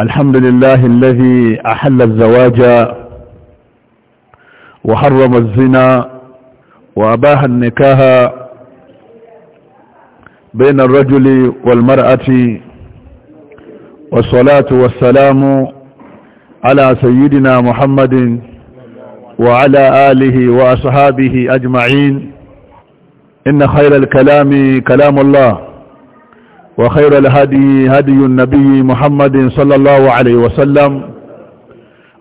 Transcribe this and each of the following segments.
الحمد لله الذي أحل الزواج وحرم الزنا وأباح النكاح بين الرجل والمرأة والصلاة والسلام على سيدنا محمد وعلى آله وأصحابه أجمعين إن خير الكلام كلام الله وخير الهدي هدي النبي محمد صلى الله عليه وسلم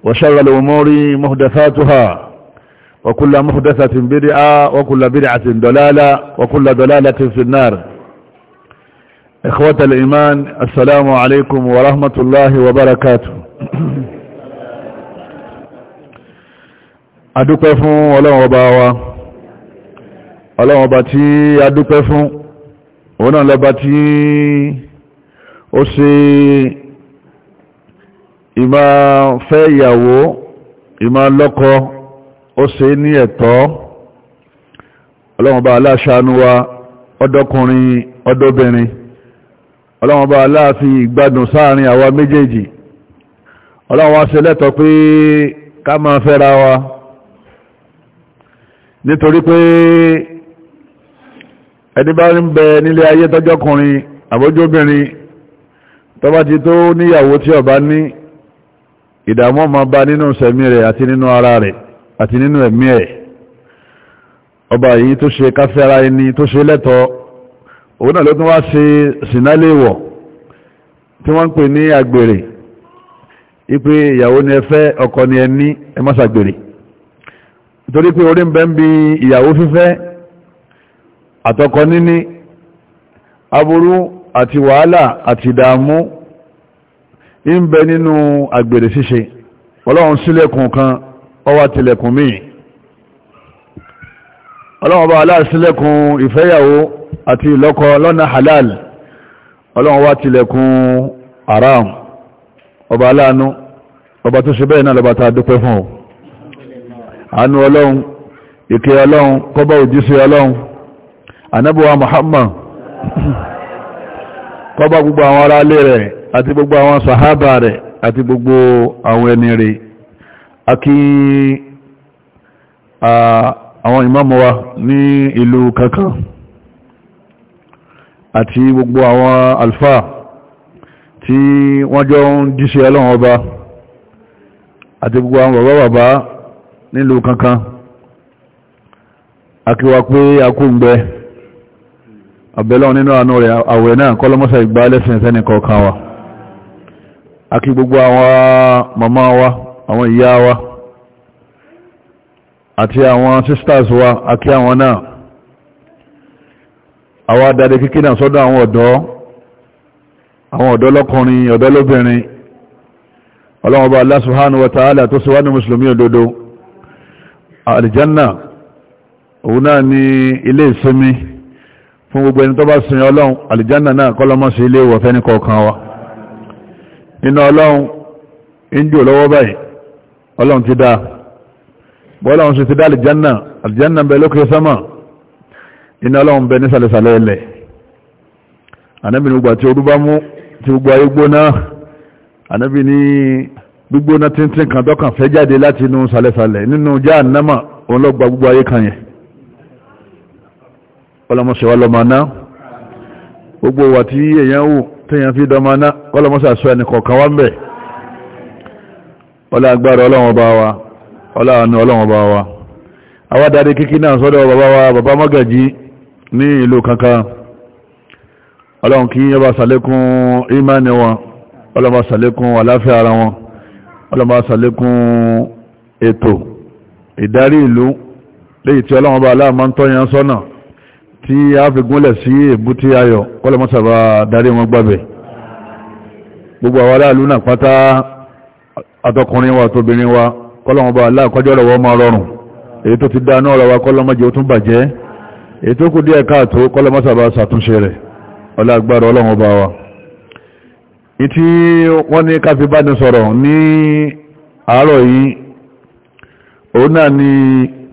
وشر الأمور محدثاتها وكل محدثة بدعة وكل بدعة دلالة وكل دلالة في النار إخوة الإيمان السلام عليكم ورحمة الله وبركاته أدوك فون ولا وباوا ولا وباتي أدوك فون òun náà lọ́ba tí ó ṣe ìmá fẹ́ ìyàwó ìmá lọ́kọ ó ṣe ní ẹ̀tọ́ ọlọ́mọba aláṣánú wa ọdọ́kùnrin ọdọ́bìnrin ọlọ́mọba aláàfin ìgbádùn sáàrin àwa méjèèjì ọlọ́wọ́ ṣe lẹ́tọ̀ pé ká máa fẹ́ra wa nítorí pé ẹni bá ń bẹ nílé ayé tọ́jọ́kùnrin àbójóbìnrin tó bá ti tó níyàwó tí ó bá ní ìdààmú ọmọ bá nínú sẹ̀mí rẹ̀ àti nínú ara rẹ̀ àti nínú ẹ̀mí ẹ̀ ọba yìí tó ṣe káfẹ́ ara ẹni tó ṣe lẹ́tọ̀ òun náà ló tún wá ṣe sìnáléèwọ̀ tí wọ́n ń pè ní àgbèrè ipe ìyàwó ni ẹfẹ́ ọkọ ni ẹni ẹ torí pé orí ń bẹ ń bi ìyàwó fífẹ́ àtọkọ níní aburú àti wàhálà àti ìdààmú ń bẹ nínú àgbèrè ṣíṣe ọlọ́run sílẹ̀kùn kan ọwá tilẹ̀kùn míì ọlọ́run bá aláàsílẹ̀kùn ìfẹ́yàwó àti ìlọ́kọ lọ́nà halal ọlọ́run wá tilẹ̀kùn aram ọba aláàánú ọba tó ṣe bẹ́ẹ̀ náà lọba ta dúpẹ́ fún ọ àánú ọlọ́run ìkẹ́ ọlọ́run kọ́bọ̀ òjíṣẹ́ ọlọ́run anábọ̀wà Muhammad kọba gbogbo àwọn ará alé rẹ̀ àti gbogbo àwọn sàhábà rẹ̀ àti gbogbo àwọn ẹni rẹ̀ àkí àwọn ìmáàmù wa ní ìlú kankan àti gbogbo àwọn alfa tí wọ́n jọ ń jíṣẹ́ ọlọ́run ọba àti gbogbo àwọn bàbá bàbá nílùú kankan àkíwà pé akúngbẹ́ àbẹ̀lọ́ nínú àánú rẹ̀ àwẹ̀ náà kọ́lọ́mọ́sà ìgbà lẹ́sìn ẹ̀sẹ́ni kọ̀ọ̀kan wa àkí gbogbo àwọn màmá wa àwọn ìyá wa àti àwọn sisters wa àkí àwọn náà àwọn adàdé kíkí náà sọ́dọ̀ àwọn ọ̀dọ́ àwọn ọ̀dọ́ lọ́kùnrin ọ̀dọ́ lóbìnrin ọlọ́wọ́ba Allah subhanahu wa ta'ala tó síwá ní mùsùlùmí òdodo àlìjánà òun náà ni ilé ìsinmi fún gbogbo ẹni tó bá sin ọlọ́run àlìjánà náà kọ́lọ́mọ́ sí ilé ìwọ̀fẹ́ ní kọ̀ọ̀kan wa nínú ọlọ́run indi olówó báyìí ọlọ́run ti dá bọ́lọ́run sì ti dá àlìjánà àlìjánà ń bẹ lókè sánmà iná ọlọ́run bẹ nísàlẹ̀sàlẹ̀ ilẹ̀ ànábì ní gbogbo àti orú bá mú ti gbogbo ayé gbóná ànábì ní gbígbóná tíntín kan dọ́kàn fẹ́ kọlọmọsẹ̀wà lọ́mọ́ná gbogbo wà tí èyàn wù tẹ́yàn fi dọmọ́ná kọlọmọsẹ̀sọ ẹni kọ̀ọ̀kan wá ń bẹ̀ ọlá agbára ọlọ́wọ́n bá wa ọlá àánú ọlọ́wọ́n bá wa awádàrí kíkí náà sọ́dọ̀ bàbá wa bàbá mọ́gàjí ní ìlú kankan ọlọ́run kí yọba sàlékún ìmáni wọn ọlọ́ba sàlékún àláfíà ara wọn tọ́yàn sọ́nà tí a fi gúnlẹ̀ sí èbúté ayọ̀ kọ́lọ̀mọ́sàbà darí wọn gbàbẹ̀ gbogbo àwọn aláàlú náà pátá àtọkùnrin wa tóbìnrin wa kọ́lọ̀mọ́bà aláàkọjọ́ ọ̀rọ̀ wọn máa rọrùn èyí tó ti dá náà ọ̀rọ̀ wa kọ́lọ̀mọ́jẹ́ ó tún bàjẹ́ èyí tó kù díẹ̀ káàtó kọ́lọ̀mọ́sàbà ṣàtúnṣe rẹ̀ ọlágbára ọlọ́run bá ni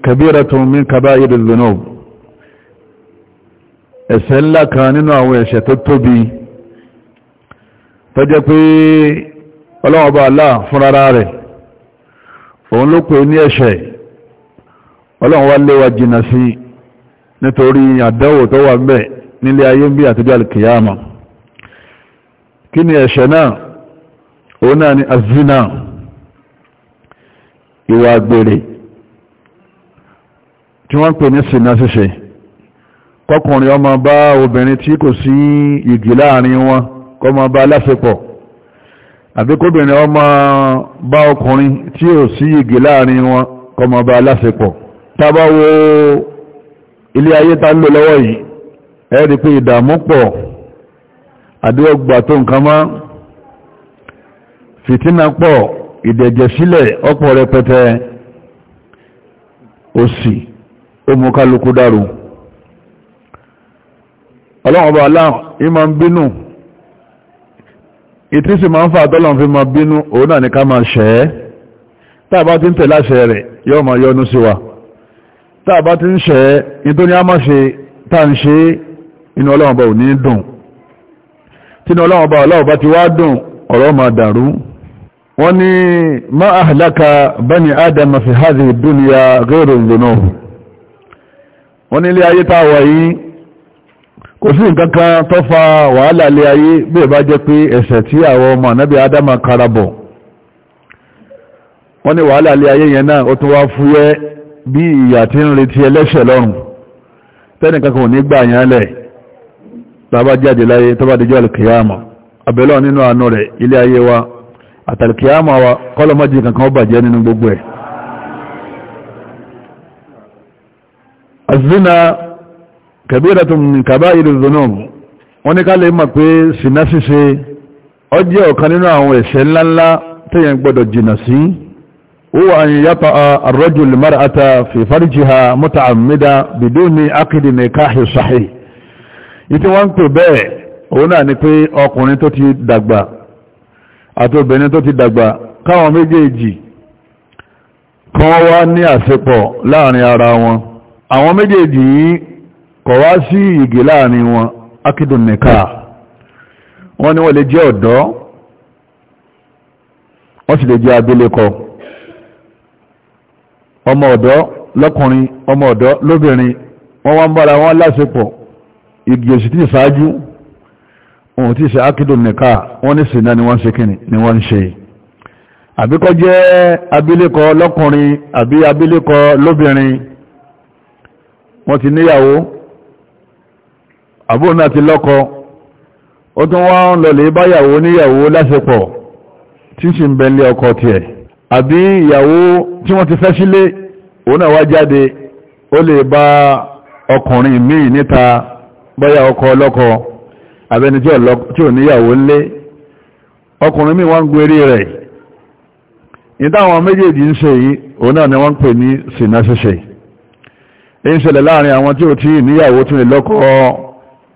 kabiratun min kaba'iril dhunub ẹ̀ṣẹ̀ ńlá kan nínú àwọn ẹ̀ṣẹ̀ tó tóbi tó jẹ́ pé ọlọ́wọ́ba aláà fúnrara rẹ̀ òun ló pè ní ẹ̀ṣẹ̀ ọlọ́wọ́ wá léwa jìnà sí nítorí àdánwò tó wà mẹ́ nílé ayé ń bí àtijọ́ alkiyama kí ni ẹ̀ṣẹ̀ náà òun náà ni azina ìwà àgbèrè tí wọ́n pè ní sinna ṣíṣe kọkùnrin ọmọ bá obìnrin tí kò sí igi láàrin wọn kọ́ ma bá láṣepọ̀ àbí kóbìnrin ọmọ bá ọkùnrin tí ò sí igi láàrin wọn kọ́ ma bá láṣepọ̀ tábá wo ilé ayé tá lò lọ́wọ́ yìí ẹ rí pé ìdààmú pọ̀ àdúgbà nǹkan mọ́ fìtínà pọ̀ ìdẹ̀jẹ̀sílẹ̀ ọ̀pọ̀ rẹpẹtẹ òsì ó mú kálukú dárò ọlọ́wọ́n bá aláà ìmọ̀ ń bínú ìtí sì máa ń fà tọ́lọ̀ fi máa bínú òun náà ní ká máa ṣẹ̀ ẹ́ tàbá ti ń tẹ̀ láṣẹ rẹ̀ yóò máa yọ́nú sí wa tàbá ti ń ṣẹ̀ ẹ́ nítorí a máa ṣe tá ń ṣe inú ọlọ́wọ́n ní dùn bani adam fi hadhihi dunya ghairu dhunubi wọ́n ní ilé ayé táwà yìí kò sí nǹkan kan tó fa wàhálà lé ayé bí ìbá jẹ́ pé ẹ̀ṣẹ̀ tí àwọn ọmọ ànábì adama karabọ̀ wọ́n ní wàhálà lé ayé yẹn náà ó tún wá fúyẹ́ bí ìyà tí ń retí ẹlẹ́ṣẹ̀ lọ́rùn tẹ́nìkan kò ní gbà yẹn tàbá jáde láyé tó dẹjọ́ alkiyama wa àtàlkiyama wa kọ́lọmọ́jì kankan bàjẹ́ nínú azina kabiratun min kaba'iri dhunub wọ́n ní ká lè mọ̀ pé sìnà ṣíṣe ó jẹ́ ọ̀kan nínú àwọn ẹ̀ṣẹ̀ ńláńlá tẹ́yẹn gbọ́dọ̀ jìnà sí huwa an yata'a ar-rajul mar'ata fi farjiha muta'ammida biduni aqdi nikahi sahih ìtí wọ́n ń pè bẹ́ẹ̀ òun náà ni pé ọkùnrin tó ti dàgbà àwọn méjèèjì yìí kọ̀ wá sí ìgè láàrin wọn akídùn nìka wọ́n ní wọ́n lè jẹ́ ọ̀dọ́ wọ́n sì lè jẹ́ abilékọ ọmọ ọ̀dọ́ lọ́kùnrin ọmọ ọ̀dọ́ lóbìnrin wọ́n wá ń bára wọn lásìpọ̀ ìgì òsì tí ìsáájú ohun tí ìsẹ́ akídùn wọ́n ní sìnà ni wọ́n ṣe kíni ni wọ́n ń ṣe àbíkọ́ jẹ́ abilékọ lọ́kùnrin àbí abilékọ lóbìnrin wọ́n ti níyàwó àbúrò náà ti lọ́kọ ó tún wá ń lọlẹ̀ báyàwó níyàwó lásìpọ̀ tí sì ń bẹ̀lẹ̀ ọkọ tiẹ̀ àbí ìyàwó tí wọ́n ti fẹ́ sílé òun náà wá jáde ó lè bá ọkùnrin míì níta báyà ọkọ ọlọ́kọ abẹni tí ò níyàwó ńlé ọkùnrin míì wọ́n ń gbérí rẹ̀ ìdáwọn méjèèjì ń ṣe yìí òun náà ni wọ́n ń pè ní sinasese èyí ń ṣẹlẹ̀ láàrin àwọn tí ò tí níyàwó tún lè lọ́kọ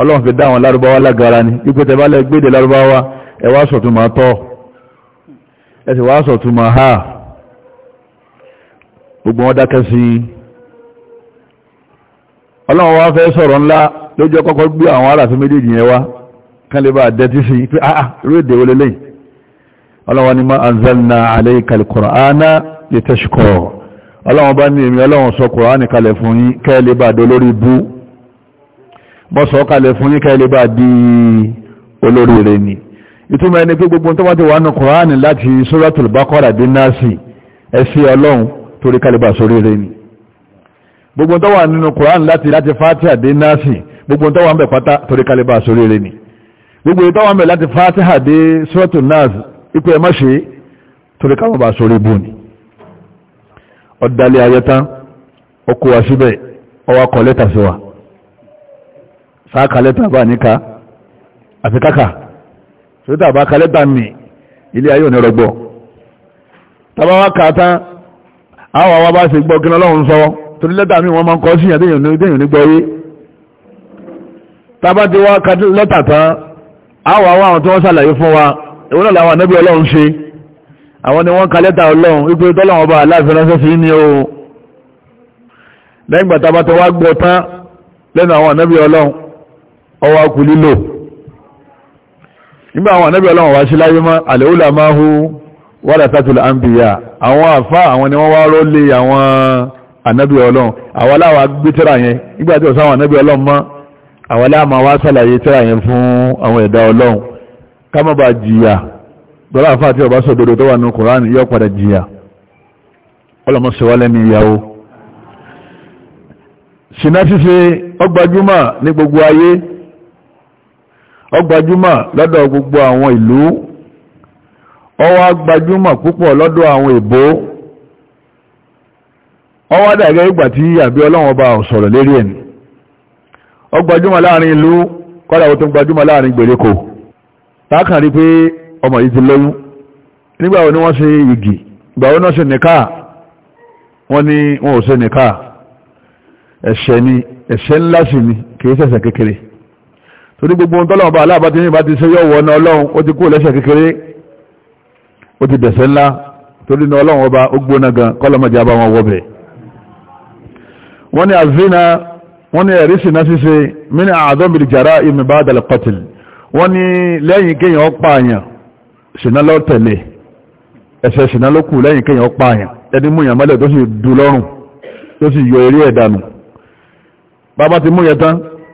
ọlọ́run fi dá àwọn lárúbáwá lágara ni wípé tẹ bá lẹ gbéde lárúbáwá ẹ wá sọ̀túnmà tọ́ ẹ sì wá sọ̀túnmà ha gbogbo wọn dákẹ́ sí ọlọ́run wá fẹ́ sọ̀rọ̀ ńlá lójú ọkọ́kọ́ gbé àwọn aráàfin méjèèjì yẹn wá kán lè bá dẹ́tí sí pé àà rí wọlé lẹ́yìn ọlọ́run ni ma anzalna alayka al-Qur'ana litashqa ọlọ́run bá ní èmi ọlọ́run sọ Qur'ani kalẹ̀ fún yín kẹ́ lè bá dolórí bú bọ́sọ̀ kalẹ̀ fún ní kẹ́lẹ̀ bá di olórí rẹ̀ ni ìtumọ̀ ẹni pé gbogbo tó wá ti wà ní kùránì láti suratul baqara dé násì ẹ̀sí ọlọ́run torí kalẹ̀ bá sórí rẹ̀ ni gbogbo tó wà nínú kùránì láti láti fatiha dé násì gbogbo tó wà ń bẹ̀ pátá torí kalẹ̀ bá sórí rẹ̀ ni sáà kalẹ́ta bá níka àti káka sódà bá kalẹ́ta mi ilé ayé òní rọgbọ tàbá wá kà tán àwọn àwọn bá ṣe gbọ́ kíná lọ́hùn sọ torí lẹ́tà mi wọ́n máa ń kọ́ sí ìyàdéyàn ní gbọ́yé tàbá ti wá ka lẹ́tà tán àwọn àwọn àwọn tí wọ́n ṣàlàyé fún wa ìwọ́n náà làwọn ànábì ọlọ́run ṣe àwọn ni wọ́n ka ọlọ́run wípé tọ́lọ́wọ́n bá aláàfin ránṣẹ́ sí ní o lẹ́yìn gbàtà bá ti wá gbọ́ tán lẹ́nu àwọn ànábì ọlọ́run ọwọ́ akú lílò nígbà àwọn ànábì ọlọ́run wá sí láyé mọ́ àlèúlà máa hú warathatul anbiya àwọn àfá àwọn ni wọ́n wá rọ́ lé àwọn ànábì ọlọ́run àwọn aláwà gbé tírà yẹn nígbà tí ọ̀sán àwọn ànábì ọlọ́run mọ́ àwọn aláàmà wá sàlàyé tírà yẹn fún àwọn ẹ̀dá ọlọ́run ní gbogbo ayé ó gbajúmọ̀ lọ́dọ̀ gbogbo àwọn ìlú ó wá gbajúmọ̀ púpọ̀ lọ́dọ̀ àwọn ìbò ó wá dàgẹ́ ìgbà tí àbí ọlọ́run ọba sọ̀rọ̀ lérí ẹni ó gbajúmọ̀ láàrin ìlú kọ́lá ó tún gbajúmọ̀ láàrin gbèríko tákàn rí pé ọmọ yìí ti lóyún nígbà wo ni wọ́n ṣe igi ìgbà wo ṣe nìka wọ́n ní wọn ò ṣe nìka ẹ̀ṣẹ̀ ni ẹ̀ṣẹ̀ ńlá sì ni kì í ṣẹ̀ṣẹ̀ kékeré torí gbogbo ohun tọ́lọ́wọ́ bá aláàbá ti ní ìbá ti ṣe yọ wọ ọ̀nà ọlọ́run ó ti kú lẹ́sẹ̀ kékeré ó ti dẹ̀sẹ̀ ńlá torí ní ọlọ́run ọba ó gbóná gan kọ́lọ́mọ̀já bá wọn wọ́bẹ̀ wọ́n ní àzínà wọ́n ní ẹ̀rí sínà ṣíṣe mínú àádọ́mìlì jàrá ìmìbá àdàlẹ̀ pọ̀tìl wọ́n ní lẹ́yìn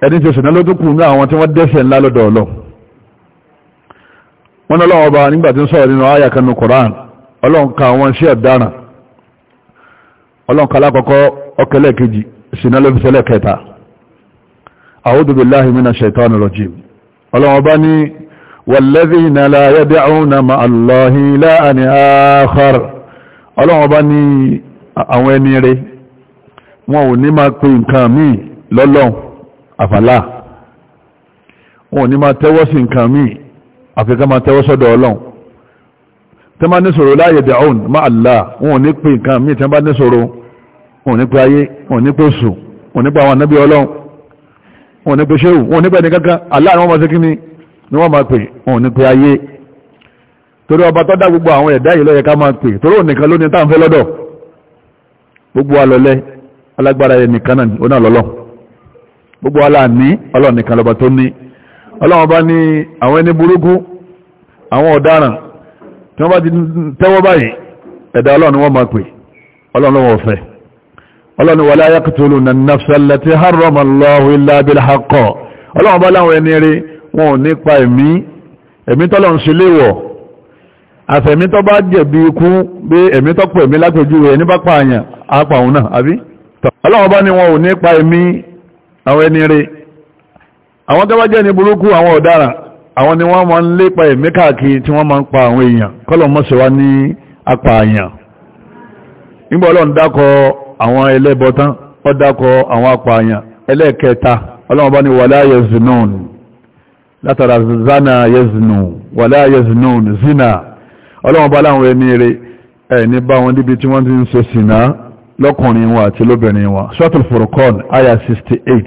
ẹni tí ṣùnà ló tún kù ní àwọn tí wọ́n dẹ́ṣẹ̀ ńlá lọ́dọ̀ ọlọ́ wọ́n ní ọlọ́run ọba nígbà tí ń sọ̀rọ̀ nínú àyà kanu Qur'an ọlọ́run ka àwọn iṣẹ́ ọ̀daràn ọlọ́run ka alákọ̀ọ́kọ́ ọkẹlẹ̀ kejì ṣùnà ló fi ṣẹlẹ̀ kẹta a'udhu billahi minash shaitani rajim ọlọ́run ọba ní walladhina la yad'una ma'a àwọn ẹni rẹ̀ wọn ò ní máa pe nǹkan míì lọ́lọ́run àfàlà wọn ò ní máa tẹ́wọ́ sí nǹkan míì àfikà máa tẹ́wọ́ sọ́dọ̀ ọlọ́run tẹ́ máa ní sọ̀rọ̀ láàyè dẹ̀ ọ̀hún má àlá wọn ò ní nǹkan míì tẹ́ bá ní sọ̀rọ̀ wọn ò ní ayé wọn ò ní pè wọn ò ní àwọn ànábì ọlọ́run wọn ò ní ṣéwù wọn ò ní pè àlá ni wọ́n máa ṣe kíni ni wọ́n máa pè wọn ò ní ayé torí ọba tó gbogbo àwọn ẹ̀dá yìí ló ká máa pè torí òun nìkan ló ní táǹfẹ́ lọ́dọ̀ gbogbo alọ́lẹ́ alágbára ẹnìkan náà ní onáàlọ́lọ́ gbogbo ọlá ní ọlọ́run nìkan lọ́ba tó ní ọlọ́run bá ní àwọn ẹni burúkú àwọn ọ̀daràn tí wọ́n bá ti tẹ́wọ́ báyìí ẹ̀dá ọlọ́run wọ́n máa pè ọlọ́run wọ́n fẹ́ ọlọ́run wala yaqtuluna an-nafsa allati harrama Allahu illa bil-haqq ọlọ́run bá láwọn ẹni rí wọn ò ní ẹ̀mí àwọn ẹni rẹ̀ àwọn tó bá jẹ́ ní burúkú àwọn ọ̀daràn àwọn ni wọ́n máa ń lépa ẹ̀mí káàkiri tí wọ́n ma ń pa àwọn èèyàn kọ́lọ̀ mọ́sẹ̀ wá ní apààyàn nígbà ọlọ́run dákọ àwọn ẹlẹ́bọtán ó dákọ àwọn ẹlẹ́ẹ̀kẹta bá ní wàlá lọ́kùnrin wọn àti lóbìnrin wọn suratul Furqan aya 68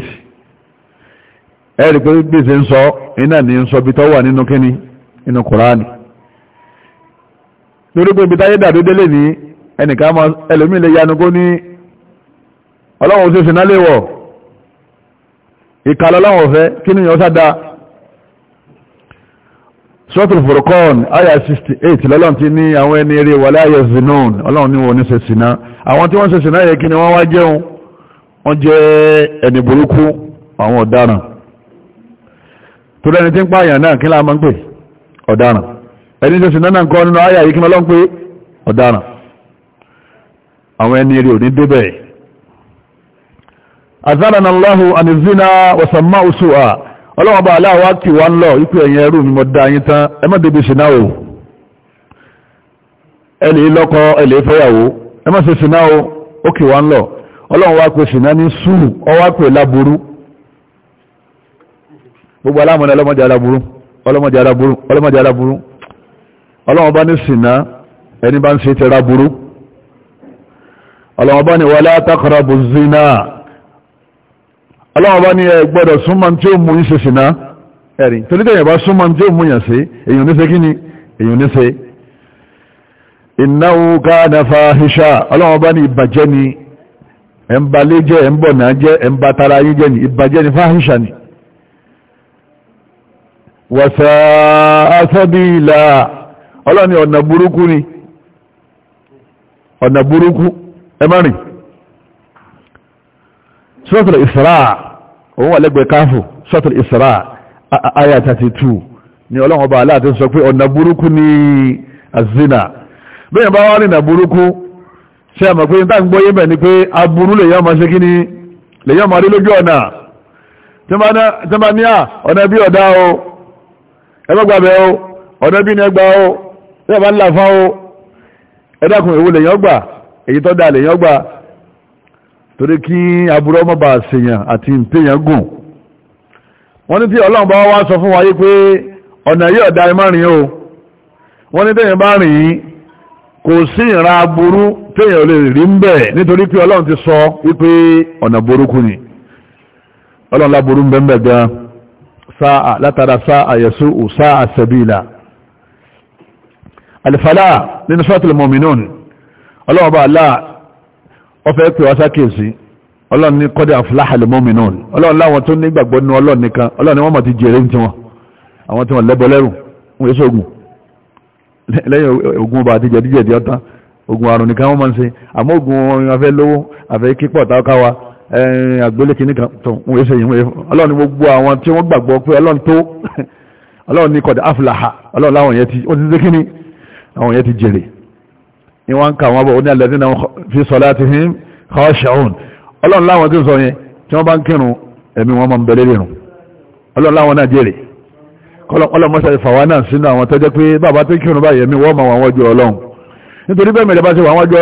ẹ̀rì pé gbèsè ń sọ iná ní ń sọ bí tọ́wà nínú kíní inú kùránì lórí pé bítáyé dàdó délé ní ẹnìkan máa ẹlòmí lè yanugó ní ọlọ́run ṣe sinálẹ́wọ̀ ìkàlọ́lọ́wọ̀ fẹ́ kí yọ sáda sọ́tù fòrókọ́ọ̀n àyà 68 lọ́lọ́n ti ní àwọn ẹni eré wà láyé zinon ọlọ́run ní wọn ní ṣe sínà àwọn tí wọ́n ṣe sínà yẹ kí ni wọ́n wá jẹun wọ́n jẹ́ ẹni burúkú àwọn ọ̀daràn tó lẹ́ni tí ń pààyàn náà kí láàmọ́ ń pè ọ̀daràn ẹni ṣe sínà náà kọ́ nínú ọlọ́wọ́n bá aláwọ̀ kì wá ń lọ ipò ẹ̀yìn ẹrú mi mọ̀ dá yín tán ẹ má débi ṣìnà o ẹ lè lọ́kọ ẹ lè fẹ́yàwó ẹ má ṣe ṣìnà o ó kì wá ń lọ ọlọ́wọ́n wá pè ṣìnà ní sùúrù ọ wá pè láburú gbogbo aláàmọ́ ni ọlọ́mọdé aláburú ọlọ́mọdé aláburú ọlọ́wọ́ bá ní ẹ gbọ́dọ̀ súnmọ́ tí ó mú yín ṣe ṣìná ẹ̀rí torí tẹ̀yìn bá súnmọ́ tí ó mú yàn sí èyàn ní ṣe kí ni èyàn ní ṣe innahu kana fahisha ọlọ́wọ́ bá ní ìbàjẹ́ ni ẹ̀ ń balé ni ìbàjẹ́ ni fahisha ni wàsà suratul isra òun wà lẹ́gbẹ̀ẹ́ káfù suratul isra aya 32 ni ọlọ́run ọba aláàtí sọ pé ọ̀nà burúkú ni azina bẹ́ẹ̀ bá wá rìnà burúkú ṣe àmọ̀ pé tá ń gbọ́ yébẹ̀ ni pé aburú lè yọ́mọ ṣe kíní lè yọ́mọ rí lójú ọ̀nà tí ma ní à lèyàn torí kí aburú ọmọ bá ṣèyàn àti ìpéyàn gùn wọ́n ní tí ọlọ́run bá wá sọ fún wa pé ọ̀nà ọ̀dá rìn o wọ́n ní tẹ́yìn bá rìn kò sí ìran aburú tẹ́yìn olè rí ń bẹ̀ nítorí pé ọlọ́run ti sọ wípé ọ̀nà burúkú ni ọlọ́run láburú ń gan látara ò alifalá nínú ọfẹ́ pè wá sákèsí ọlọ́run ní kọ́dẹ̀ àfúláhàlẹ̀ mọ́mìnà ni ọlọ́run láwọn tó ní gbàgbọ́ nínú ọlọ́run nìkan ọlọ́run ni wọ́n mọ̀ ti jèrè ní tiwọn àwọn tí wọ́n lẹ́bọ lẹ́rù wọ́n yẹ sóògùn lẹ́yìn ogun ọba àti jẹ̀díjẹ̀dí ọ̀tán ogun àrùn nìkan wọ́n máa ń ṣe àmọ́ ogun afẹ́ lówó afẹ́ kíkọ́ táwọ́káwa àgbélékì nìkan tó ni wọ́n ń kà wọ́n bọ̀ ní alladhina fi salatihim khashi'un ọlọ́run láwọn tí ń sọ yẹn tí wọ́n bá ń kírun ẹ̀mí wọn máa ń bẹ̀rẹ̀ rìnrùn ọlọ́run láwọn náà jèrè ọlọ́mọṣẹ́ ìfàwà náà sínú àwọn tọ́jẹ́ pé bàbá tó kírun báyìí ẹ̀mí wọ́n máa wà wọ́n ọlọ́run nítorí bẹ́ẹ̀ mẹ́lẹ̀ bá ṣe wà wọ́n ju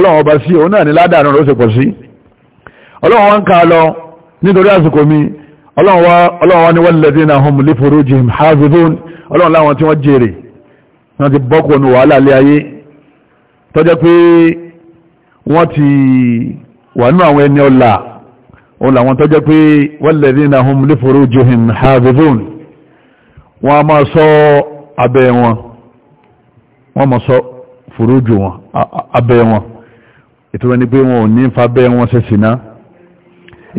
ọlọ́run tọ́jọ́ pé wọ́n ti wà ní àwọn ẹni ọlá òun làwọn tọ́jọ́ pé walladhina hum li furujihim hafizun wọ́n a máa sọ abẹ́ wọn wọ́n máa sọ furuju wọn abẹ́ wọn ìtura ni pé wọn ò ní fa bẹ́ wọn ṣẹ̀ṣìná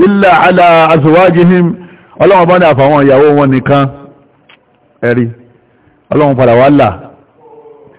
illa ala azwajihim ọlọ́wọ́n bá ní àfàwọn ìyàwó wọn nìkan ẹ̀rí ọlọ́wọ́n padà wà láà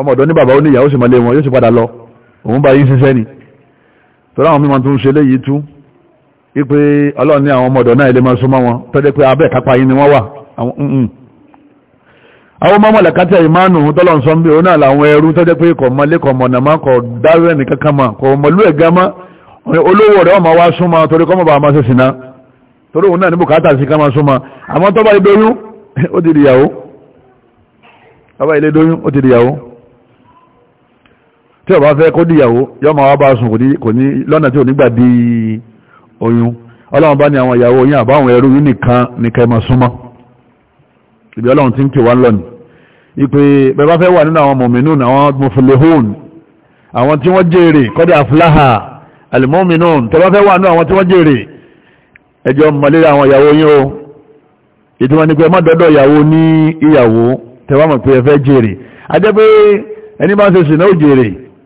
ọmọ ọ̀dọ́ ní bàbá ó ní ìyàwó sì máa lé wọn yóò sì padà lọ òun bá yí ṣiṣẹ́ ni tọ́lá àwọn mímọ̀ tó ń ṣe léyìí tú wípé ọlọ́run ní àwọn ọmọ ọ̀dọ́ náà ilé máa súnmọ́ wọn tọ́jẹ́ pé abẹ́ kápá yín ni wọ́n wà àwọn mọ́mọ́ lẹ́kàtí ìmánu tọ́lọ́n sọ bí oná àwọn ẹrú tọ́jẹ́ pé kọ̀ mọ́lé kọ̀ mọ̀nàmá kọ̀ dáwẹ́ ní kankan mà kọ̀ tí ọba fẹ́ kó dìyàwó yọ ma wá bá sùn kò ní lọ́nà tí ò nígbà di oyún ọlọ́run bá ní àwọn ìyàwó yín àbáwọn ẹrú yín nìkan nìkan ẹmọ súnmọ́ ibi ọlọ́run ti ń kí wá ń lọ́nì ipe bẹba fẹ́ wà nínú àwọn mọ̀mìnún àwọn muflihun àwọn tí wọ́n jèrè kọ́dí afláhà alimominun tẹba fẹ́ wà nínú àwọn tí wọ́n jèrè ẹjọ́ mọ̀lẹ́rẹ̀ àwọn ìyàwó yín o ìtumọ̀ ní pé ẹ má dọ́dọ̀ ìyàwó ní ìyàwó tẹwàá mọ̀ pé ẹ fẹ́ jèrè adẹ́pẹ́ ẹni bá ń ṣe sìnà ó jèrè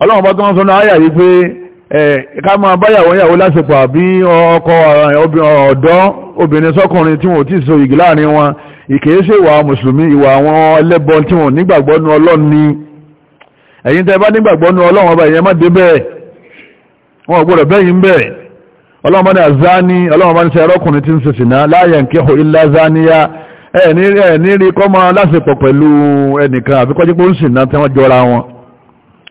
ọlọ́run bá tó wọ́n sọ́nà ayà yìí pé ká máa báyàwó yàwó lásìkò àbí ọkọ ọ̀dọ́ obìnrin sọ́kùnrin tí wọ́n ti so ìgì láàrin wọn ìkèéṣe ìwà mùsùlùmí ìwà àwọn ẹlẹ́bọ tí wọ́n nígbàgbọ́ ọlọ́run ni ẹ̀yin tẹ́ bá nígbàgbọ́ nu ọlọ́run ọba ìyẹn má dé bẹ́ẹ̀ wọn ò gbọ́dọ̀ bẹ́yìn bẹ́ẹ̀ ọlọ́run bá ní àzáni ọlọ́run bá ní sẹ́ ẹrọ́kùnrin tí ń ṣe sìná láàyè nkẹ́hò ilá záníyá ẹ̀ ní rí kọ́ máa lásìkò pẹ̀lú ẹnìkan àbíkọ́jú pé ó ń tí wọ́n jọra wọn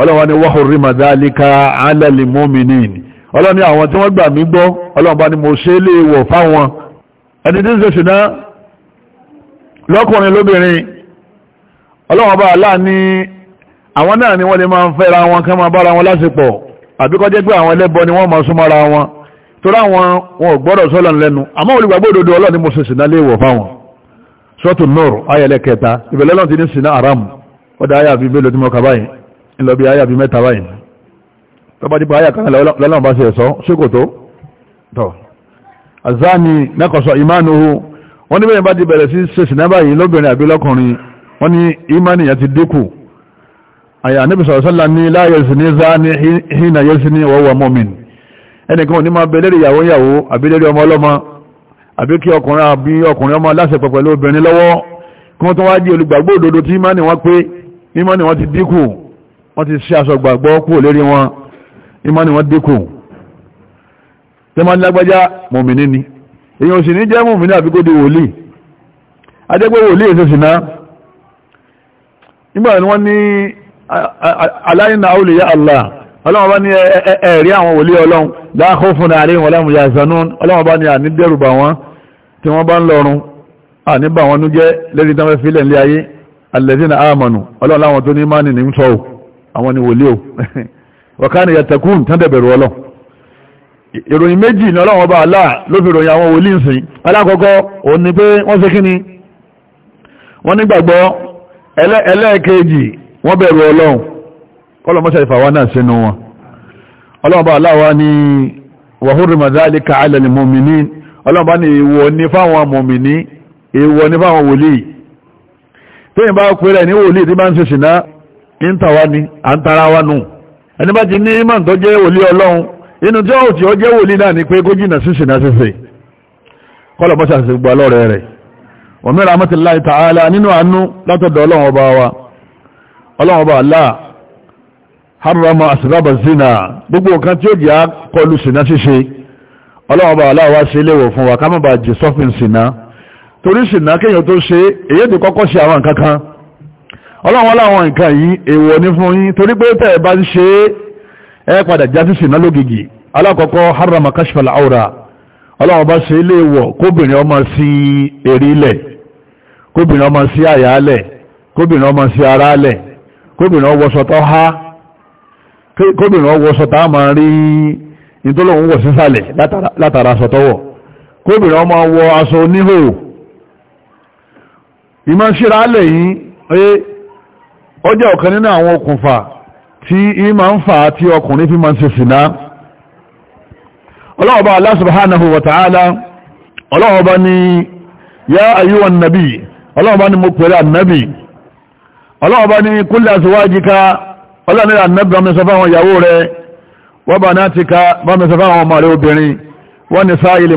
ọlọ́wọ́ ni wọ́n rí màdálíkà alẹ́lì mọ́mìnín ọlọ́wọ́ ni àwọn tí wọ́n gbà mí gbọ́ ọlọ́wọ́ bá ni mo ṣe lè wọ̀ fáwọn ẹni tí ń ṣe ṣìná lọ́kùnrin lóbìnrin ọlọ́wọ́ bá aláà ní àwọn náà ni wọ́n lè máa ń fẹ́ra wọn kán máa bára wọn lásìpọ̀ àbíkọ́ jẹ́ pé àwọn ẹlẹ́bọ ni wọ́n máa súnmọ́ra wọn torí àwọn wọn gbọ́dọ̀ sọ́lọ̀ lẹ́nu àmọ́ olùgbàgbọ́ ọlọ́ni mo ṣe ṣìná lè fáwọn sọ́tù nọ́ọ̀rù ayẹlẹ́kẹta ìbẹ̀lẹ́lọ́n ti ní ṣìná àràmù ọdá ayé àfi bẹ́ẹ̀ lójúmọ́ kàbáyìí ńlọ bí ayà bí mẹ́ta báyìí tó bá dípa ayà kan lọ́lọ́run bá ṣe ẹ̀sọ́ ṣókòtó tọ́ azani mẹ́kọ̀ọ́sọ ìmánuhu wọ́n ní bẹ́yìn bá ti bẹ̀rẹ̀ sí ṣèṣìná báyìí lóbìnrin àbí lọ́kùnrin wọ́n ní ìmánìyàn ti dínkù àyà níbi sọ̀rọ̀sọ́lá ní láyẹ̀sì ní záni hìnà yẹ́sì ní wọ́wọ́ mọ́min ẹnìkan ò ní máa bẹ̀lẹ́rì ìyàwó ìyàwó àbí lérí ọmọ ọlọ́mọ àbí kí ọkùnrin àbí ọkùnrin ọmọ aláṣẹpọ̀ pẹ̀lú obìnrin lọ́wọ́ wọ́n ti ṣe aṣọ gbàgbọ́ kú lérí wọn ìmánì wọn dínkù tẹ́mọ́ni lágbájá mọ̀mìnì ni èyàn ò sì ní jẹ́ mọ̀mìnì àbí kó di wòlíì adẹ́gbẹ́ wòlíì èso sì náà nígbà wọ́n ní aláìnà àwòlìyà Allah ọlọ́wọ́n bá ní ẹ̀rí àwọn wòlíì ọlọ́run dáàkó fún àárín wọn láàmù yàzánú ọlọ́wọ́n bá ní àní dẹ́rùbà wọn tí wọ́n bá ń lọrun àníbà wọn nú jẹ́ lẹ́ni tán fẹ́ àwọn ni wòlíò wọ̀kánì yàtẹ̀kùn tán dẹ̀bẹ̀rù ọlọ́ ìròyìn méjì ní bá aláà ló fi ròyìn àwọn wòlíì sìn alákọ̀ọ́kọ́ òun ni pé wọ́n ṣe kí ni wọ́n nígbàgbọ́ ẹlẹ́ẹ̀kejì wọ́n bẹ̀rù ọlọ́run kọlọmọ́sẹ̀ ìfàwà ń tàn wá ní à ń tara wá nù ẹni bá ti ní imán tó jẹ́ wòlíì ọlọ́run inú tí ó ti ọ jẹ́ náà ni pé kó jìnà sí ṣìnà ṣẹṣẹ kọ́lọ̀ mọ́ṣà sí gbogbo alọ́rẹ̀ rẹ̀ wa min rahmatillahi ta'ala nínú àánú látọ̀dọ̀ ọlọ́run ọba wa ọlọ́run ọba Allah harrama asbaba zina gbogbo nǹkan tí ó jẹ́ kọlu ṣìnà Allah wá ṣe léwọ̀ fún wa ká má bàa jẹ́ sọ́fìn ṣìnà torí ṣìnà kéèyàn tó ṣe èyí kọ́kọ́ ṣe àwọn nǹkan ọlọ́run láwọn nǹkan yìí èèwọ̀ ní fún yín torí pé tẹ́ bá ń ṣe ẹ padà jásùsì náà lógìgì alákọ̀ọ́kọ́ harama aura ọlọ́run bá ṣe ilé ìwọ̀ kóbìnrin ọmọ sí erílẹ̀ kóbìnrin ọmọ sí àyálẹ̀ kóbìnrin ọmọ sí arálẹ̀ kóbìnrin ha tó há ìmọ̀ síra ó jẹ́ ọ̀kan nínú àwọn okùnfà tí ìmá ń fà tí ọkùnrin fi máa ń ṣe sìná ọlọ́ọ̀bá Allah subhanahu wa ta'ala ọlọ́ọ̀bá ni yá ayúwa nàbí ọlọ́ọ̀bá ni mo pẹ̀lú ànábì ọlọ́ọ̀bá ni kulli azwajika ọlọ́ọ̀nira ànábì bá mi sọ fáwọn ìyàwó rẹ wa banatika bá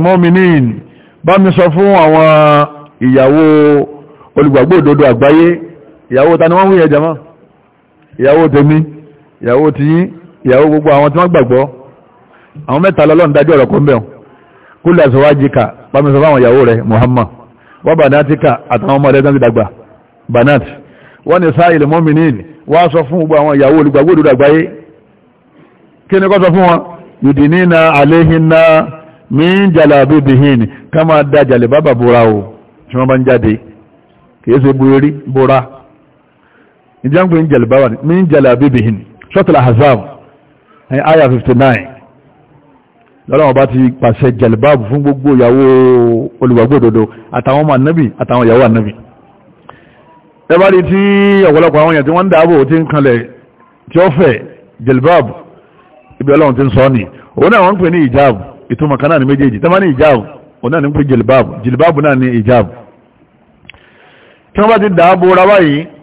mu'minin bá mi sọ fún àwọn ìyàwó àgbáyé ìyàwó ta ni wọ́n ń wúyẹ̀ jama ìyàwó tèmi ìyàwó tiyín ìyàwó gbogbo àwọn tí wọ́n gbàgbọ́ àwọn mẹ́ta lọ́lọ́n dájú ọ̀rọ̀ kó ń bẹ̀ kúlù àsọwájíkà pàmìsọ fáwọn ìyàwó rẹ̀ Muhammad wọ́n banatika àtàwọn ọmọ rẹ̀ tán ti dàgbà banat wọ́n ni sáà ilẹ̀ mọ́mìnín wọ́n sọ fún gbogbo àwọn ìyàwó olùgbàgbò òdúdó àgbáyé kí ni kọ́ sọ fún wọn yudinina alehinna min jalabibihin ká máa da jàlẹ̀ bábà bóra o tí wọ́n bá ń jáde kìí ṣe búrẹ́rí bóra ìjàngbé ń jẹ̀lẹ̀ báwà ní ń jẹ̀lẹ̀ àbíbìhìn sọ́tàlá hazam ní aya 59 lọ́la wọn bá ti pàṣẹ jẹ̀lẹ̀ báàbù fún gbogbo ìyàwó olùgbàgbọ́ òdodo àtàwọn ọmọ ànábì àtàwọn ìyàwó ànábì ẹbárí tí ọ̀pọ̀lọpọ̀ àwọn èèyàn tí wọ́n ń dáàbò tí ń kanlẹ̀ tí ó fẹ̀ jẹ̀lẹ̀ báàbù ibi ọlọ́run ti ń sọ ni òun náà wọ́n ń pè ní ìjáàbù ìtumọ̀ kan náà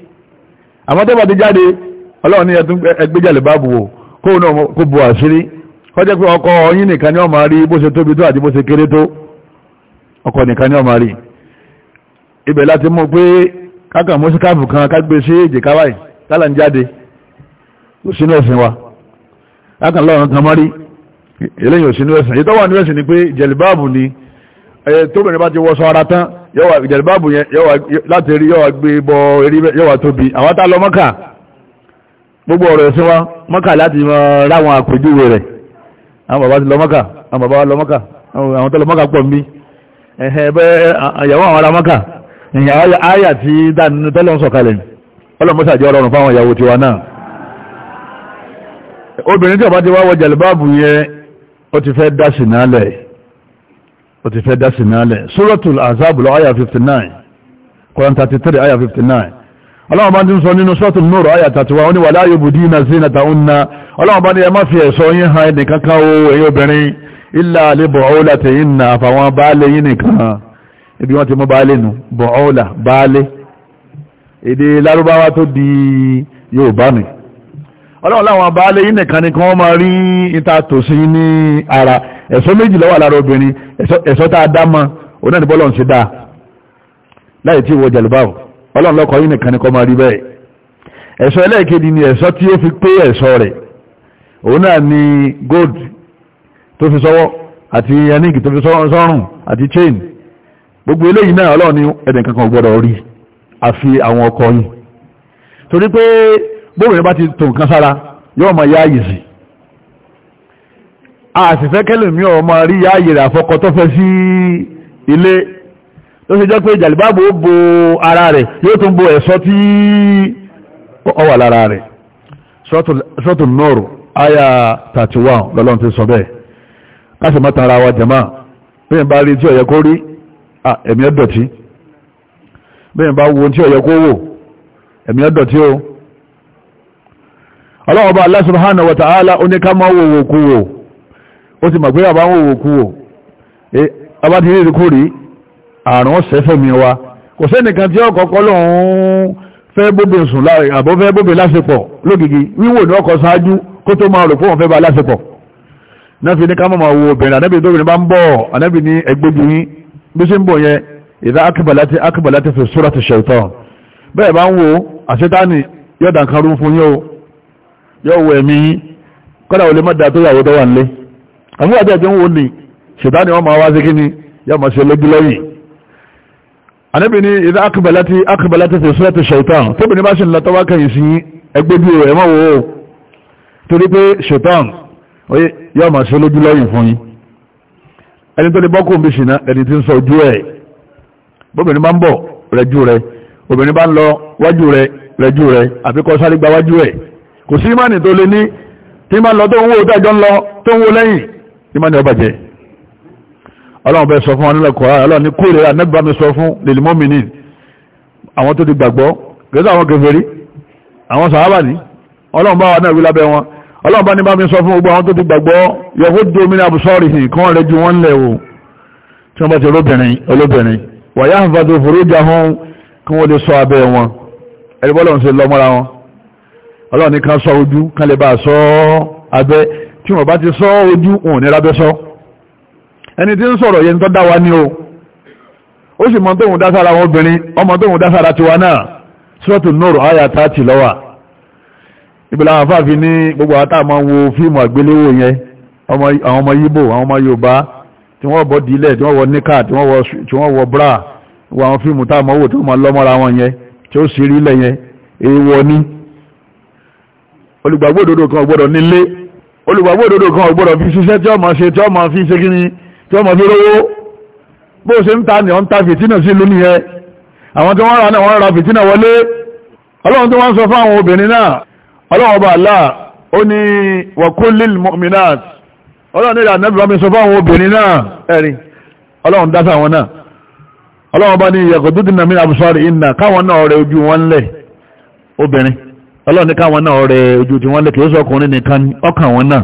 àmọ́ tó bá ti jáde ọlọ́run ní ẹgbẹ́jàlè bá buwò kó bu àṣírí kọjẹ́ pé ọkọ yín nìkan ní ọmọ rí bó ṣe tóbi tó àti bó ṣe kéré tó ọkọ nìkan ní ọmọ rí ibẹ̀ láti mú pé kákan mú síkáàfù kan kágbé sí èjìkáwáì tálà ń jáde sínú ẹ̀sìn wa kákan lọ́run kan mọ́ eléyìn òsínú ẹ̀sìn ni pé jẹ̀lìbáàbù ni tóbìnrin yọ́wà ìjẹ̀lbáàbù yẹn yọ́wà láti rí yọ́wà gbé bọ eré yọ́wà tóbi àwọn tá lọ mọ́kà gbogbo ọ̀rọ̀ ẹ̀sìn wa mọ́kà láti mọ ráwọn àpèjúwe rẹ̀ àwọn bàbá ti lọ mọ́kà àwọn bàbá lọ mọ́kà àwọn tó lọ mọ́kà pọ̀ mí ẹ̀hẹ̀ bẹ́ ìyàwó àwọn ará mọ́kà ìyàwó àyà tí dánú tẹ́lẹ̀ ń sọ̀kalẹ̀ ọlọ́mọ́sàjẹ́ ọlọ́run fáwọn ó ti fẹ́ dásì náà lẹ̀ suratul azabu 59 Quran 33 àyà 59 ọlọ́wọ́n bá ti ń sọ nínú suratul nur àyà 31 ó ní wala yubdina zinatahunna ọlọ́wọ́n bá ní ẹ má fi ẹ̀ṣọ́ yín han ẹnì kankan o èyí obìnrin illa li bu'ulatihinna àfàwọn baálé yín nìkan ọlọ́wọ́n láwọn baálé yín nìkan ni wọ́n máa rí ìta tòsí ní ara ẹ̀ṣọ́ méjì ló wà lára obìnrin ẹ̀ṣọ́ tá a dá mọ́ onáàdìbọ́lọ̀ ń ṣe dáa láì tí ìwọ jẹ̀lúbáwò ọlọ́run lọ́kọ̀ yìí nìkan ni kọ́ máa rí bẹ́ẹ̀ ẹ̀ṣọ́ ẹlẹ́ẹ̀kejì ni ẹ̀ṣọ́ tí ó fi pé ẹ̀ṣọ́ rẹ̀ òun ni gold tó fi sọ́wọ́ àti chain gbogbo eléyìí náà ọlọ́run ni ẹ̀dẹ̀ kankan gbọ́dọ̀ rí àfi àwọn ọkọ yìí torí pé bóbìnrin bá ti àṣìfẹ́kẹ́lẹ̀ mi ọmọ rí yáyè àfọkọ tó fẹ́ sí ilé tó ṣe jẹ́ pé jàlìbáàbò bo ara rẹ̀ yóò tún bo ẹ̀ṣọ́ tí ó wà lára rẹ̀ sọ́tù nọ́ọ̀rù àyà 31 lọ́lọ́n ti sọ bẹ́ẹ̀ káṣì má tan ara wa jàmá bẹ́ẹ̀ bá rí tí Allah subhanahu wa ta'ala oníkàmọ́wòwòkúwò ó ti mọ̀ pé àbá ń wò kú wò ọba ti rí kú rí àrùn ọ̀sẹ̀ fẹ́mi wa kò sẹ́nìkan tí ọkọ̀ọ̀kọ́ lòun fẹ́ bóbe sùn láàrin àbọ̀ fẹ́ bóbe lásìpọ̀ lógìgì wíwò ní ọkọ̀ ṣáájú kó tó máa rò fún ọ̀fẹ́ bá lásìpọ̀ náà fi ní ká mọ̀mọ̀ wo obìnrin ànábì tó bìnrin bá ń bọ̀ ànábì ní ẹgbẹ́bí yín bí ṣe ń bọ̀ yẹn ìdá akíbalátí akíbalátí fi súra ti ṣẹ̀tọ̀ bẹ́ẹ̀ bá ń wo àṣetáni yọ̀dà kan rú fún yóò yọ̀ wọ ẹ̀mí yín kọ́dà ò lè má da tó yàwó dọ́wà nílé àmú àjẹjẹ ń wo ni ṣètá ni wọ́n máa wá sí kí ni yóò máa ṣe lójú lẹ́yìn àníbi ni ìdá akọ̀bẹ̀lẹ́tì akọ̀bẹ̀lẹ́tì ti sọ́rọ̀ ti ṣètàn tóbi ní bá ṣe ń lọ́tọ́ wá kẹ́yìn sí ẹgbẹ́ bí ẹ̀ mọ́ wo torí pé ṣètàn yóò máa ṣe lójú lẹ́yìn fún yín ẹni tó ní bọ́kùn bí ṣìnà ẹni tí ń sọ ojú ẹ̀ bóbìnrin bá ń bọ̀ rẹjú rẹ obìnrin bá ń lọ wájú rẹ rẹjú rẹ àfikọ́ sáré gba wájú ẹ̀ kò sí ìmánì tó lé ní tí ń bá ń lọ tó ń wo tó ń wo lẹ́yìn ìmọ̀ni ọba jẹ́ ọlọ́run bẹ sọ fún wọn nílẹ̀ kọ́ra ọlọ́run ní kúrò rẹ̀ anẹ́gbà mi sọ fún lèlì mọ́mìnì àwọn tó ti gbàgbọ́ gẹ́gẹ́ àwọn kèfèrí àwọn sàhábà ní ọlọ́run bá wà náà wí lábẹ́ wọn ọlọ́run bá ní bá mi sọ fún gbogbo àwọn tó ti gbàgbọ́ yọkó domi ní abùsọ́rì hì kán rẹ̀ ju wọn lẹ̀ o tí wọ́n bá ti olóbìnrin olóbìnrin wàyà àǹfààní òfurufú ahọ́n kí wọ́n lè sọ abẹ́ wọn ẹ̀rí bọ́lọ́run ṣe lọ́mọ́ra wọn ọlọ́run ní kan sọ ojú kan lè bá sọ abẹ́ tí wọ́n bá ti sọ ojú wọn ní rábẹ́ sọ ẹni tí ń sọ̀rọ̀ yẹn tó dá wa ní o ó sì mọ tóun dá sára wọn obìnrin ọmọ tóun dá sára tiwa náà sọ́ọ̀tù nóòrò àyà tá ti lọ́wà ìbìlà àwọn afáàfin ní gbogbo àtà máa ń wo fíìmù àgbéléwò yẹn àwọn ọmọ yíbò àwọn ọmọ yorùbá tí wọ́n bọ́ dílẹ̀ tí wọ́n wọ níkà tí wọ́n wọ bra wọ àwọn fíìmù tá àmọ́wò tí wọ́n lọ́mọ́ra wọn yẹn tí ó sì rí ilẹ̀ yẹn èèwọ̀ ni olùgbàgbọ́ kan gbọ́dọ̀ nílé olùgbàgbọ́ òdodo kan ò gbọ́dọ̀ fi ṣiṣẹ́ tí ọmọ ṣe tí ọmọ fi ṣe kí ni tí ọmọ fi rówó bó ṣe ń ta ni ọ̀n ta fìtínà sí ìlú nìyẹn àwọn tí wọ́n ra náà wọ́n ra fìtínà wọlé ọlọ́run tí wọ́n sọ fún àwọn obìnrin náà ọlọ́run ọba Allah ó ní wakulil mu'minat ọlọ́run ní ìdánẹ́bí bá mi sọ fún àwọn obìnrin náà ẹ̀rí ọlọ́run dáta wọn náà ọlọ́run ọba ní yaqdudna min absari inna káwọn náà rẹ ojú wọn lẹ̀ obìnrin ọlọ́run ní káwọn náà rẹ ojú tí wọ́n lè kìí sọkùnrin nìkan ọkàn wọn náà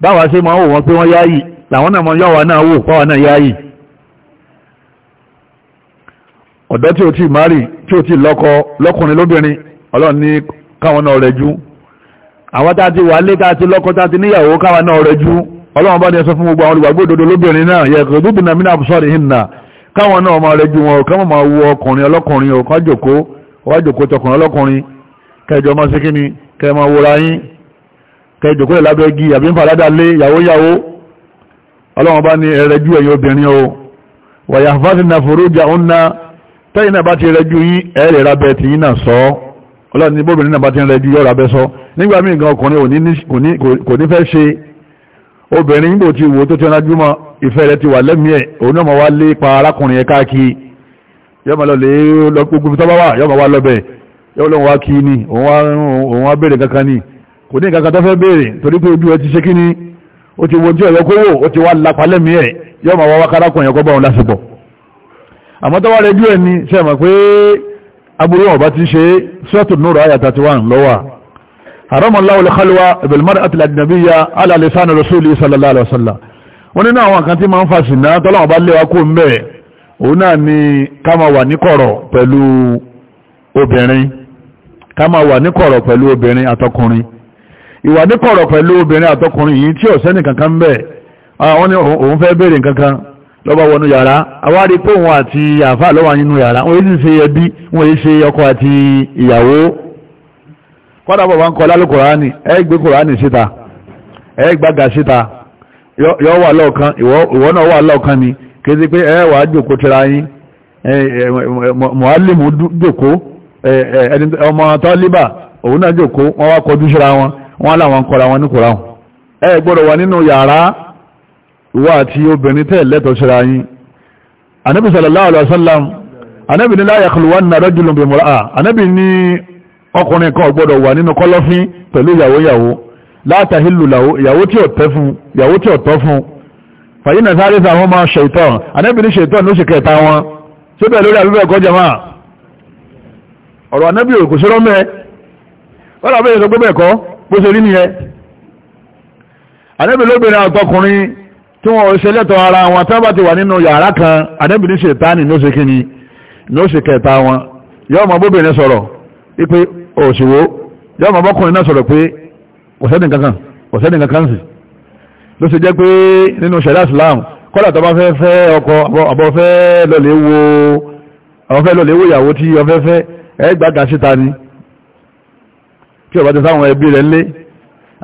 báwa ṣe máa wò wọ́n pé wọ́n yáyì làwọn náà máa yáwa náà wò pàwa náà yáyì ọ̀dọ́ tí o ti mari tí o ti lọ́kọ lọ́kùnrin lóbìnrin ọlọ́run ní káwọn náà rẹ jú àwọn tá a ti wà lé tá a ti lọ́kọ tá a ti níyàwó káwọn náà rẹ jú ọlọ́run bá ní ẹsọ fún gbogbo àwọn olùgbàgbé òdodo lóbìnrin náà yẹ kò dúbìnà mí náà sọ́ọ̀rì kẹjọ ọmọ sí kíni kẹmọ wòrà yín kẹjọ kúrẹ̀ lábẹ́ igi àbí ń fàládà lé yàwó yàwó ọlọ́wọ́n bá ní ẹrẹjú ẹ̀yin obìnrin o wàyà fásitì fòrójà ń na tẹ́yìn náà bá ti rẹjú yín ẹ̀rẹ̀ rabẹ̀ tí yín náà sọ ọlọ́ni bóbìnrin náà bá ti rẹjú yọ́ rabẹ́ sọ nígbà míì gan ọkùnrin kò ní fẹ́ ṣe obìnrin nígbò ti wò tó ti rájú mọ́ ìfẹ́ rẹ̀ ti wà lẹ́mìí ẹ̀ òun náà mọ̀ yóò lọ́wọ́ wá kí ní òun wá bèèrè kankan ní kò ní kankan tó fẹ́ bèèrè torí pé ojú ẹ ti ṣe kí ní ó ti wojú ẹ̀yọ́ kówó ó ti wá lápalẹ́mí ẹ̀ yóò máa wá kárákùn ẹ̀yọ́ kọ́ bá àmọ́ tó wá rẹ̀ ẹ̀ ní ṣe mọ̀ pé aburú ọba ti ṣe sọ́ọ̀tù nùrù àyà 31 khalwa bil mar'ati ala lisan rasuli sallallahu alaihi wasallam wọ́n nínú àwọn kan tí máa ń fa sìnà tọ́lọ́wọ́n bá wà ní obìnrin ká ma wà níkọ̀rọ̀ pẹ̀lú obìnrin àtọkùnrin ìwà níkọ̀rọ̀ pẹ̀lú obìnrin àtọkùnrin yìí tí ọ̀sẹ́ nìkankan kankan bẹ̀ àwọn ah, ni òun fẹ́ bèèrè kankan lọ́ba wọnú yàrá awárí pé òun àti àfà lọ́wọ́ nínú yàrá wọ́n yìí ṣe ẹbí wọ́n yìí ṣe ọkọ àti ìyàwó kọ́dà ń kùránì ọmọ tọ́líbà òun náà jòkó wọ́n wá kọjú síra wọn wọ́n láwọn kọra wọn ní kòrá wọn ẹ gbọ́dọ̀ wà nínú yàrá ìwọ àti obìnrin tẹ́ lẹ́tọ̀ síra yín anábì sallallahu alaihi wasallam la yakhluwanna rajulun bi mar'a anábì ní ọkùnrin kan gbọ́dọ̀ wà nínú kọ́lọ́fín pẹ̀lú la tahillu lahu ìyàwó tí ò tẹ́ fún ìyàwó tí ò tọ́ fún fàyínà sáré sàwọn máa ṣètọ́ anábì ní ṣètọ́ ní lórí àbíbẹ̀ kọjá máa ọ̀rọ̀ anábì òkú sọ́rọ́ mẹ́ ọ̀rọ̀ abẹ́yẹ sọ pé bẹ́ẹ̀ kọ́ bó ṣe rí nìyẹn anábì lóbìnrin àtọkùnrin tí wọ́n ṣe lẹ́tọ̀ ara wọn tábà ti wà nínú yàrá kan anábì ní ṣètánì ní ó ṣe kíni ní ó ṣe kẹta wọn yọ́ ma bóbìnrin sọ̀rọ̀ wípé òṣìwò yọ́ ma bọ́kùnrin náà sọ̀rọ̀ pé ọ̀sẹ́ni kankan sì ló ṣe jẹ́ pé nínú àwọn fẹ́ lọ léwó ìyàwó tí ọfẹ́fẹ́ ẹgbàgà síta ni tí ọba ti sáwọn ẹbí rẹ̀ lé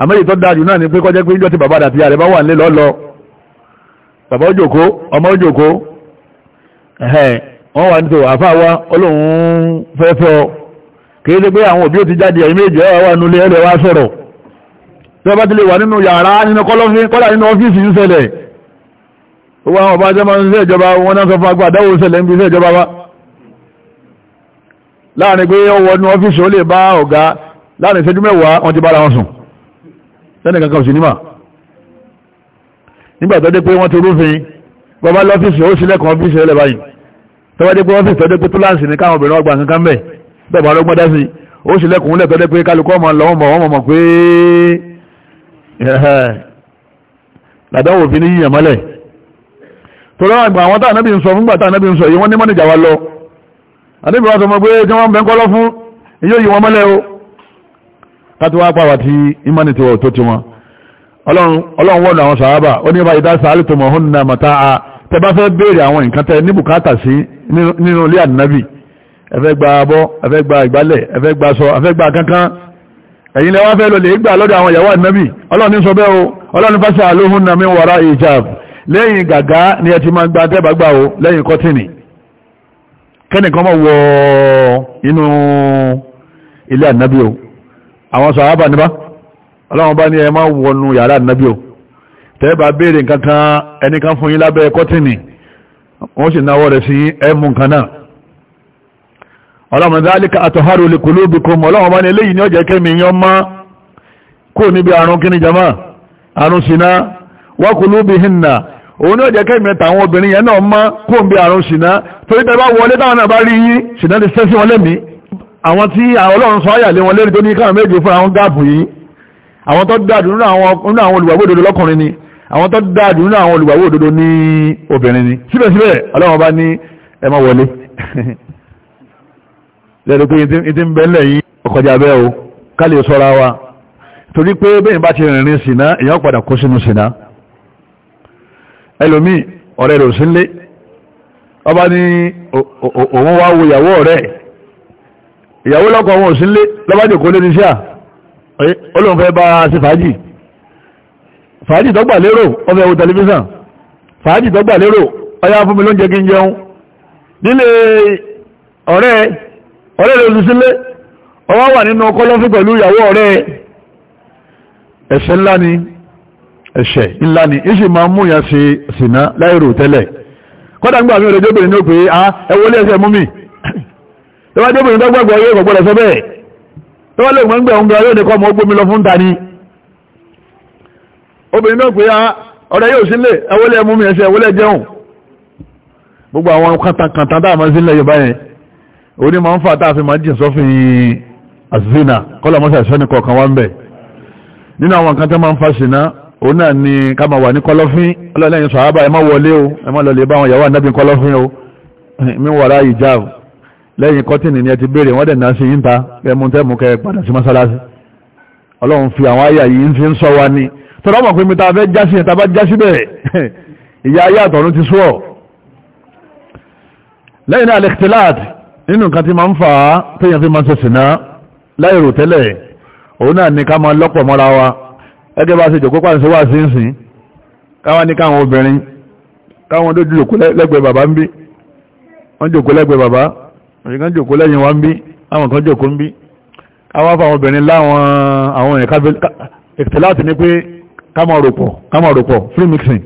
àmẹ́yì tó dájú náà ni pé kọjẹ́ pé ìjọ́ ti bàbá àti ààrẹ bá wà nílé lọ́lọ́ bàbá òjòkó ọmọ òjòkó wọ́n wà nítorí àfáà wa olóhun fẹ́fẹ́ ọ kìí ṣe pé àwọn òbí ò ti jáde ẹ̀yìn méjì ẹwà wà nulẹ̀ ẹ̀rẹ̀ wá sọ̀rọ̀ tí wọ́n bá ti lè wà nínú yàrá nínú kọ́lọ́fín kọ́lá nínú ọ́fíìsì ń ṣẹlẹ̀ gbogbo àwọn ọba jẹ́ máa ń ṣe ìjọba wọn náà sọ fún agbádáwò ṣẹlẹ̀ ń bí iṣẹ́ ìjọba wa láàrin pé ó wọnú ọ́fíìsì ó lè bá ọ̀gá láàrin ìṣẹ́jú mẹ́wàá wọ́n ti bára wọn sùn lẹ́nì kankan sí nímà nígbà tó dé pé wọ́n ti rúfin bọ́bá lọ́fíìsì ó sílẹ̀kùn ọ́fíìsì ẹlẹ́ báyìí tó bá dé pé ọ́fíìsì tó dé pé túláàsì ní káwọn obìnrin ọgbà kankan bẹ̀ bẹ́ẹ̀ bá rọ́gbọ́n dá sí ó sílẹ̀kùn lẹ̀ tó dé pé kálukọ́ ọmọ lọ́wọ́ mọ̀ wọ́n mọ̀ pé làdáwò fi ní yíyàn àdébìwà tó mọ̀ pé tí wọ́n bẹ̀ ń kọ́lọ́ fún imani ti wọ̀ tó ti wọn ọlọ́run wọ́n àwọn sàábà ó ní bá ìdá sàálì tó mọ̀ hún náà mọ̀ta a tẹ bá fẹ́ béèrè àwọn nǹkan tẹ ní bùkátà sí nínú ilé ànábì ẹfẹ́ gba abọ́ ẹfẹ́ gba ìgbálẹ̀ ẹfẹ́ gba aṣọ ẹfẹ́ gba kankan ẹ̀yin lẹ́wọ́n fẹ́ lọ lè lọ́dọ̀ àwọn ìyàwó ànábì ọlọ́run sọ bẹ́ẹ̀ o ọlọ́run fásitì àlóhùn náà mi ìjàb lẹ́yìn gàgá ni ẹ ti máa gba tẹ́bàgbà o lẹ́yìn kọ́tìnì kẹ́nìkan mọ̀ wọ inú ilé ànábí o àwọn sàhábà níbá ọlọ́wọ́n bá ní ẹ máa wọnú yàrá ànábí o tẹ́ẹ̀bà béèrè kankan ẹnìkan fún yín lábẹ́ kọ́tìnì wọ́n sì náwọ́ rẹ̀ sí ẹmù nǹkan náà ọlọ́wọ́n dhalika atharu li qulubikum ọlọ́wọ́n bá ní eléyìí ní kẹ́mi yán má kó níbi àrùn kíní jama àrùn òun ní ọ̀jẹ̀ kẹ́mìíràn tàwọn obìnrin yẹn náà mọ́ kóun bí àrùn ṣìnà torí tẹ́ bá wọlé táwọn náà bá rí yín ṣìnà ti sẹ́sí wọn lẹ́mí àwọn tí ọlọ́run sọ àyàlé wọn lérí tó ní káwọn méje fún àwọn gáàbù yìí àwọn tó dáàdù nínú àwọn olùgbàgbọ́ òdodo lọ́kùnrin ni àwọn tó dáàdù nínú àwọn olùgbàgbọ́ òdodo ní obìnrin ni síbẹ̀síbẹ̀ ọlọ́run bá ní ẹ o ká lè sọ́ra wa torí pé bẹ́yìn bá ti rìnrìn ṣìnà èèyàn padà kó ẹlòmíì ọ̀rẹ́ rẹ̀ ò sí nlé ọba ní òun wá wo ìyàwó ọ̀rẹ́ ìyàwó lọ́kọ̀ òun ò sí nlé lọ́ba jòkó lé ní síà olóhùn fẹ́ bá a ṣe fàájì fàájì tó gbà lérò ó fẹ́ wo tẹlifíṣàn fàájì tó gbà lérò ó yá fún mi lóúnjẹ kí n jẹun nílé ọ̀rẹ́ ọ̀rẹ́ rẹ̀ sílé ọwọ́ wà nínú kọ́lọ́fín pẹ̀lú ìyàwó ọ̀rẹ́ ẹ̀ṣẹ̀ ńlá ni ẹ̀ṣẹ̀ ńlá ni ìṣì máa mú yàn ṣe ṣìnà láìrò tẹ́lẹ̀ kọ́dà ń gbà mí ọ̀rẹ́ jóbìnrin ló pé a ah, ẹwọ́ lé ẹsẹ̀ mú mi tó bá jóbìnrin tó gbàgbọ́ yóò kọ̀ gbọ́dọ̀ sọ bẹ́ẹ̀ tó bá lè mọ́ ń gbà ọ̀gbà yóò ní kọ́ mọ́ ó gbómi lọ fún ta ni obìnrin náà pé a ah, ọ̀rẹ́ yóò sílẹ̀ ẹwọ́ lé mú mi ẹsẹ̀ ẹwọ́ lé jẹun gbogbo àwọn kàtàkàtà tá a máa sílẹ̀ òun náà ni ká máa wà ní kọlọ́fín ọlọ́lẹ́yìn sàhábà ẹ má wọlé o ẹ má lọlẹ̀ bá wọn yàwó ànábì kọlọ́fín o mi wọ̀rá ìjáàbù lẹ́yìn kọ́tìnì ni ẹ ti béèrè wọ́n dẹ̀ náà sí yínta ẹmú tẹ́mù kẹ padà sí mọ́sálásí ọlọ́run fi àwọn àyà yìí ń fi ń sọ wa ni tọ́lá mọ̀ pé mi ta fẹ́ jásí ẹ̀ ta bá jásí bẹ̀rẹ̀ ìyá ayé àtọ̀run ti sọ́ lẹ́yìn náà lẹ́kìtìláàt nínú nǹkan ti máa ń fà á téèyàn fi máa ń ṣe sìná náà ni ká máa lọ́pọ̀ gẹ́gẹ́ bá ṣe jòkó pàṣẹ wà sí ìsìn káwá ní káwọn obìnrin káwọn tó jòkó lẹ́gbẹ̀ẹ́ bàbá ń bí wọ́n jòkó lẹ́gbẹ̀ẹ́ bàbá òṣìkan jòkó lẹ́yìn wá ń bí àwọn kan jòkó ń bí káwá fáwọn obìnrin láwọn àwọn èèyàn ìtìláàtì ní pé kámọ̀rọ̀pọ̀ free mixing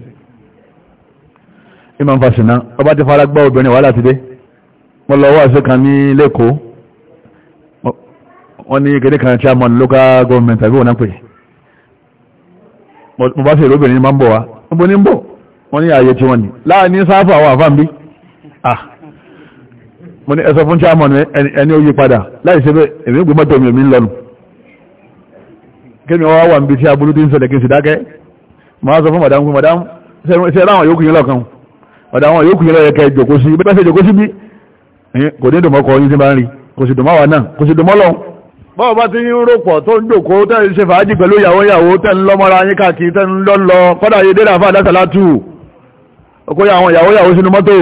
imam fasina ọba ti fara gbá obìnrin wà láti dé wọ́n lọ wà sí kan ní lẹ́kọ̀ọ́ wọ́n ní kéde kan chairman local government àbí wọ́n náà pè é mo bá fèrè obìnrin máa ń bọ̀ wá níbo ní ń bọ̀ wọ́n ní ààyè tí wọ́n ní láàrin sáfà àwọn àfáàmbí ah mo ní ẹsọ fún chairman ẹni ó yí padà láì ṣe bẹ́ẹ̀ èmi ń gbé mọ́tò mi ò mi ń lọ́nu kí ni wọ́n wà níbi tí aburú ti ń ṣẹlẹ̀ kí n sì dákẹ́ máa sọ fún madam pé madam ṣe ráwọn yóò kìyìn lọ́kàn madam wọn yóò kìyìn lọ́yẹ jòkó sí bẹ́ẹ̀ ṣe jòkó sí bí kò ní dùnmọ́ kọ yín tí bá ń rí kò sì dùnmọ́ wà náà kò sì dùnmọ́ lọ́hùn bọ́ọ̀ bá ti ń ròpọ̀ tó ń jòkó tẹ́ ń ṣe fàájì pẹ̀lú ìyàwó ìyàwó tẹ́ ń lọ́mọ́ra yín káàkiri tẹ́ ń lọ́lọ́ kọ́dà yé dédà fà dásàlátù okóyà àwọn ìyàwó ìyàwó sínú mọ́tò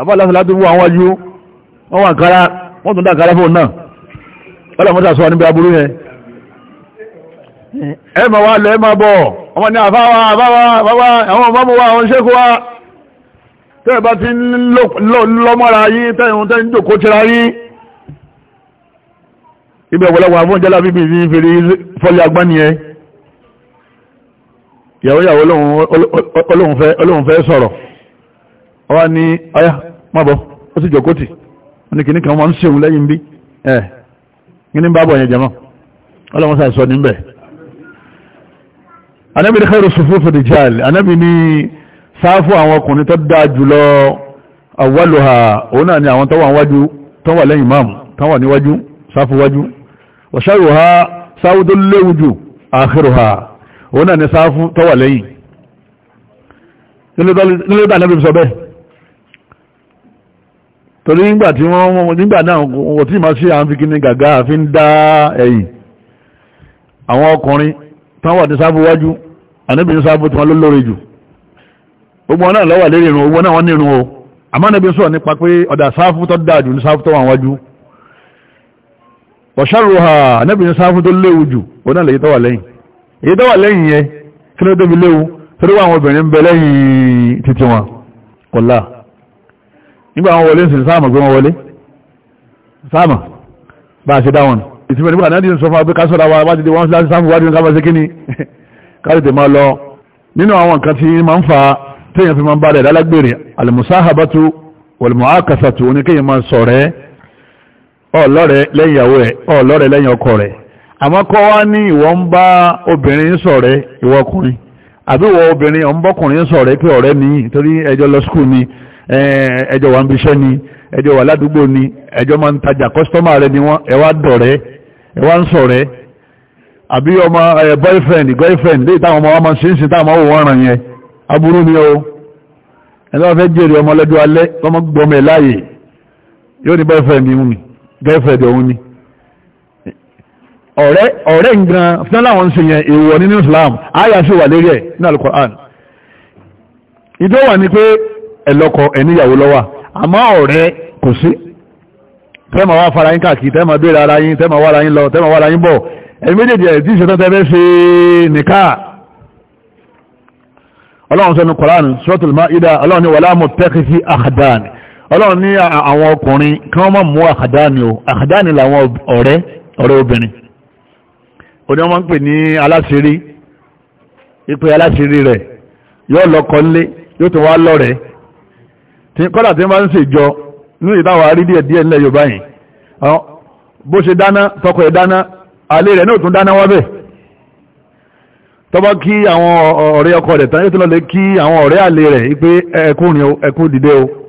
àfà dásàlátù wọ àwọn ajú wọ́n wà kára wọ́n tún dà kára fóun náà ọlọ́ mọ́tà sọ níbi aburú yẹn ẹ mà wá lẹ́ mà bọ̀ ọmọ ní àfáwà àfáwà àfáwà àwọn ọmọ wa àwọn ṣẹ́kù wa tẹ́ bá ti ń lọ́mọ́ra yín tẹ́ ń ibi ọ̀pọ̀lọpọ̀ àwọn jẹ́lá bíbí ní fèrè fọ́lẹ̀ agbáni ẹ ìyàwó ìyàwó olóhun fẹ́ sọ̀rọ̀ ọwá ní ọyá mọ́bọ̀ ó sì jọkótì ní kìíní kan wọ́n ń ṣeun lẹ́yìn bí ẹ̀ gíní bá bọ̀ yẹn jẹ́mọ́ ọlọ́run sàìsọ níbẹ̀ anábì ní khairu sufufu rijal anábì ní sáfù àwọn ọkùnrin tó dáa jùlọ awwaluha òun náà ni àwọn tó wà níwájú tó wà lẹ́yìn máàmù tó wà níwájú sáfúwájú ọ̀ṣàrò ha sáwú tó léwu jù àkírò ha òun náà ni sáfú tó wà lẹ́yìn nílé bá nẹ́bí sọ bẹ́ẹ̀ torí nígbà tí wọ́n nígbà náà wò tí ma ṣe à ń fi kíní gàgá àfi ń dá ẹ̀yìn àwọn ọkùnrin tán wà ní sáfúwájú ànẹ́bí ní sáfú tí wọ́n ló lórí jù gbogbo náà lọ́wà lérí irun owó náà wọ́n ní irun o wọ̀ṣàrò ha anábì ní sáfún tó léwu jù oná lè yítọ́wà lẹ́yìn yítọ́wà lẹ́yìn yẹ kí ló débi léwu torí àwọn obìnrin ń bẹ lẹ́yìn títí wọn kọlá nígbà àwọn wọlé ń sáàmà gbé wọn wọlé sáàmà bá ṣe dáwọn ìsinmi nígbà náà dín ọlọ́rẹ̀ lẹ́yìn ìyàwó ẹ̀ ọlọ́rẹ̀ lẹ́yìn ọkọ rẹ̀ àmọ́ kọ́ ní ń obìnrin ṣọ̀rẹ́ ìwọ ọkùnrin àbí obìnrin ọmọkùnrin bọ́kùnrin pé ọ̀rẹ́ ni torí ẹjọ́ lọ skul ni ẹjọ́ wà ń bíṣẹ́ ni wà ládùúgbò ni ẹjọ́ máa ń tajà kọ́sítọ́mà rẹ ni wọ́n ẹ dọ̀rẹ́ ẹ̀ láàyè yóò ní girlfriend òun ni ọ̀rẹ́ ngan fún láwọn ṣe yẹn èèwọ̀ nínú Islam ayà sí wà lérí ẹ̀ ní Al-Qur'an ìdó wà ní pé ẹ̀lọ́kọ ẹ̀níyàwó lọ́wà àmọ́ ọ̀rẹ́ kò sí tẹ́mà wá fara yín káàkiri tẹ́mà bèèrè ara yín tẹ́mà wá ara yín lọ tẹ́mà wá ara yín bọ̀ ẹ̀mí méjèèjì ẹ̀ tí ìṣẹ́tàn tẹ́fẹ́ ṣe nìká ọlọ́run sẹ́nu Qur'an Suratul Ma'idah ọlọ́run ni wala muttakhidhi akhdan ọlọ́run ní àwọn ọkùnrin kí wọ́n mọ̀ mú àkàdáni o àkàdáni làwọn ọ̀rẹ́ ọ̀rẹ́ obìnrin ó ní wọ́n ń pè ní aláṣírí ipò aláṣírí rẹ̀ yóò lọ́kọ lé yóò tún wá lọ́rẹ̀ tí kọ́lá tí wọ́n ń ṣèjọ ní ìdáwà rí díẹ̀ díẹ̀ nílẹ̀ Yorùbá yìí bó ṣe dáná tọkọ ẹ̀ dáná alé rẹ̀ náà tún dáná wábẹ̀ tọ́bọ́ kí àwọn ọ̀rẹ́ ọkọ rẹ̀ tán yóò tún lọ lè kí àwọn ọ̀rẹ́ àlè rẹ̀ pé ẹkùnrin dìde o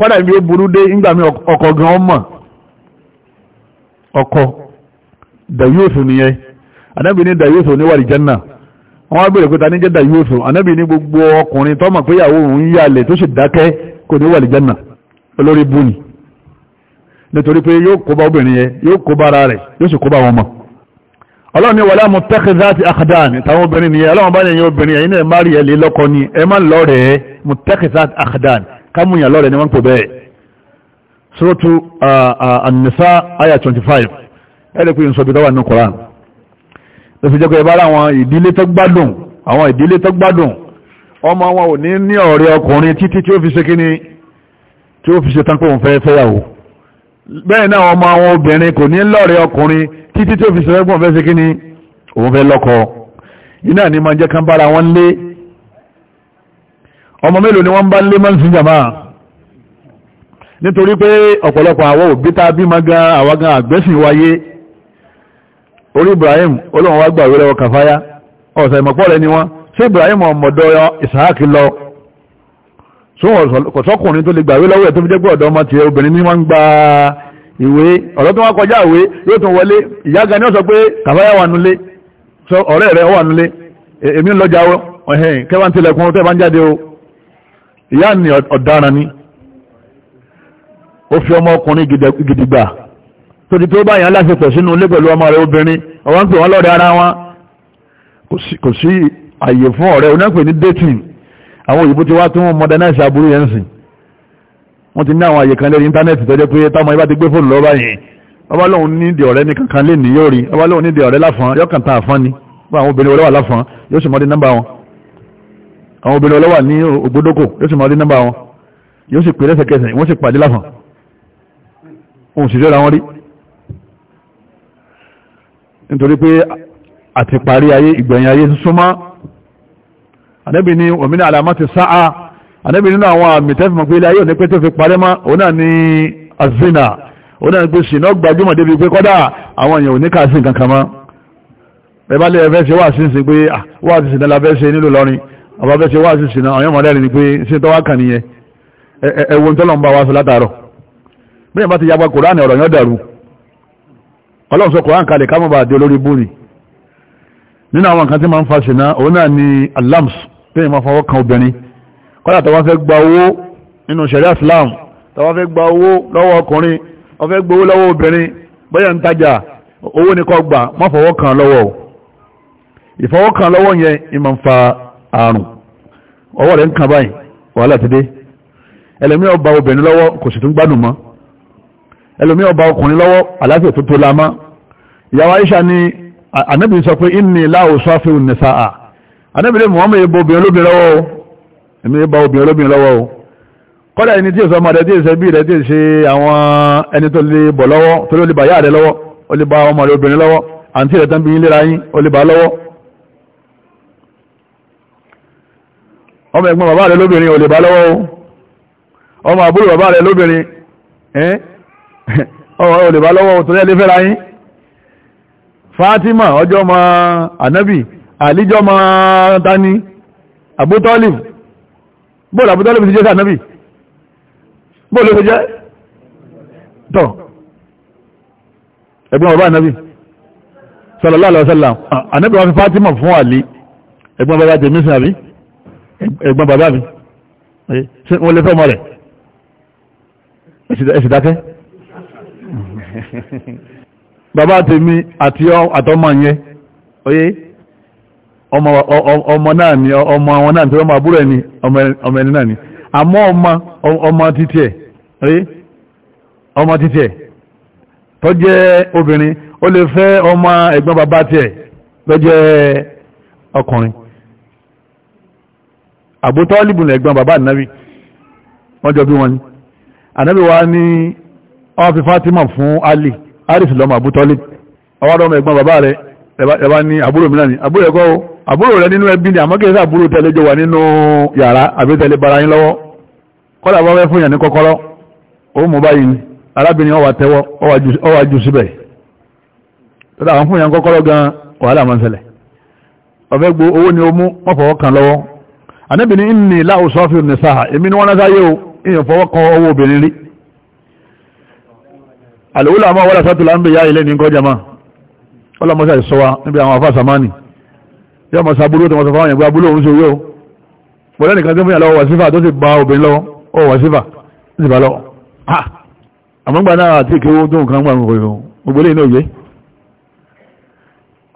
kọ́dà ibi ó burú dé ńgbà mi ọkọ̀ gan ọmọ ọkọ̀ dayóòsù nìyẹn anábì ní dayóòsù níwàlì jẹ́nà wọ́n bèèrè pé ta ní jẹ́ dayóòsù anábì ní gbogbo ọkùnrin tọ́mọ̀ pé ìyàwó òun yàlẹ̀ tó sì dákẹ́ kò níwàlì jẹ́nà olórí búni nítorí pé yóò kó bá obìnrin yẹn yóò kó bá ara rẹ̀ yóò sì kó bá wọn mọ̀ ọlọ́run ni wọlé mùtẹ́kìdáàtì àkàdáàni táwọn obìnrin nìyẹn ọlọ́run bá yẹn obìnrin yẹn ní ẹ̀ má rí ẹ̀ lé lọ́kọ ni ẹ má lọ́rẹ̀ẹ́ mùtẹ́kìdáàtì àkàdáàni kámúyàn lọ́rẹ̀ ni wọ́n pè bẹ́ẹ̀ sọ́rọ́tù ànìsá àyà 25 ẹ̀rẹ́ pé ìsọ̀bí tó wà ní koran ló fi jẹ́ pé ẹbára àwọn ìdílé tó gbádùn àwọn ìdílé tó gbádùn ọmọ wọn ò ní ní ọ̀rẹ́ ọkùnrin títí tí ó fi ṣe kíní tí ó fi ṣe tán pé òun fẹ́ fẹ́yàwó bẹ́ẹ̀ náà ọmọ àwọn obìnrin kò ní lọ́rẹ́ ọkùnrin títí tí ó fi ṣe tán òun fẹ́ ṣe kíní òun fẹ́ lọ́kọ iná ni máa jẹ́ kán bára wọn lé ọmọ mélòó ni wọ́n bá lé mọ́ sí jàmá nítorí pé ọ̀pọ̀lọpọ̀ àwọn òbí tá bí máa gan àwọn gan àgbẹ́sìn wáyé orí Ibrahim olóhùn wá gbà wẹ́rẹ́ kàfáyá ọ̀sẹ̀ ìmọ̀pọ̀ rẹ̀ ni wọ́n ṣé Ibrahim ọmọdọ̀ Isaac lọ sọ́kùnrin tó lè gbàwé lọ́wọ́ ẹ̀ tó fi ìyá ni ọ̀daràn ni ó fi ọmọ ọkùnrin gidigba tó ti tó báyìí aláṣepọ̀ sínú ilé pẹ̀lú ọmọ rẹ̀ obìnrin ọwọ́n pè wọ́n lọ́rẹ̀ ara wọn kò sí àyè fún ọ̀rẹ́ onípè ní dating àwọn òyìnbó ti wá tún modernize aburú yẹn sìn wọ́n ti ní àwọn àyè kan lẹ́yìn íńtánẹ́ẹ̀tì tó jẹ́ pé táwọn ibà ti gbé fóònù lọ́wọ́ báyìí ọba lóun nídìí ọ̀rẹ́ ní kankan lè ní yóò rí ọba lóun nídìí ọ̀rẹ́ láfọn yóò àfọn ni bá àwọn obìnrin olówà láfọn yóò sì mọ́ àwọn obìnrin ọlọ́wà ní ògbódókò yóò sì máa rí nọ́mbà wọn yóò sì pè lẹ́sẹ̀kẹsẹ̀ wọ́n sì pàdé láfàn òun sì rẹ́ra wọn rí nítorí pé àti parí ayé ìgbẹ̀yìn ayé súnmọ́ ànábì ni òmìnira àlàmá ti sáà ànábì nínú àwọn àmì tẹ́fìmọ̀ pé ilé ayé òní pé tó fi parẹ́ mọ́ òun náà ni azina òun náà ni pé ṣìnà gbajúmọ̀ débi pé kọ́dà àwọn èèyàn òní kà sí nǹkan kan mọ́ ẹ bá lè ẹfẹ́ ṣe wà sí ah, sí pé wà sí sí nílò lọ́rin ọba bẹ́ ṣe wá sí ṣìnà àwọn ni pé ṣe tọ́wá kàn nìyẹn ẹwọ́n tọ́lọ̀ ń bá wá sọ látàárọ̀ bí ìbá ti yapa kòránì ọ̀rọ̀ yọ́n dàrú ọlọ́run sọ kòránì kalẹ̀ kámọ́ bá dé olórí búni nínú àwọn nǹkan tí máa ń fa ṣìnà òun náà ni alams tí ìmọ̀ fọwọ́ kan obìnrin kọ́lá tọ́wọ́ fẹ́ gba owó nínú ṣẹ̀ríà Islam tọ́wọ́ fẹ́ gba owó lọ́wọ́ ọkùnrin ó fẹ́ gbowó lọ́wọ́ obìnrin bóyá ń tajà owó ni kó gbà má fọwọ́ kan lọ́wọ́ ìfọwọ́ kan lọ́wọ́ yẹn ìmọ̀ ń fa àrùn ọwọ́ rẹ̀ ń kan báyìí wàhálà ti dé ẹlòmí ọba obìnrin lọ́wọ́ kò sì tún gbádùn mọ́ ẹlòmí ọba ọkùnrin lọ́wọ́ àlàáfíà tó tó la ìyàwó Aisha ni anábì sọ pé inni la usafihu nisaa anábì lè mọ̀ ọmọ ìbò obìnrin lóbìnrin lọ́wọ́ o èmi ìbá obìnrin lóbìnrin lọ́wọ́ o kọ́dà ẹni tí ìsọmọ rẹ̀ tí ìṣe bí rẹ̀ tí ìṣe àwọn ẹni tó lè bọ̀ lọ́wọ́ tó lè bá yá lọ́wọ́ ọmọ ẹ̀gbọ́n bàbá rẹ̀ lóbìnrin ò lè bá lọ́wọ́ ọmọ àbúrò bàbá rẹ̀ lóbìnrin ò lè bá lọ́wọ́ tó lẹ́lé fẹ́ra yín Fatima ọjọ́ ma anabi àlíjọ́ ma tani abútọ́lìf bóòlù abútọ́lìf ti jẹ́ sí anabi bóòlù ti jẹ́ tọ́ ẹ̀gbọ́n bàbá anabi sallallahu alaihi wasallam anabi wọn fi Fatima fún àlí ẹ̀gbọ́n bàbá jẹ́ mísìn àbí ẹ̀gbọ́n bàbá mi ṣe wọ́n lè fẹ́ ọmọ rẹ̀ ẹ̀sì dákẹ́ bàbá tèmi àti àtọmọ yẹn oyé ọmọ náà ni ọmọ àwọn náà tí wọ́n máa búrò ẹni ọmọ ẹni náà ni àmọ́ ọmọ títí ẹ̀ oyé ọmọ títí ẹ̀ tó jẹ́ obìnrin ó lè fẹ́ ọmọ ẹ̀gbọ́n bàbá tiẹ̀ tó jẹ́ ọkùnrin Abu Tọ́lìbù lẹ̀gbọ́n bàbá ànábì wọ́n jọ bí wọn ni ànábì wa ní wọ́n fi Fatima fún Ali arif lọ́mọ Abu Tọ́lìbù ọwọ́dọ́ ọmọ ẹ̀gbọ́n bàbá rẹ̀ ẹ̀bá ní àbúrò mìíràn ni àbúrò ẹ̀kọ́ o àbúrò rẹ̀ nínú ẹbí ni àmọ́ kìí sá àbúrò tẹ́lẹ̀ jọ wà nínú yàrá àbí tẹ́lẹ̀ bara yín lọ́wọ́ kọ́lá bá fẹ́ fún yàn ní kọ́kọ́rọ́ ó mú báyìí ni arábìnrin ọwà tẹ́wọ́ ọwà jù síbẹ̀ tọ́lá àwọn fún yàn kọ́kọ́rọ́ gan wàhálà máa ń ṣẹlẹ̀ ọ̀fẹ́ gbọ́ owó ni ó mú wọ́n kan lọ́wọ́ anábìnrin ní láwù sọ́fì nìsáà èmi ni wọ́n rán sáyé o èèyàn fọwọ́ kan owó obìnrin rí àlòwúlò àmọ́ wọ́lá sátúlà ń bè yá ilé ní kọjá máa ọlọ́mọsá ìsọwa níbi àwọn afá samani yọ mọ̀ sábúrú tó mọ̀sán fáwọn ẹ̀gbẹ́ abúlé òun ṣe yóò pọ̀lẹ́ nìkan tí ó fún ìyàlọ́wọ́ wàsífà tó sì bá obìnrin lọ́wọ́ ó wàsífà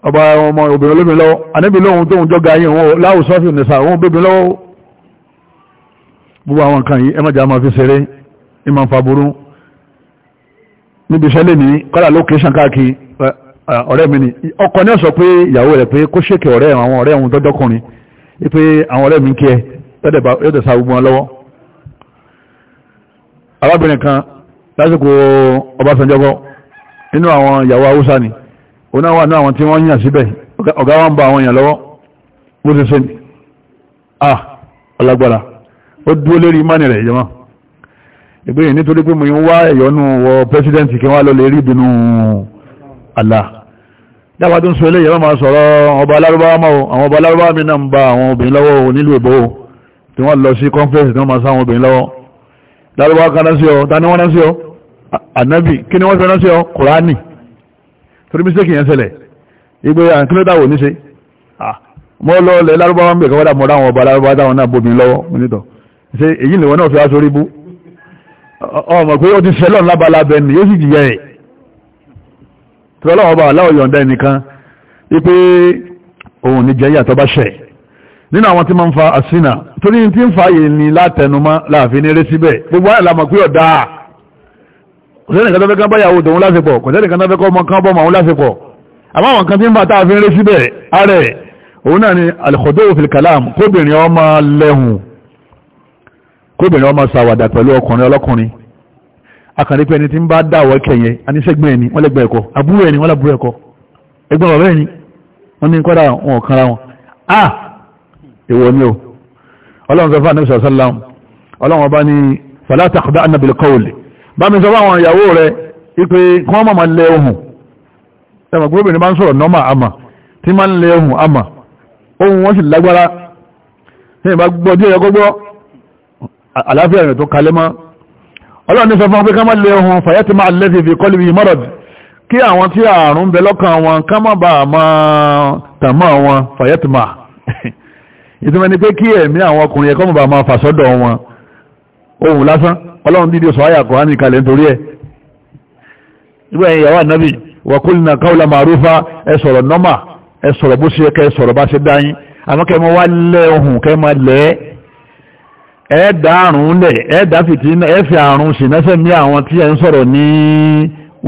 ọba ọmọ obìnrin olómi lọ́wọ́ anábì lóhun tóhun jọ́gá ayé wọn láwùsọ́fì nìsà wọn bébí lọ́wọ́ gbogbo àwọn nǹkan yìí ẹmọ́jà máa fi ṣeré ìmọ̀ fàbúrú níbi iṣẹ́ lè ní kọ́là lókèṣàn káàkiri ọ̀rẹ́ mi ni ọkọ ní ọ̀sọ̀ pé ìyàwó rẹ̀ pé kó ṣèkè ọ̀rẹ́ àwọn ọ̀rẹ́ òun tọ́jọ́kùnrin pé àwọn ọ̀rẹ́ mi kí ẹ yọ́dẹ̀ sa gbogbo wọn lọ́wọ́ arábìnrin kan lásìkò Ọbásanjọ́ inú àwọn ìyàwó Haúsá ni oná wà ní àwọn tí wọ́n yàn síbẹ̀ ọ̀gá wọn bá àwọn èèyàn lọ́wọ́ bó ti ṣe ní ah ọlágbára ó dúó lérí mánì rẹ̀ ìjọmọ́ ìgbéyìí nítorí pé mo ń wá ẹ̀yọ́nú wọ pẹ́sidẹ́ntì kí wọ́n lọ lè rí ìbínú Allah dáwà tó ń sọ eléyìí máa sọ̀rọ̀ ọba alárúbáwá máa àwọn ọba alárúbáwá mi náà ń ba àwọn obìnrin lọ́wọ́ onílù èbó tí wọ́n lọ sí conference tí wọ́n máa sáwọn obìnrin lọ́wọ́ lárúbáwá kan náà sí ọ ta ni wọ́n náà sí ọ ànábì kí ni wọ́n fẹ́ náà torí mistake yẹn ṣẹlẹ̀ ìgbé àkínlẹ́dàwò ní ṣe mọ́ lọ lẹ lárúbáwá ń bẹ̀ kọ́wọ́dà mọ́ dáwọn ọba lárúbáwá táwọn náà bóbi lọ́wọ́ onítọ̀ ṣe èyí lèwọ́n náà fi wá sórí bú ọmọ pé ó ti ṣẹlọ̀ lábala bẹni yóò sì jìyà ẹ̀ tí ọlọ́wọ́n ọba aláwọ̀ yọ̀ǹda ẹnìkan wípé òun ní jẹ́ yàtọ̀ bá ṣẹ̀ nínú àwọn tí máa ń fa àsínà torí tí ń fa yìí ni látẹnumọ́ láàfin eré síbẹ̀ gbogbo àyàlámọ̀ pé ọ̀dáà kò sẹ́ni kan tó fẹ́ kán báyàwó tòun lásìpọ̀ kò sẹ́ni kan tó fẹ́ kọ́ ọmọ kan bọ́ màún lásìpọ̀ àmọ́ àwọn kan tí ń bá tá a fi ń rí síbẹ̀ ààrẹ òun náà ni alkhodo fil kalam kóbìnrin ọmọ lẹ́hùn kóbìnrin ọmọ sàwàdà pẹ̀lú ọkùnrin ọlọ́kùnrin akànrí pé ẹni tí ń bá dáwọ́ kẹyẹ aníṣẹ́gbẹ́ ẹni wọ́n lẹ́gbẹ́ ẹ̀kọ́ àbúrò ẹni bá mi sọ fún àwọn ìyàwó rẹ̀ ipe kí wọ́n mọ̀ máa lẹ ohùn ẹ̀mọ̀ pé obìnrin máa ń sọ̀rọ̀ nọ́mà àmà tí máa ń lẹ ohùn àmà ohùn wọn sì lágbára ní ìbá gbọ́ díẹ̀ yẹ gbọ́ àlàáfíà rẹ̀ tó kalẹ́ mọ́ ọlọ́run ní sọ fún pé ká má lẹ ohùn fàyẹ́ ti máa lẹ́sẹ̀ fi kọ́lé bí lásán ọlọ́run dídí sọ ayà kọ̀hán ní kalẹ̀ nítorí ẹ̀ ìgbà ẹ̀yìn ìyàwó ànábì wa qulna qawlan ma'rufa ẹ sọ̀rọ̀ nọ́mà ẹ sọ̀rọ̀ bó ṣe kẹ́ sọ̀rọ̀ bá ṣe dáyín àmọ́ kẹ́ mọ́ wá lẹ́ ohun kẹ́ mọ́ lẹ́ ẹ dá àrùn lẹ̀ ẹ dá fìtínà ẹ fi àrùn ṣìnẹ́sẹ̀ mí àwọn tí ẹ ń sọ̀rọ̀ ní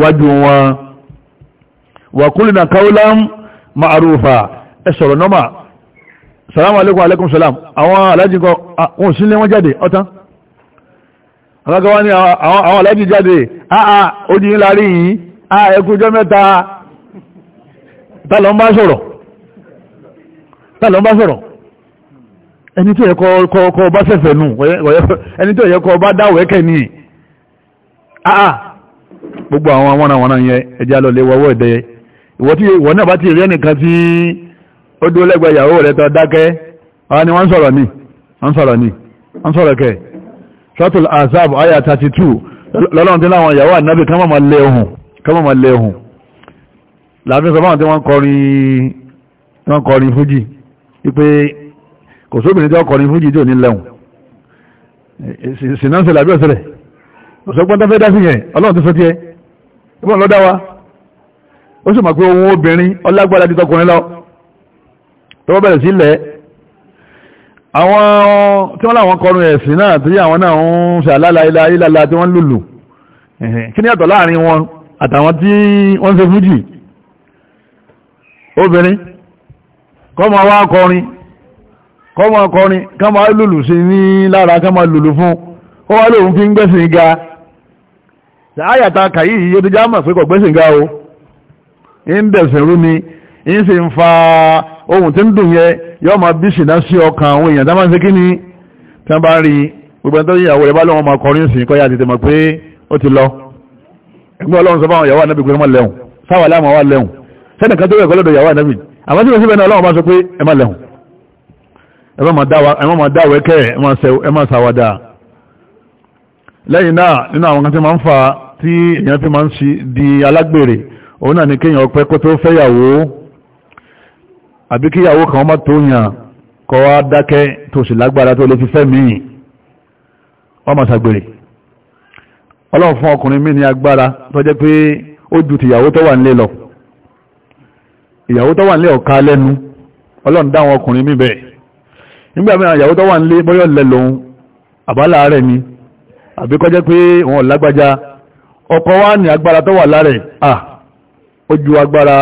wájú wọn wa qulna qawlan ma'rufa nọ́mà salamu alaikum salam àwọn alájìnkọ́ òun sílé jáde ọ̀tán ọ̀gọ́gọ́ wọ́n ní àwọn ọ̀lẹ́jì jáde àà ah, ah, ojú yìí lárí yìí a ah, ẹkùjọ mẹ́ta tàlọ́mbá sọ̀rọ̀ ẹni tó yẹ kọ bá sẹ́fẹ̀ nù ẹni tó yẹ kọ bá dáwọ̀ ẹ́kẹ́ ní àà gbogbo àwọn awọ́nàwọ̀nà yẹn ẹjá lọ lè wọ́wọ́ ẹ̀dẹ́ ìwọ́n náà bá ti rí ẹnìkan tí ó dúró lẹ́gbẹ̀ẹ́ ìyàwó rẹ̀ tó dákẹ́ wọ́n ni wọ́n sọ̀rọ̀ ní wọ́n sọ̀rọ̀ ní wọ́n sọ̀rọ̀ kẹ́ sọ́tùl azab aya 32 lọ́lọ́run tí láwọn ìyàwó ànábì kánmà ma lẹ́hùn kánmà ma lẹ́hùn láàfin sọ fáwọn tí wọ́n kọrin fújì wípé kò sóbìnrin tí wọ́n kọrin fújì tí ò ní lẹ́hùn sinansi làbí ọ̀sẹ̀lẹ̀ ọ̀sọ́gbọ́n tó fẹ́ dá sí yẹn ọlọ́run ti sọ tiẹ̀ ìbọn lọ́dá wa ó sì mọ̀ pé ohun obìnrin ọlágbára ti tọkùnrin lọ tọ́wọ́ bẹ̀rẹ̀ sí lẹ́ẹ̀ àwọn tí wọ́n láwọn kọrin ẹ̀sìn náà tí àwọn náà ń ṣe àlálà ìlàlà tí wọ́n lùlù kí ni yàtọ̀ láàrin wọn àtàwọn tí wọ́n ṣe fújì obìnrin kọ́mọ wá kọrin kọ́mọ kọrin kọ́mọ lùlù sí ní lára kọ́mọ lùlù fún ó wá lóun fi ń gbẹ́sìn ga láyàtà kàyí yóò ti já mọ̀ pé kò gbẹ́sìn ga o ń dẹ̀sìn rú ni ń sì ń fa ohun tí ń dùn yẹ yọ́ ma bí ṣìdá sí ọkàn àwọn èèyàn dámà sí kíní tí wọ́n bá rí gbogbo ẹ̀tọ́ ìyàwó rẹ̀ bá lọ́wọ́ ma kọrin sí kọ́ yà tètè mọ̀ pé ó ti lọ ẹgbẹ́ ọlọ́run sọ fáwọn ìyàwó ànábì pé wọ́n lẹ́hùn sáwà láàmú wa lẹ́hùn sẹ́nìkan tó yẹ kọ́lọ́dọ̀ ìyàwó ànábì àmọ́ síbẹ̀ síbẹ̀ náà ọlọ́run bá sọ pé ẹ má lẹ́hùn ẹ má dáwọ́ ẹkẹ́ ẹ má sàwádà lẹ́yìn náà nínú àwọn kan tí máa ń fa tí èèyàn fi máa ń di alágbèrè òun náà ni kéèyàn ọpẹ́ kó tó fẹ́yàwó àbí kíyàwó kan má tó yàn kọ́ wá dákẹ́ tó sì lágbára tó lè fi fẹ́ míì wọ́n ma sàgbèrè ọlọ́run fún ọkùnrin mí ní agbára tó jẹ́ pé ó ju ti ìyàwó tó wà nílé lọ ìyàwó tó wà nílé ọ̀ká lẹ́nu ọlọ́run dáwọn ọkùnrin mí bẹ́ẹ̀ nígbà ìyàwó tó wà nílé bọ́yọ̀ lẹ àbálà rẹ̀ ni àbí kọ́ pé wọn lágbájá ọkọ wá ní agbára tó wà lárẹ̀ ah ó ju agbára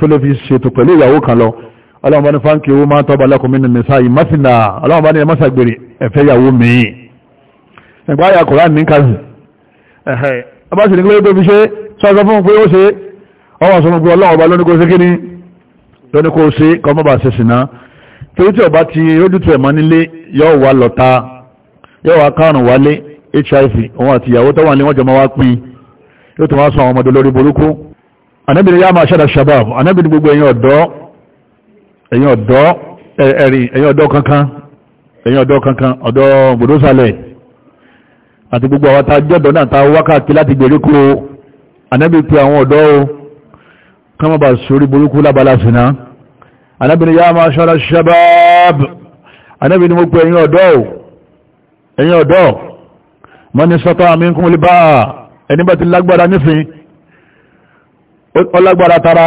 tó lè fi ṣètò pẹ̀lú ìyàwó kan lọ ọlọ́run bá ní fáńkì owó máa tọ́ba lọ́kùnmí ní nìsa yìí mọ́sìnà ọlọ́run bá ní ẹmọ́sà gbèrè ẹ̀fẹ́ ìyàwó mi-ín ẹgbà ayà kòrán ní kàzì ẹ̀hẹ́ ọba sì ní kílódé tó fi ṣe sọ́sọ́ fún pé ó ṣe ọwọ́ sọ pé ọlọ́run bá lóníkó ṣe kíní lóníkó ṣe kọ́mọ́ bá ṣe sìnà torí tí ọba ti rójútu ẹ̀mọ́ nílé yóò ẹ̀yin ọ̀dọ́ ẹ̀rìn ẹ̀yin ọ̀dọ́ kankan ẹ̀yin ọ̀dọ́ kankan ọ̀dọ́ gbòdósàlẹ̀ àti gbogbo àwọn tajọ́dọ̀ náà ta wákàtí láti gbèríkú anábì pé àwọn ọ̀dọ́ o kọ́mọ̀ bá sórí burúkú lábala sínà anábì ni yá máa ṣọ́ra ṣabab anábì ni mo pé ẹ̀yin ọ̀dọ́ o ẹ̀yin ọ̀dọ́ mọ́ ni sọ́tọ́ àmì kún lè bá ẹni bá ti lágbára nífin ó tara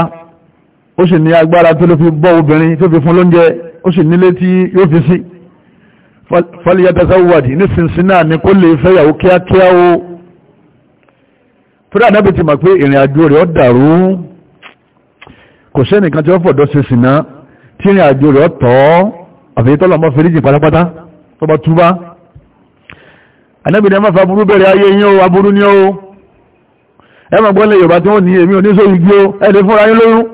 ó sì ní agbára tó ló fi bọ́ obìnrin tó fi fún lóúnjẹ ó sì nílé tí yóò fi sí fọlíyàtàsáwàdì nísinsìn náà ni kó lè fẹ́yàwó kíákíá o tó dáa náà ti mọ̀ pé ìrìn àjò rẹ̀ ó dàrú kò sẹ́nìkan tí ó fọ̀dọ̀ ṣe sìnà tí ìrìn àjò rẹ̀ ó tọ́ àfẹ́yí tọ́lọ̀ mọ́ fẹ́ríjì pátápátá tó bá túbá anábìnrin ẹmọ́fà burú bẹ̀rẹ̀ ayé yín o aburú ní o ẹmọ̀ gbọ́lẹ̀ yorùbá tí wọ́n ní èmi ò ní o ẹ̀dẹ̀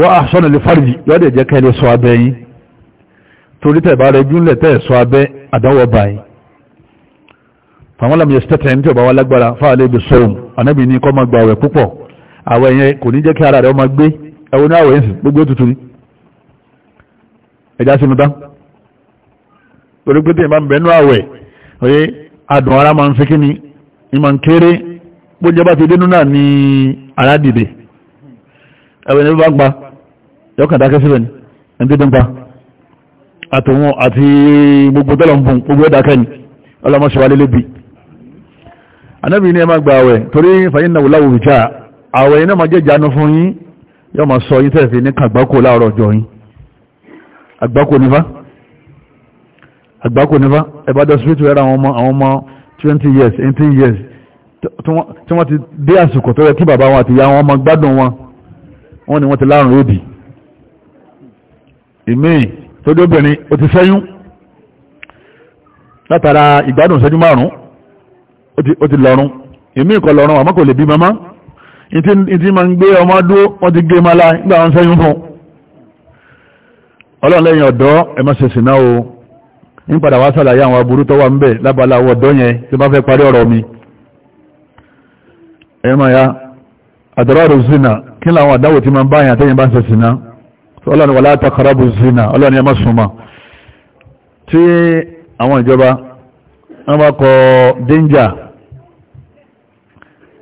wọ́n àṣọ́nà lè fàríjì yọ́dẹ̀ jẹ́ kẹ́lẹ̀ sọ abẹ́ yìí torí tẹ̀ bá rẹ̀ júnlẹ̀ tẹ́ sọ abẹ́ àdánwò báyìí fàwọn làmì ẹ̀sítẹ́tẹ̀ ní tí ọba wa lágbára fáàlẹ́ ibi sọ́rùn anábì ní kọ́ máa gba àwẹ̀ púpọ̀ àwẹ̀ yẹn kò ní jẹ́ kí ara rẹ̀ ọmọ gbé ẹwọ́n ní àwẹ̀ yẹn sì gbogbo tutù ní ẹja sínú tán torí pé tíyẹ̀ bá ń bẹ̀ nú àwẹ̀ oye adùn ara máa ń fi kíni ìmọ̀ ń kéré bó jẹ́ bá ti dénú náà ní ara dìde ẹwẹ̀ ní bá gba yọ́kàn dákẹ́ síbẹ̀ ni ẹgbẹ́dẹ́gbà àtòwọn àti gbogbo tọ́lọ̀mbùn gbogbo ẹ̀dàkẹ́ ni ọlọ́mọṣẹ́wà lélébì anábì ní ẹ máa gba àwẹ̀ torí fàyín náà láwò ìjà àwẹ̀ iná máa jẹ́ ìjánu fún yín yọ́ máa sọ yín tẹ̀sí ní kàgbákò láàárọ̀ ọjọ́ yín àgbákò nífá àgbákò twenty years eighteen years tí wọ́n ti dé àsìkò tó yẹ kí bàbá wọn àti ìyá wọn wọ́n ti láàrùn òdì ìmí tójóbìnrin ó ti ṣẹ́yún látara ìgbádùn ṣẹ́jú márùn ó ti lọ́rùn ìmí ìkọ lọ́rùn àmọ́ kò lè bí mamá ìtí ma ń gbé ọmọ dúó wọ́n ti gé mala nígbà wọn ṣẹ́yún fún ọlọ́lẹ́yìn ọ̀dọ́ ẹ má ṣe ṣìnà o ń padà wá sàlàyé àwọn mi ẹ máa ya àdọ́rọ̀ zina kí làwọn àdáwò tí ọlọ́ni wà látàkàràbù zina ọlọ́ni ẹ má súnmọ́ tí àwọn ìjọba wọ́n bá kọ dẹ́njà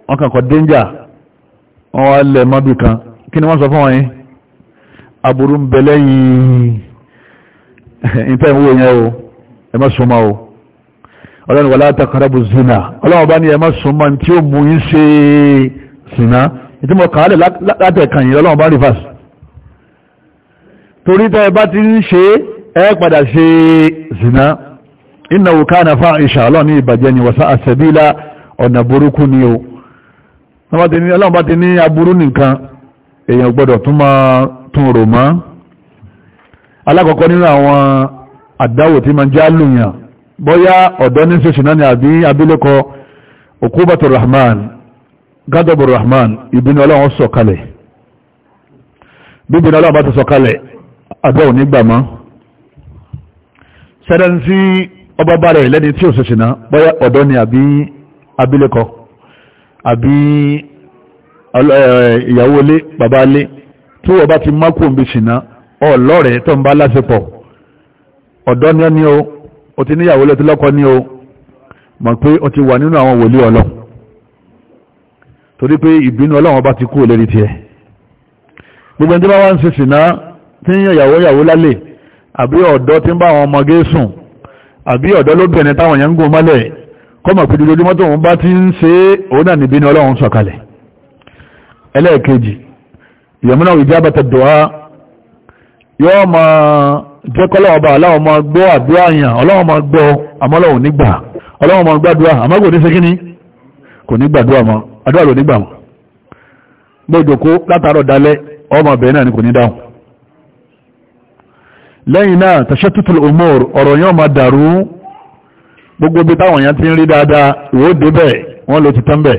wọ́n kàn kọ dẹ́njà wọ́n wá lẹ̀ mọ́bí kan kí ni wọ́n sọ fún wọn yìí aburú ń bẹ lẹ́yìn ìtẹ́ ìwò yẹn o ẹ má súnmọ́ o ọlọ́ni wà látàkàràbù zina ọlọ́wọ́ bá ní ẹ má súnmọ́ tí ó mú yín ṣe zina torí tẹ́ bá ti ń ṣe ẹ padà ṣe zina iná òká na fa ìṣàlọ́ ní ìbàjẹ́ ni wàsá àṣẹ́bílá ọ̀nà burúkú ni o ọlọ́run bá ti ní aburú nìkan èèyàn gbọ́dọ̀ tún máa tún rò mọ́ alákọ̀ọ́kọ́ nínú àwọn àdáwò tí ma jẹ́ àlùyàn bọ́yá ọ̀dọ́ ní ṣe ṣìnáni àbí abílẹ́kọ òkúbàtò rahman gádọ̀bù rahman ìbínú ọlọ́run sọ̀kalẹ̀ àdúrà òní gbà mọ́ tí ọba bá rẹ̀ lẹ́ni tí ò sì bọ́yá ọ̀dọ́ ni àbí abilékọ àbí eh, ìyàwó ilé bàbá ilé tí wọ́n ti mákù òǹbí ọlọ́rẹ̀ tó ń bá láṣepọ̀ ọ̀dọ́ ni ó ní o ó ti níyàwó lẹ́tí lọ́kọ ní o mọ̀ pé ó ti wà nínú àwọn wòlíì ọlọ torí pé ìbínú gbogbo ẹni tí wọ́n wá ń tí ń yàwó yàwó lálẹ́ àbí ọ̀dọ́ tí ń bá àwọn ọmọge sùn àbí ọ̀dọ́ lóbìnrin táwọn yẹn ń gùn mọ́lẹ̀ kọ́mọ̀ pé dúdójúmọ́ tó ń bá ti ń ṣe òun náà níbi ní ọlọ́run sọ̀kalẹ̀ ẹlẹ́ẹ̀kejì ìyẹ̀múnà ìjábàtà dùá yóò máa jẹ́ kọ́lọ́wọ́ bá aláwọ̀ máa gbọ́ àdúrà yàn ọmọ bẹ̀rẹ̀ náà ni kò ní dáhùn lẹ́yìn náà tashattutul umur ọ̀rọ̀ yóò máa dàrú gbogbo bí táwọn èèyàn ti ń rí dáadáa ìwò débẹ̀ wọ́n ló ti tán bẹ̀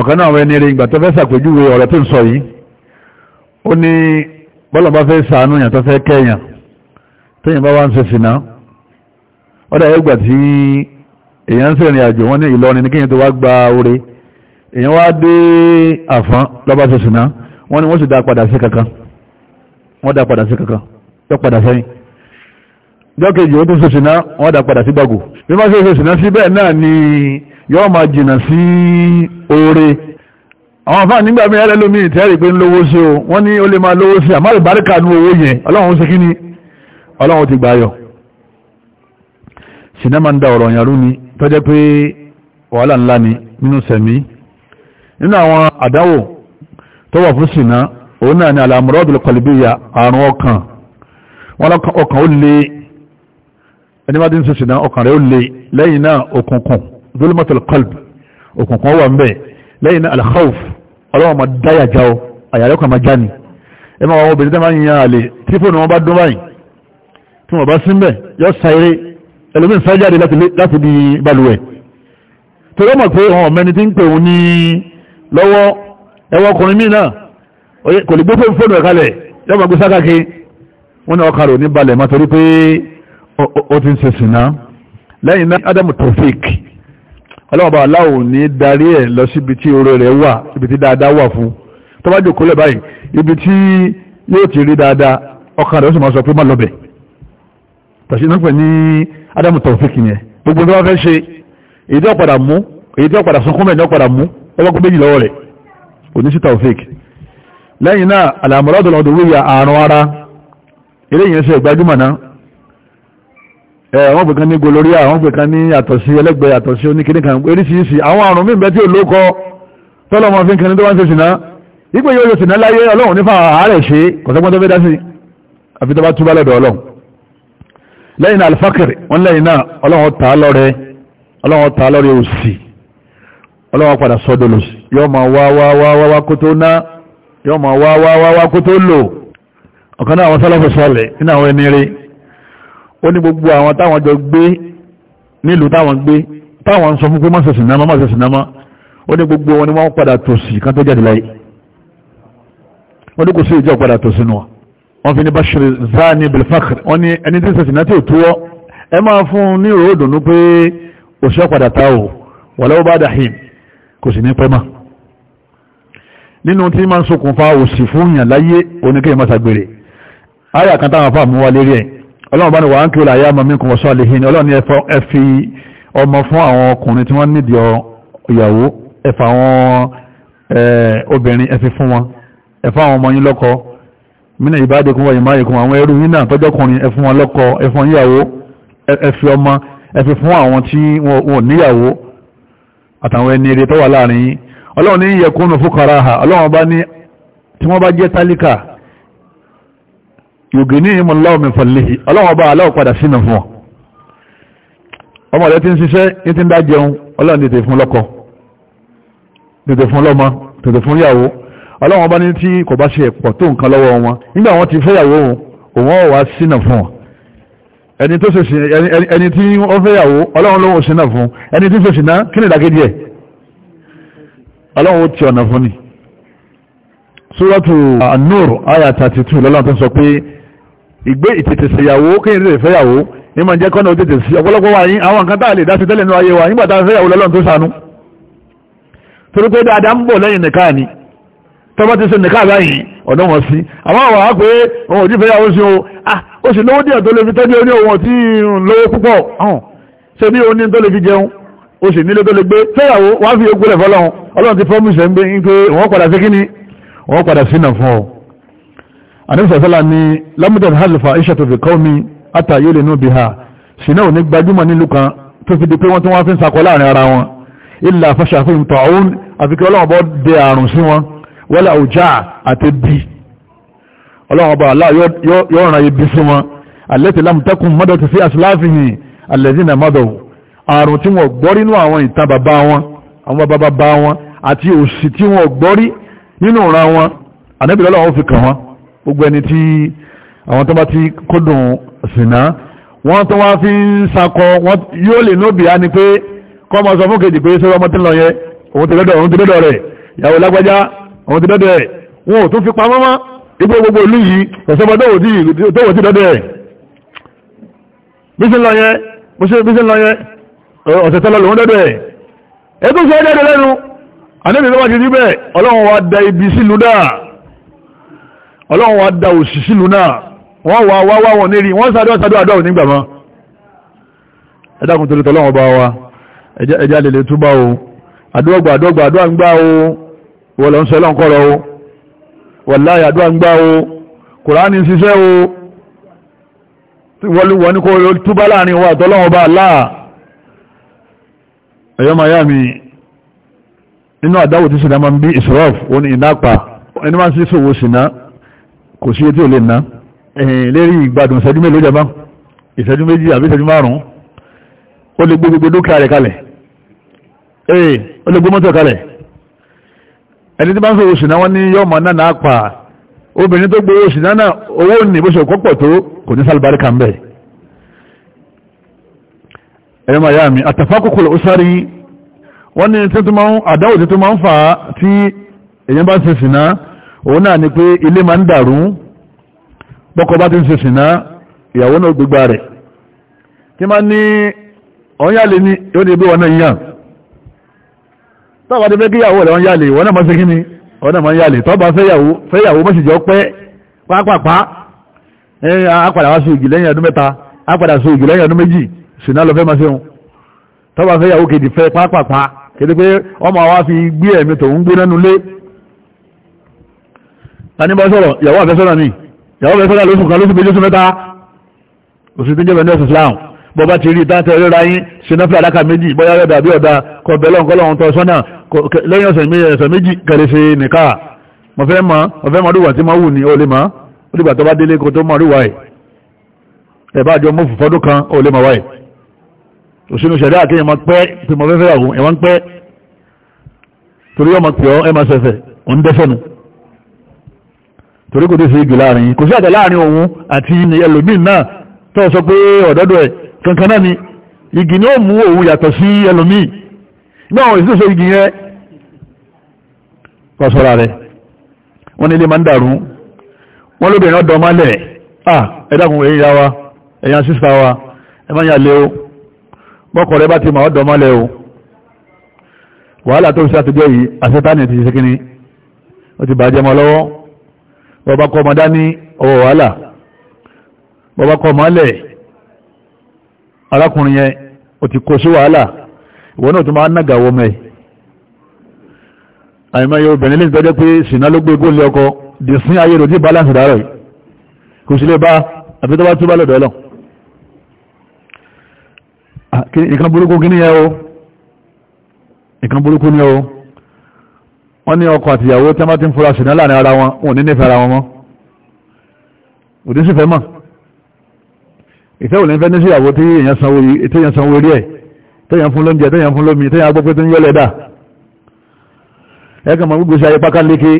ọ̀kan náà wẹ́n ní rí ìgbà tó fẹ́ sàpèjúwe ọ̀rọ̀ tó ń sọ yìí ó ní bọ́lọ̀ bá fẹ́ sàánú èèyàn tó fẹ́ kẹ́yàn téèyàn bá wá wọ́n ní wọ́n sì dá padà sí kankan wọ́n dá padà sí kankan tó padà sẹ́yìn jọ́kejì ó tún ṣe ṣìná wọ́n dá padà sí gbàgò bí wọ́n ṣe ṣe ṣìná sí bẹ́ẹ̀ náà ni yọ́ máa jìnà sí oore àwọn afáà nígbà mí ẹlẹ́ lómi ìtẹ́rì pé ń lówó sí o wọ́n ní ó lè máa lówó sí àmọ́ ìbáríkà ní owó yẹn ọlọ́run ṣe kí ni ọlọ́run ti gbà yọ ṣìná máa ń da ọ̀rọ̀ yàrú ni tó jẹ́ pé wàhálà ńlá ni nínú sẹ̀mí nínú àwọn àdáwò tó wà fún ṣìná òun náà ni alamurọ́dù kọlìbíyà àrùn ọkàn wọ́n ọkàn ó lè ẹni bá dín sísìn náà ọkàn rẹ̀ ó lè lẹ́yìn náà òkùnkùn zulmatul qalb òkùnkùn wà ń bẹ̀ lẹ́yìn náà alkhawf ọlọ́wọ́n ma dáyà já o àyàrá ọkàn ma já ni ẹ máa wọ́n obìnrin tẹ́ máa ń yan àlè tí fóònù wọn bá dún báyìí tí wọ́n bá sí mbẹ̀ yọ sáré ẹlòmíín sáré jáde kò lè gbé fóònù ẹ̀ kalẹ̀ yọ́ ma gbé sákàkí wọ́n ní ọkà rò ní balẹ̀ ma torí pé ó ti ń ṣe sìnà lẹ́yìn náà adamu tofik ọlọ́wọ́ bá aláwò ní darí ẹ̀ lọ síbi tí oró rẹ̀ wà ibi tí dáadáa wà fún tó bá jòkó lẹ̀ báyìí ibi tí yóò ti rí dáadáa ọkà rẹ̀ ó sì máa sọ pé má lọ́bẹ̀ tàṣí náà pẹ̀ ní adamu tofik yẹn gbogbo tó bá fẹ́ ṣe èyí tí ó padà mú èyí tí ó sunkún mẹ́ ní ó mú ọlọ́kùn lẹ́yìn náà àlàmọ́lọ́dọ̀ lọ́dọ̀ wíyà àrùn ara eléyìn ṣe ìgbájúmọ̀ náà ẹ̀ wọ́n pè kan ní goloria wọ́n pè kan ní àtọ̀sí ẹlẹ́gbẹ́ àtọ̀sí oníkíní kan oríṣiríṣi àwọn àrùn mí bẹ́ẹ̀ tí ò lókọ tọ́lọ́mọ fi ń kẹni tó wá ń ṣe ṣìnà ipò yóò yóò ṣìnà láyé ọlọ́run nífa àárẹ̀ ṣe kọ̀sọ́gbọ́n tó fẹ́ dá sí àfi tó bá túbá lọ́dọ̀ ọlọ́run lẹ́yìn náà alifakiri wọ́n lẹ́yìn yọ ma wá wá wá wá kó tó lò ọ̀kan náà àwọn sálọ́fẹ́ sọ́lẹ̀ nínú àwọn ẹni rí ó ní gbogbo àwọn táwọn jọ gbé nílùú táwọn gbé táwọn sọ fún pé má ṣe sinamá má ṣe ó ní gbogbo wọn ni wọ́n padà tòsí kan tó jáde láyé wọ́n ní kò sí ìjọ padà tòsí nù wọ́n fi ní bashir zani nínú tí máa ń ṣokùnfà òsì fún yàn láyé oníkẹ́ ìmọ́sàgbèrè ayà kan táwọn fà mú wa lérí ẹ̀ ọlọ́run bá ní wàá ń kí ó láyé ọmọ mínkù wọ́sọ́ lè hin ọlọ́run ẹ fi ọmọ fún àwọn ọkùnrin tí wọ́n nídìí ìyàwó ẹ fà àwọn obìnrin ẹ fi fún wọn ẹ fà àwọn ọmọ yín lọ́kọ mínà ìbádẹ́kùn wọ̀nyí máa yẹkùn àwọn ẹrú yín náà ọlọ́run ní yẹkúnnù fúkàrà ha ọlọ́run bá ní tí wọ́n bá jẹ́ tálíkà yògì ní ìmọ̀ lọ́wọ́ mi fọ̀lẹ́hì ọlọ́run bá aláwọ̀ padà sínú fún ọ ọmọ rẹ̀ ti ń ṣiṣẹ́ ní ti ń dá jẹun ọlọ́run tètè fún lọ́kọ tètè fún lọ́mọ tètè fún ìyàwó ọlọ́run bá ní tí kò bá ṣe ẹ̀pọ̀ tó ẹni tí ó fẹ́yàwó ọlọ́run lóhun fún ẹni tí ó fẹ́ sínú kí ni ìdàkejì ẹ̀ ọlọ́run ó ti ọ̀nà fún ni súrọ́tù anur aya 32 lọ́lọ́run tó sọ pé ìgbé ìtètè ṣèyàwó kéyìn tètè fẹ́yàwó ní ma jẹ́ kọ́nà òtètè sí ọ̀pọ̀lọpọ̀ wa yín àwọn nǹkan táà lè dá sí tẹ́lẹ̀ ní ayé wa nígbà táà fẹ́yàwó lọ́lọ́run tó ṣàánú torí pé dáadáa ń bọ̀ lẹ́yìn nìkan ni tọ́bọ́ ti ṣe nìkan báyìí ọ̀dọ́ wọn sí àwọn àwọn àpé òun òjì fẹ́yàwó sí o ah, ó sì lówó díẹ̀ tó lè fi tọ́jú ọlọ́run ti promise ń bẹ́ ń pé wọ́n padà sí kíní wọ́n padà sí náà fún ọ àníbìsàsọ́là ni lamudan halifa ishatu fi kọ́mi àtàyè lè nù bí ha sinna ò ní gbajúmọ̀ nílùú kan tó fi di pé wọ́n tún wá fi ń sakọ láàrin ara wọn ilà afẹ́ṣàfihàn tọ̀hún àti kí ọlọ́run bọ́ de àrùn sí wọn wọ́lá òjá àti bí ọlọ́run bọ́ aláà yóò ràn ibi sí wọn alẹ́tì lámùtẹ́kùn mọ́dọ̀ ti sí àṣìláàfihàn alẹ́dínà mọ́dọ̀ àrùn tí wọ́n gbọ́rínú àwọn ìtàn bàbá wọn àwọn bàbá bàbá wọn àti òsì tí wọn gbọ́rí nínú ọ̀ràn wọn ànábì lọ́lọ́wọ́ fi kàn wọn gbogbo ẹni tí àwọn tó bá ti kódùn sìnà wọ́n tó wá fi ń sakọ wọ́n yóò lè nóbì á ni pé kọ́ máa sọ fún kejì pé sọ́wọ́ ọmọ tí ń lọ yẹn òun ti dọ́dọ̀ òun ti dọ́dọ̀ rẹ̀ ìyàwó lágbájá òun ti dọ́dọ̀ ẹ̀ wọn ò tún fi pamọ́ mọ́ ipò gbogbo ìlú yìí ẹ̀sọ́bọ̀ tó wò dọ́dọ̀ ẹ̀ bí sí lọ yẹn ọ̀sẹ̀ tẹ́lọ lòun dọ́dọ̀ ẹ̀ ẹ̀ tó dọ́dọ̀ lẹ́nu àníbi tó bá ti rí bẹ́ẹ̀ ọlọ́run wa da ibi sílùú náà ọlọ́run wa da òsì sílùú náà wọ́n wà wá wá wọn nírí wọ́n sáré ọ̀sáré àdọ́ òní gbàmọ́ ẹ̀dàkùn torítọ̀ ọlọ́run bá wa ẹjá lèlè túbá o àdúgbà àdúgbà àdúgbà ń gbá o wọ́n lọ ń o wàláyà àdúgbà ń gbá o kùránì ń o wọ́n ní kó túbá láàrin wa àtọ́lọ́run bá láà nínú àdáwò tí sinna máa ń bí israf òun ìnápa ẹni máa ń sí ṣòwò sinna kò sí etí ò lè ná lérí ìgbádùn ìṣẹ́jú mélòó jẹba ìṣẹ́jú méjì àbí ìṣẹ́jú márùn-ún ó lè gbé gbogbo dúkìá rẹ̀ kalẹ̀ ee ó lè gbé mọ́tò kalẹ̀ ẹni tí bá ń ṣòwò sinna wọ́n ní yọ́ máa náà pa obìnrin tó gbowó sinna náà owó ní bó ṣe kọ́pọ̀ tó kò ní sálùbáríkà ń bẹ̀ ẹ̀rọ màyà mi àtàfákòkò wọ́n ní títí máa ń àdáwò títí máa ń fà á tí èyàn bá ṣe sìná òun náà ni pé ilé máa ń dàrú bọ́kọ bá ti ń ṣe sìná ìyàwó náà gbégbá rẹ̀ tí máa ní ọ̀n yálè ní yóò ní ibi wọn náà yàn tọ́ba ti fẹ́ kí ìyàwó rẹ̀ wọ́n yálè wọ́n náà máa ṣe kí ni wọ́n náà máa yálè tọ́ba fẹ́yàwó mọ́sìjọ́ pẹ́ pápápá àpàdà wá sí ìgìlẹ́yìn ọdún mẹ́ta kejì fẹ́ pápápá kéde pé ọmọ àwa fi gbé ẹ̀mí tòun gbé nánú lé tani sọ̀rọ̀ ìyàwó àfẹ́sọ́nà ni ìyàwó àfẹ́sọ́nà lóṣù kan lóṣù méjì oṣù mẹ́ta oṣù tí ń jẹ́bẹ̀ nọ́ọ̀sì islam bọ́ bá ti rí ìtàntẹ̀ rírà yín sinafẹ́ aláka méjì bọ́yá rẹ̀ dàbí ọ̀dà kọ bẹ̀lọ́n kọ́lọ́run tọ́ sọ́nà lẹ́yìn ọ̀sẹ̀ méjì kẹrẹsẹ̀ nìka mọ̀fẹ́ mọ́ ọ̀fẹ́ mọ́rúwà tí máa wù ní olè máa ó òṣèlú ṣẹ̀dá àkíyàn ma pẹ́ pé mọ̀ fẹ́fẹ́ àwọn ẹ̀wọ́n pẹ́ torí ọmọ pẹ̀ ọ́ ẹ ma ṣẹ̀fẹ̀ ọ̀ ń dẹ́fẹ́ nu torí kò dé sí igi láàrin kò sí àtẹ láàrin òun àti ẹlòmíín náà tó sọ pé ọ̀dọ́dọ̀ ẹ̀ kankan náà ni igi ni ó mú òun yàtọ̀ sí ẹlòmíín náà òun ìṣèṣe igi yẹn kọ́ sọ́ra rẹ̀ wọ́n ní ilé máa ń dàrú wọ́n lóbìnrin ọ̀dọ́ málẹ̀ ah ẹ̀dàkùn ẹ̀yìn ya wa ẹ̀yàn sísá wa ẹ̀ máa ń yà lé o bọ́kọ̀ rẹ bá ti ma ọ́dọ̀ mọ́lẹ̀ o wàhálà tó ṣàtijọ́ yìí àṣẹ́tánì ti ṣe kíní ó ti bàjẹ́ mọ́ lọ́wọ́ bọ́bá kọ mọ́dá ní ọwọ́ wàhálà bọ́bá kọ mọ́lẹ̀ arákùnrin yẹn ó ti kó sí wàhálà ìwọ́n náà tó máa nága wọ mẹ́ àìmọ́ yóò bẹ̀rẹ̀ lè tọ́jẹ́ pé ṣìnà ló gbé góòlù ọkọ̀ dì sín ayé balance dárọ̀ yìí kò sí lè bá àfi tó bá túbá lọ́dọ̀ ọlọ́run Ah, nǹkan burúkú kí ní ẹ o nǹkan burúkú ní o wọ́n ní ọkọ àtìyàwó tí a máa ti ń fura ṣìnà láàrin ara wọn wọn ní nífẹ̀ẹ́ ara wọn mọ́ òdí sì fẹ́ mọ̀ ìfẹ́ ò ní fẹ́ ní sí ìyàwó tí èèyàn sanwó orí ẹ̀ tẹ́yàn fún lóúnjẹ tẹ́yàn fún lómi tẹ́yàn agbópé tó ń yẹ́lẹ̀ dà ẹ̀kan mọ̀ gbogbo ṣe ayé pákáleke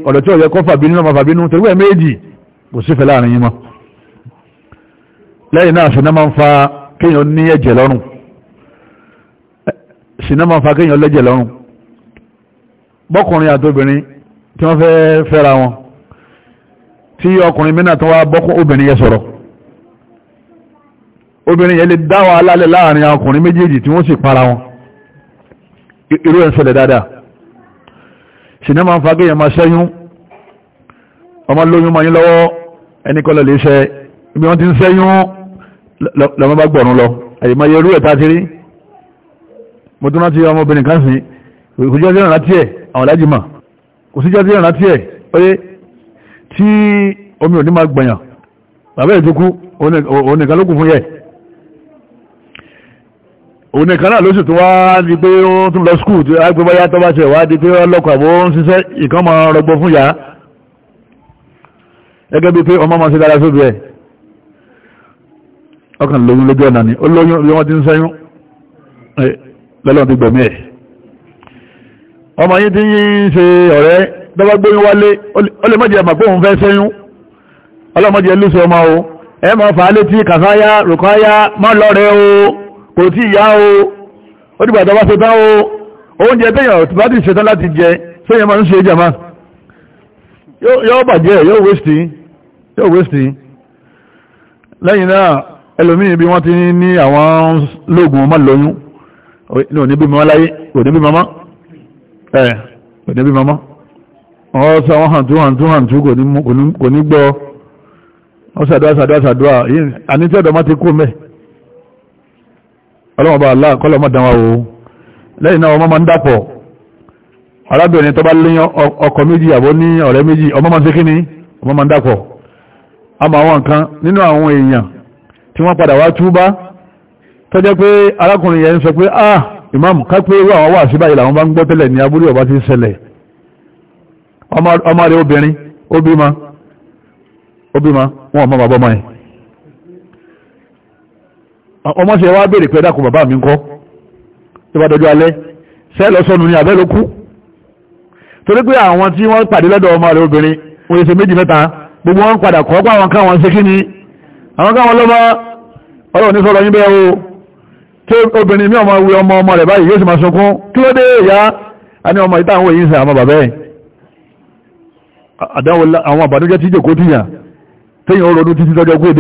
ṣìnà máa fa kéèyàn lẹ́jẹ̀ lọ́rùn bọ́kùnrin àtobìnrin tí wọ́n fẹ́ fẹ́ra wọn tí ọkùnrin mìíràn tó wá bọ́kùn obìnrin yẹ sọ̀rọ̀ obìnrin yẹ lè dá wàhálà lẹ̀ láàrin ọkùnrin méjèèjì tí wọ́n sì para wọn irú ẹ̀ ń ṣẹlẹ̀ dáadáa ṣìnà máa fa kéèyàn máa ṣẹ́yún ọmọ lóyún máa yín lọ́wọ́ ẹnikọ́lẹ̀ lè ṣẹ́ ibi wọ́n ti ń ṣẹ́yún lọ́mọ bá gbọ̀rún lọ ẹ̀yìn máa yẹ irú ẹ̀ tá a ti rí mo tún rántí ọmọbìnrin kan sí òsíjọ́ tí ìrànlá tiẹ̀ àwọn alájì mà òsíjọ́ tí ìrànlá tiẹ̀ pé tí omi ò ní máa gbọ̀nyàn bàbá ètò kú ònìkan ló kù fún yẹ ònìkan náà ló sì tún wá di pé ó tún lọ skul tí a gbé báyá tó bá ṣe wá di pé ọlọ́kọ̀ àbó ń ṣiṣẹ́ lójú ọ̀nà ni ó lóyún bí wọ́n lọ́lọ́n ti gbẹ̀mí ẹ̀ ọmọ yìí ti yín ṣe ọ̀rẹ́ dọ́gbà gbóyún wálé ó lè mọ́jẹ̀ mà gbóhùn fẹ́ sẹ́yún ọlọ́mọdé lùsọ ọmọ o ẹ mọ̀ fà á létí kàfáyá rùkáyá má lọ́rẹ́ o kò tí ìyá o ó dìgbà tó bá ṣe tán o oúnjẹ téèyàn bá ti ṣetán láti jẹ séèyàn máa ń ṣe jàmá yóò bàjẹ́ yóò wéṣì yóò wéṣì lẹ́yìn náà ẹlòmíì bí wọ́n ti ní àwọn lóògùn má lóyún ní òní bí mọ́ láyé òní bí mọ́mọ́ ẹ̀ òní bí mọ́mọ́ wọ́n sọ wọ́n hàn tún hàn tún hàn tún kò ní gbọ́ wọ́n sàdúrà sàdúrà sàdúrà yìí àní tí ọ̀dọ̀ má ti kú mẹ́ ọlọ́mọba aláà kọ́lọ̀ mọ́ dánwà o lẹ́yìn náà ọmọ máa ń dàpọ̀ arábìnrin tó bá léyàn ọkọ méjì àbó ní ọ̀rẹ́ méjì ọmọ máa ń ṣe kíni ọmọ máa ń dàpọ̀ àmọ́ àwọn nǹkan nínú àwọn èèyàn tó jẹ́ pé arákùnrin yẹn sọ pé ah imam kápé wà wá wà síbáyìí làwọn bá ń gbọ́ tẹ́lẹ̀ ní abúlé ọba ti ṣẹlẹ̀ ọmọ rẹ̀ obìnrin obìma obìma wọn ọmọ bàbá ọmọ yẹn ọmọ ṣe wá béèrè pé dákùn bàbá mi ń kọ́ tó bá dọjọ́ alẹ́ ṣẹ́ lọ sọnù ní abẹ́ ló kú torí pé àwọn tí wọ́n pàdé lọ́dọ̀ ọmọ rẹ̀ obìnrin wọ́n yẹ méjì mẹ́ta gbogbo wọn padà kọ́ pàwọn káwọn ṣe kí ni àwọn káwọn lọ́mọ ọlọ́run ní sọ́rọ̀ yín bẹ́ẹ̀ o tí obìnrin mi ọmọ wí ọmọ ọmọ rẹ̀ báyìí yóò sì máa sunkún kí ló dé ìyá a ní ọmọ ìta àwọn èyí ń sẹ àmọ́ bàbá ẹ̀ àdáwò àwọn àbàdójẹ́ tí jòkó tíyàn tẹ́yìn ó ronú títí tọ́jọ́ gbé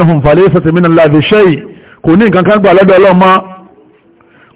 ọmọ wọlé kò ní nǹkan kan gbà lọ́dọ̀ ọlọ́mọ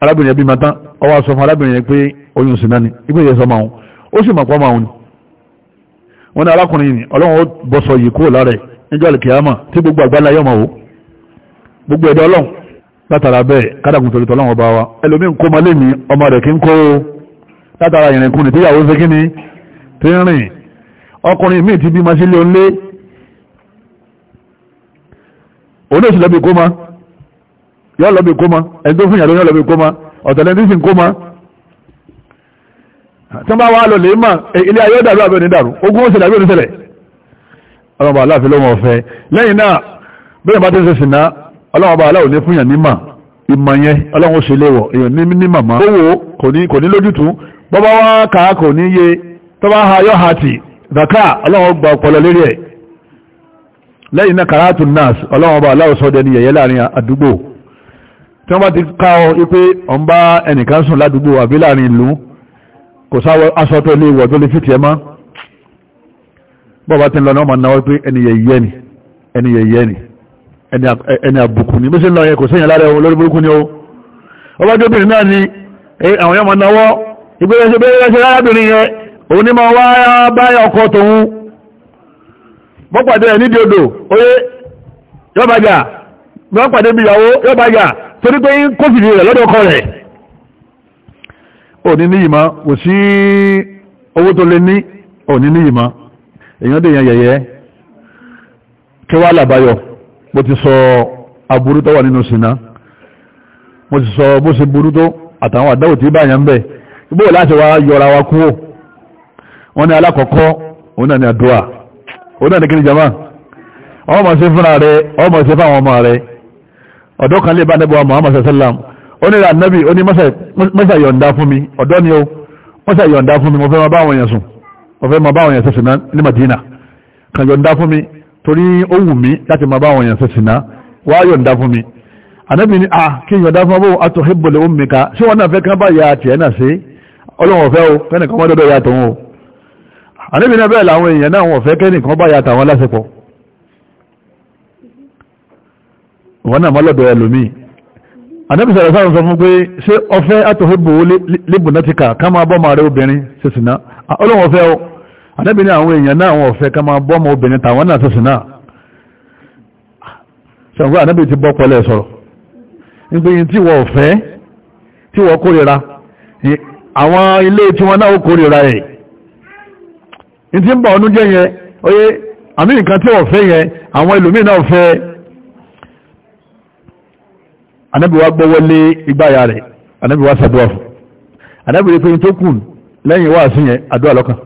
arábìnrin ẹbí mata ọwọ́ sọ fún arábìnrin yẹn pé oyún sí náà ni ipò ìyẹsọ máa wọn ó sì màpá máa wọn ni wọn ni arákùnrin yìí ọlọ́run ó bọ́sọ yìí kúrò lára ẹ̀ níjọ́ àlùkìyàmà tí gbogbo àgbálá yọ̀ máa wò gbogbo ẹ̀dọ́ ọlọ́run látara bẹ́ẹ̀ kádàkùn torí tọ́lọ́run ọba wa ẹlòmíín kó máa lé ní ọmọ rẹ̀ kí ń kó látara ìrìnkún tí yọ́ lọ́bí kó ma ẹgbẹ́ fún ìyàlọ́ yọ́ lọ́bí kó ma ọ̀tẹ̀lẹ́ ní sin kó ma tí wọ́n bá wá lọ lè mà e, ilé ayé dàbí àbẹ̀ ní dàrú ogun ó ṣẹlẹ̀ àbí oníṣẹlẹ̀ ọlọ́mọba aláàfin lọ́wọ́ ọ̀fẹ́ lẹ́yìn náà bẹ́ẹ̀ bá ti ṣe sìnà ọlọ́mọba aláwọ̀ ní fún ìyàn nímà ìmọ̀ yẹn ọlọ́run ṣe zaka ọlọ́run gba ọpọlọ lérí ẹ̀ lẹ́yìn náà kàràtù nas ọlọ́run ọba aláwọ̀ sọ́dẹ ní yẹ̀yẹ́ tí wọ́n bá ti ká ọ wípé ọ̀n bá ẹnìkan sùn ládùúgbò àbí láàrin ìlú kò sáwọ aṣọ tó lè wọ̀ tó lè fìtì ẹ mọ́ bọ́ọ̀bá ti ń lọ náà máa náwó pé ẹni yẹ̀yẹ́ ni ẹni yẹ̀yẹ́ ni ẹni àbùkù ni bí sí ń lọ yẹn kò sẹ́yìn lára ẹ̀wọ̀n lórí burúkú ni ó ọba tó bìnrin náà ni àwọn yẹn máa náwó ìgbéyẹsẹ̀ bẹ́ẹ̀rẹ́sẹ̀ lárábìnrin yẹn òun ni máa wá báyà ọkọ tòun bọ́pàdé ẹ̀ nídìí torí pé ń kó fìdí rẹ̀ lọ́dọ̀ ọkọ rẹ̀ òní ní to kò sí owó tó lé ní òní ní èyàn dèyàn yẹ̀yẹ́ kí wá làbáyọ̀ ti sọ aburú tó nínú sinna mo ti sọ bó ṣe burú tó àtàwọn àdáwò tí bá yàn bẹ̀ gbó láti wá yọra wa kúrò wọ́n ní alákọ̀ọ́kọ́ òun náà ni àdúrà òun náà ni kí ni jama ọmọ sí fúnra rẹ̀ ọmọ sí fáwọn ọ̀dọ́ kan lè bá nẹ́bọ̀ Muhammad sallam onírà nẹ́bì ó ní mọ́sà yọ̀ǹda fún mi ọ̀dọ́ ni ó mọ́sà yọ̀ǹda fún mi mo fẹ́ máa bá àwọn èèyàn sùn ní Madina kan yọ̀ǹda fún mi torí ó wù mí láti máa bá àwọn èèyàn sẹ̀sìn náà wá yọ̀ǹda fún mi ànábì ni a ah, kí yọ̀ǹda fún abó atọ̀ hebole omi ka ṣé wọn náà fẹ́ kán bá ya tiẹ̀ náà sí ìwọ̀n náà mọ́lọ́dọ̀ ẹlòmí anábì sọ̀rọ̀ sáà sọ fún pé ṣé ọfẹ́ ká máa bọ́mọ rẹ obìnrin ah, ọlọ́run ọfẹ́ o anábì ní àwọn èèyàn náà àwọn ká máa bọ́mọ obìnrin tàwọn náà ṣàǹgbọ́n anábì ti bọ́ sọ̀rọ̀ tí wọ́n ọ̀fẹ́ tí wọ́n kórìíra àwọn ilé tí wọ́n náà kórìíra ẹ̀ ní ti ń bọ̀ ọdún jẹ́ yẹn oyé àmì nǹkan tí wọ́n fẹ́ yẹn àwọn ẹlòmíì náà anábì wá gbọ́wọ́ lé igbáyà rẹ̀ anábì wá sàdúrà fún anábì rí pé tó kù lẹ́yìn wá sí yẹn àdúrà lọ́kàn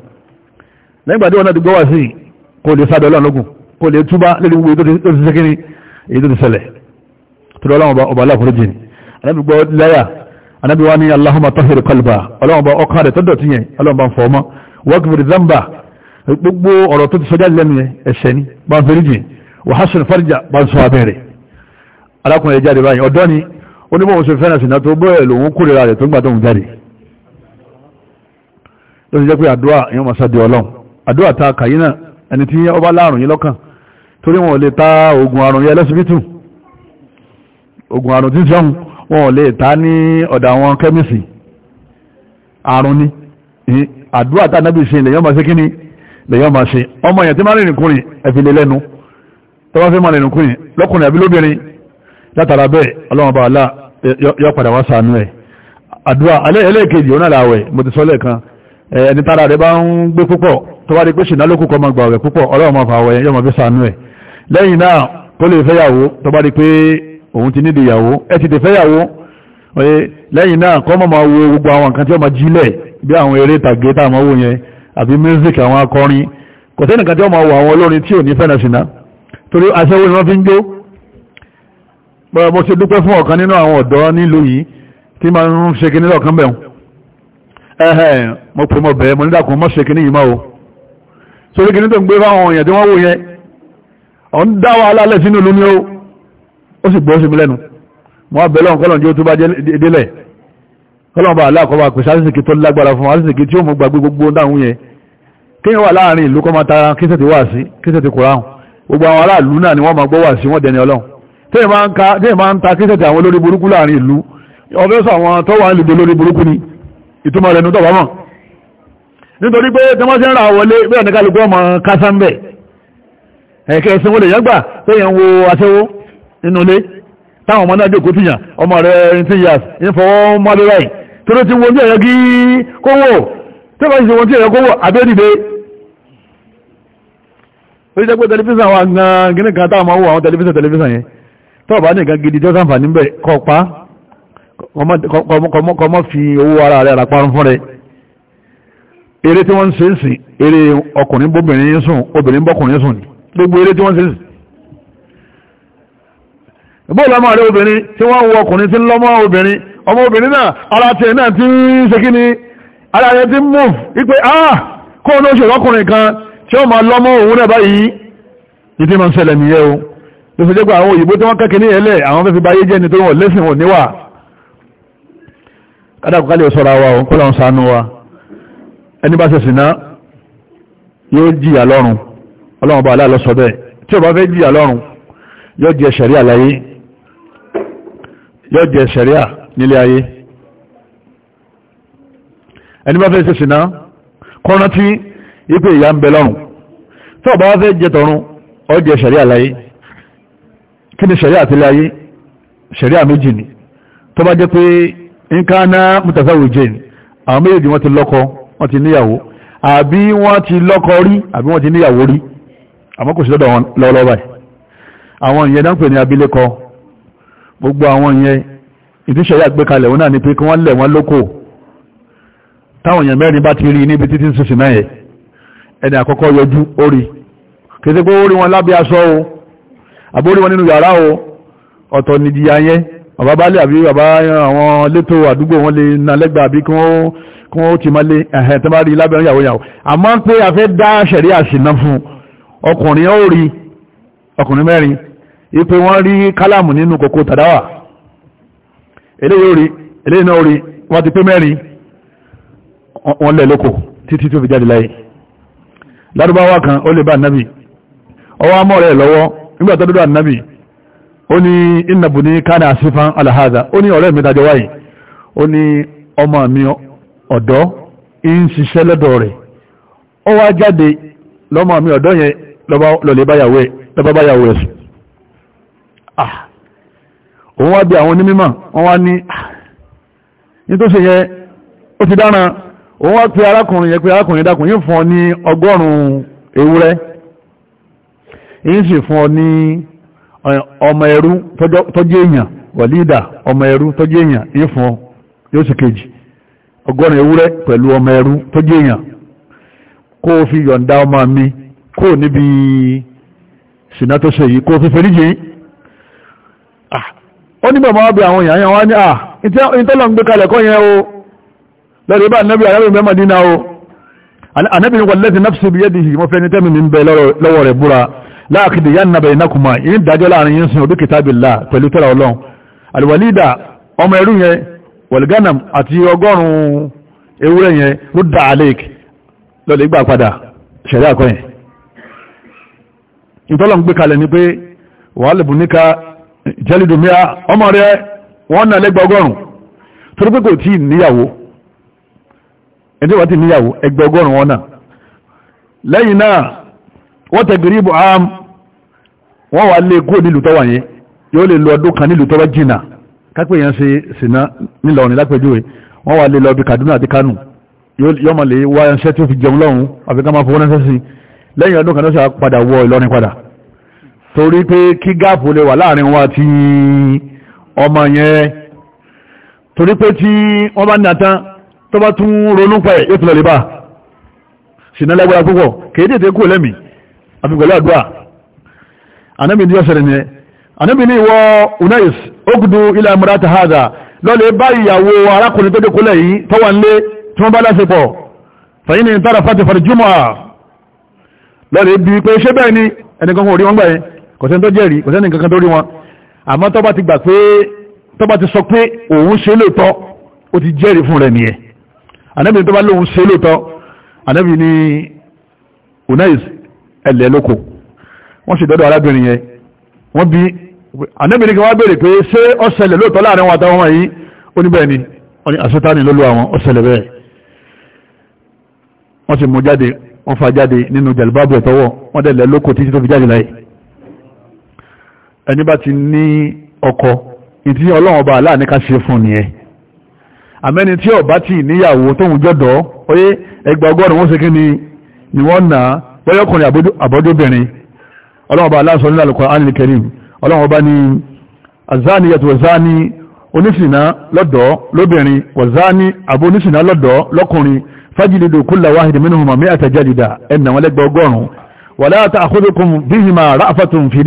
lẹ́yìn gbàdé wọn náà ti gbọ́wà sí kò lè sádọ̀ ọlọ́run lókun kò lè túbá lórí gbogbo ètò tó ti sẹ́kìrì èyí tó ti ṣẹlẹ̀ tó lọ ọlọ́run ọba aláàfúrú jìn anábì gbọ́ láyà anábì wá ní Allahumma tahhir qalba ọlọ́run ọba ọkàn rẹ̀ tó dọ̀tí yẹn ọlọ́run bá ń fọ́ ọmọ wọ́gbìmìrì zamba gbogbo ọ̀rọ̀ tó ti sọjá lẹ́nu arákùnrin jáde báyìí ọ̀dọ́ ni ó ní bóun ṣe fẹ́ràn sínà tó bẹ́ẹ̀ lòun kórìíra rẹ̀ tó ń gbà tóun jáde ló ti jẹ́ pé àdúrà èèyàn máa ṣàdé ọlọ́run àdúrà ta kàyí náà ẹni tí ó bá láàrùn yín lọ́kàn torí wọn lè ta oògùn àrùn yẹn lọ́sibítù oògùn àrùn tí sọ́hun wọn lè ta ní ọ̀dà àwọn kẹ́míìsì àrùn ni àdúrà tá nábì ṣe lèyàn máa ṣe kí ni lèyàn máa ṣe ọmọ èèyàn tí máa rìnrìn kùnrin ẹ̀fìlẹ̀ lẹ́nu fẹ́ máa rìnrìn kùnrin lọ́kùnrin àbí lóbìnrin látara bẹ́ẹ̀ ọlọ́wọ́n bá alá yọ padà wá sànú ẹ̀ àdúrà alẹ́ ẹlẹ́ẹ̀kejì ọ̀nà làwẹ̀ mo ti sọ lẹ́ẹ̀kan ẹni tára rẹ̀ bá ń gbé púpọ̀ tó wá di pé ṣìnà lókùkọ́ ma gbà rẹ̀ púpọ̀ ọlọ́wọ́n di pé òun ti nídìí ìyàwó ẹ ti tè fẹ́yàwó lẹ́yìn náà kọ́ mọ̀ máa wo gbogbo àwọn nǹkan tí music àwọn akọrin kò sẹ́nìkan tí ó máa wo àwọn olórin tí ò ní torí aṣẹ́wó ni fi ń jó bọ́ọ̀ bó ṣe dúpẹ́ fún ọ̀kan nínú àwọn ọ̀dọ́ nílùú yìí tí ma ń ṣe kìíní lọ́kàn bẹ̀rún ẹ̀hẹ́ mo pè mọ́ bẹ̀rẹ̀ mo nídàkùn mọ́ ṣe kìíní yìí máa o sórí kìíní tó ń gbé fáwọn èèyàn tí wọ́n wò yẹn ọ̀n dá wa alálẹ̀ sínú ìlú ni ó ó sì gbọ́ sí mi lẹ́nu mo wá bẹ̀rẹ̀ ọ̀nkọ́lọ̀ ní o tó bá jẹ́ délẹ̀ kọ́lọ̀ bá aláàkọ́bà pèsè àṣìṣìkì tó lágbára fún àṣìṣìkì tí ó mú gbàgbé gbogbo dáhùn yẹn kéèyàn ni wọ́n máa gbọ́ tẹ́yìn máa ń ta kíṣẹ̀tì àwọn olórí burúkú láàrin ìlú ọfẹ́ sọ àwọn tó wà nílùú olórí burúkú ni ìtumọ̀ rẹ̀ nítọ̀ bámọ̀ nítorí pé tí wọ́n ṣe ń ra wọlé bẹ́ẹ̀ ní kálukú ọmọ kásánbẹ̀ ẹ̀kẹ́ ẹ̀sìn wọlé yẹn gbà tẹ́yìn wo aṣẹ́wó nínú ilé táwọn ọmọ náà dé òkú tìyàn ọmọ rẹ̀ ti yà ìfọwọ́ mọ́lẹ́rẹ́ tó ti wo bí ẹ̀yẹ kí pé tẹlifíṣàn wa gan gínìkan táwọn ọmọ wo àwọn tẹlifíṣàn tẹlifíṣàn yẹn tọ́ọ̀bá nìkan gidi tó sáǹfà níbẹ̀ kọpa kọmọ́ fi owó ara rẹ̀ àràparun fún rẹ̀ eré tí wọ́n ń ṣe ń sìn eré ọkùnrin bóbìnrin sùn obìnrin bọ́kùnrin sùn gbogbo eré tí wọ́n ṣe ń sìn bóòlù ọmọ rẹ̀ obìnrin tí wọ́n ń wọ ọkùnrin tí ń lọ́mọ obìnrin ọmọ obìnrin náà ara tiẹ̀ náà ti ń ṣe kí ni ara rẹ̀ ti ń mú wípé ah kóun ló ṣe ọkùnrin kan tí ó máa lọ́mọ òun náà báyìí ìdí máa ń ṣẹlẹ̀ nìyẹn o tó fi jẹ́gbà àwọn òyìnbó tí wọ́n kẹ́kẹ́ ní ẹlẹ́ àwọn fẹ́fẹ́ báyé jẹ́ nítorí wọ́n lẹ́sìn wọn níwà kádàkùkálẹ̀ sọ́ra wa òun kọ́lọ̀ sánú wa ẹni bá sẹ̀sìn náà yóò jìyà lọ́rùn ọlọ́run bá aláàlọ́ sọ bẹ́ẹ̀ tí ó bá fẹ́ jìyà lọ́rùn yóò jẹ ṣẹ̀ríà láyé yóò jẹ ṣẹ̀ríà nílé ayé ẹni bá fẹ́ sẹ̀sìn náà kọ́rántí ipò kí ni ṣẹ̀ríà àti láyé ṣẹ̀ríà méjì ni tó bá jẹ́ pé nǹkan náà mutazawijin àwọn méjèèjì wọ́n ti lọ́kọ wọ́n ti níyàwó àbí wọ́n ti lọ́kọ rí àbí wọ́n ti níyàwó rí àmọ́ kò sí lọ́dọ̀ wọn lọ́wọ́lọ́wọ́ báyìí orí wọn lábẹ́ aṣọ o àbórí wọn nínú yàrá o ọ̀tọ̀ nìdíyà yẹn bàbá bá lè àbí bàbá àwọn létò àdúgbò wọn lè na lẹ́gbàá àbí kí wọ́n ti máa lè ẹ̀hẹ̀ tó bá rí lábẹ́rún yàwó yàwó àmọ́ pé a fẹ́ dá ṣẹ̀rí àṣìná fún ọkùnrin ó rí ọkùnrin mẹ́rin ipé wọ́n rí kálàmù nínú ọwọ́ amọ́ rẹ̀ lọ́wọ́ nígbà tó dúdú ànábì ó ní ìnàbù ní kánà àṣífán aláhádà ó ní ọ̀rẹ́ mẹ́tajọ wáyìí ó ní ọmọ mi ọ̀dọ́ ń ṣiṣẹ́ lọ́dọ̀ rẹ̀ ó wá jáde lọ́mọ mi ọ̀dọ́ yẹn lọ́lẹ̀ báyàwó ẹ̀ ah òun wá ń sì fún ọ ní ọmọ ẹrú tọ́jú èèyàn wàlídà ọmọ ẹrú tọ́jú èèyàn ń fún yóò sì kejì ọgọ́rin ewúrẹ́ ọmọ tọ́jú èèyàn kó o fi yọ̀ǹda ọmọ mi kó níbi sìnà tó ṣe yìí kó fi fẹ́ríjì ah, ó ní àwọn èèyàn wá ní ah, ìtọ́lọ̀ ń gbé kalẹ̀ láàkìdì yánà bẹ̀rẹ̀ náà yìí dájọ́ láàrin yín sin kìtàbìlá pẹ̀lú tẹ́ra ọlọ́run alìwàlídà ọmọ ẹrú yẹn wọ̀lgánàm àti ọgọ́rùn-ún ewúrẹ́ yẹn alek lọ́lẹ̀ ìgbà padà ṣẹ̀rí ti lẹ́yìn náà wọ́n tẹ̀ gírí ibò am wọ́n wà lè kúrò nílùú tọ́wà yẹn yóò lè lo ọdún kan nílùú tọ́wà jìnnà kápẹ́ yẹn ṣe sìnà nílọrin lápẹ́júwe wọ́n wà lè lọ bí Kaduna àti Kánò yóò mọ̀ lè wá ẹnṣẹ́ tí ó fi jẹun lọ́hùn àfikà máa fowó ránṣẹ́ sí lẹ́yìn ọdún kan lọ́sà padà wọ Ìlọrin padà torí pé kí gáàpù lè wà láàrin wa ti ọmọ yẹn torí pé tí wọ́n bá ní àtán tó bá tún ronú pẹ̀ yóò tún lọ lè bá sìnà lágbára púpọ̀ kéde tẹ́ kú lẹ́mìí àbí pẹ̀lú àdúrà anábì ní ọ̀sẹ̀rẹ̀ ni anábì ní ìwọ unais okudu ilẹ̀ amúrata hada lọ́lẹ̀ bá ìyàwó arákùnrin tó dé kólẹ̀ yìí tọ́wà ń lé tí wọ́n bá lásìpọ̀ fẹ̀yìn ní tààrà fàtí fàtí jùmọ̀ lọ́lẹ̀ bí pé ṣé bẹ́ẹ̀ ni ẹnìkan kò rí wọn gbà yẹn kò sẹ́ni tó jẹ́rìí kò sẹ́ni kankan tó rí wọn àmọ́ tọ́ba ti gbà pé tọ́ba ti sọ pé ó ti jẹ́rìí fún rẹ̀ nìyẹn anábì ní tọ́ba lóun ṣe lóòótọ́ anábì ní unais ẹ̀lẹ́ lóko wọ́n sì dọ́dọ̀ arábìnrin yẹn wọ́n bí anábìnrin kan wá béèrè pé ṣé ọ̀sẹ̀lẹ̀ lóòótọ́ láàrin wọn àtàwọn yìí oníbẹ̀ẹ́ni wọ́n ní àṣetánì ló lo àwọn ọ̀sẹ̀lẹ̀ bẹ́ẹ̀ wọ́n sì mú jáde wọ́n fa jáde nínú jàlùbáàbù ẹ̀tọ́wọ́ wọ́n dẹ̀lẹ̀ lóko títí tó fi jáde láyé ẹni bá ti ní ọkọ ìtí ọlọ́run ọba aláàní ká ṣe fún nìyẹn àmẹ́ni tí ọba ti níyàwó tóun jọ́dọ̀ ó yé ẹgbà ọgọ́rùn-ún ó ṣe kí ni ni wọ́n náà bọ́yọ́kùnrin àbọ́dóbìnrin ọlọ́wọ́ba aláṣọ nílẹ̀ Al-Qur'an Al-Karim ọlọ́wọ́ba ni azaniyatu wazani onísìnà lọ́dọ̀ lóbìnrin wazani àbó onísìnà lọ́dọ̀ lọ́kùnrin fájìlìdò kulla wahid minhuma mi'ata jalida ẹ̀nà wọn lẹ́gbẹ̀ ọgọ́rùn wala ta'khudhukum bihima ra'fatun fi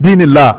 dinillah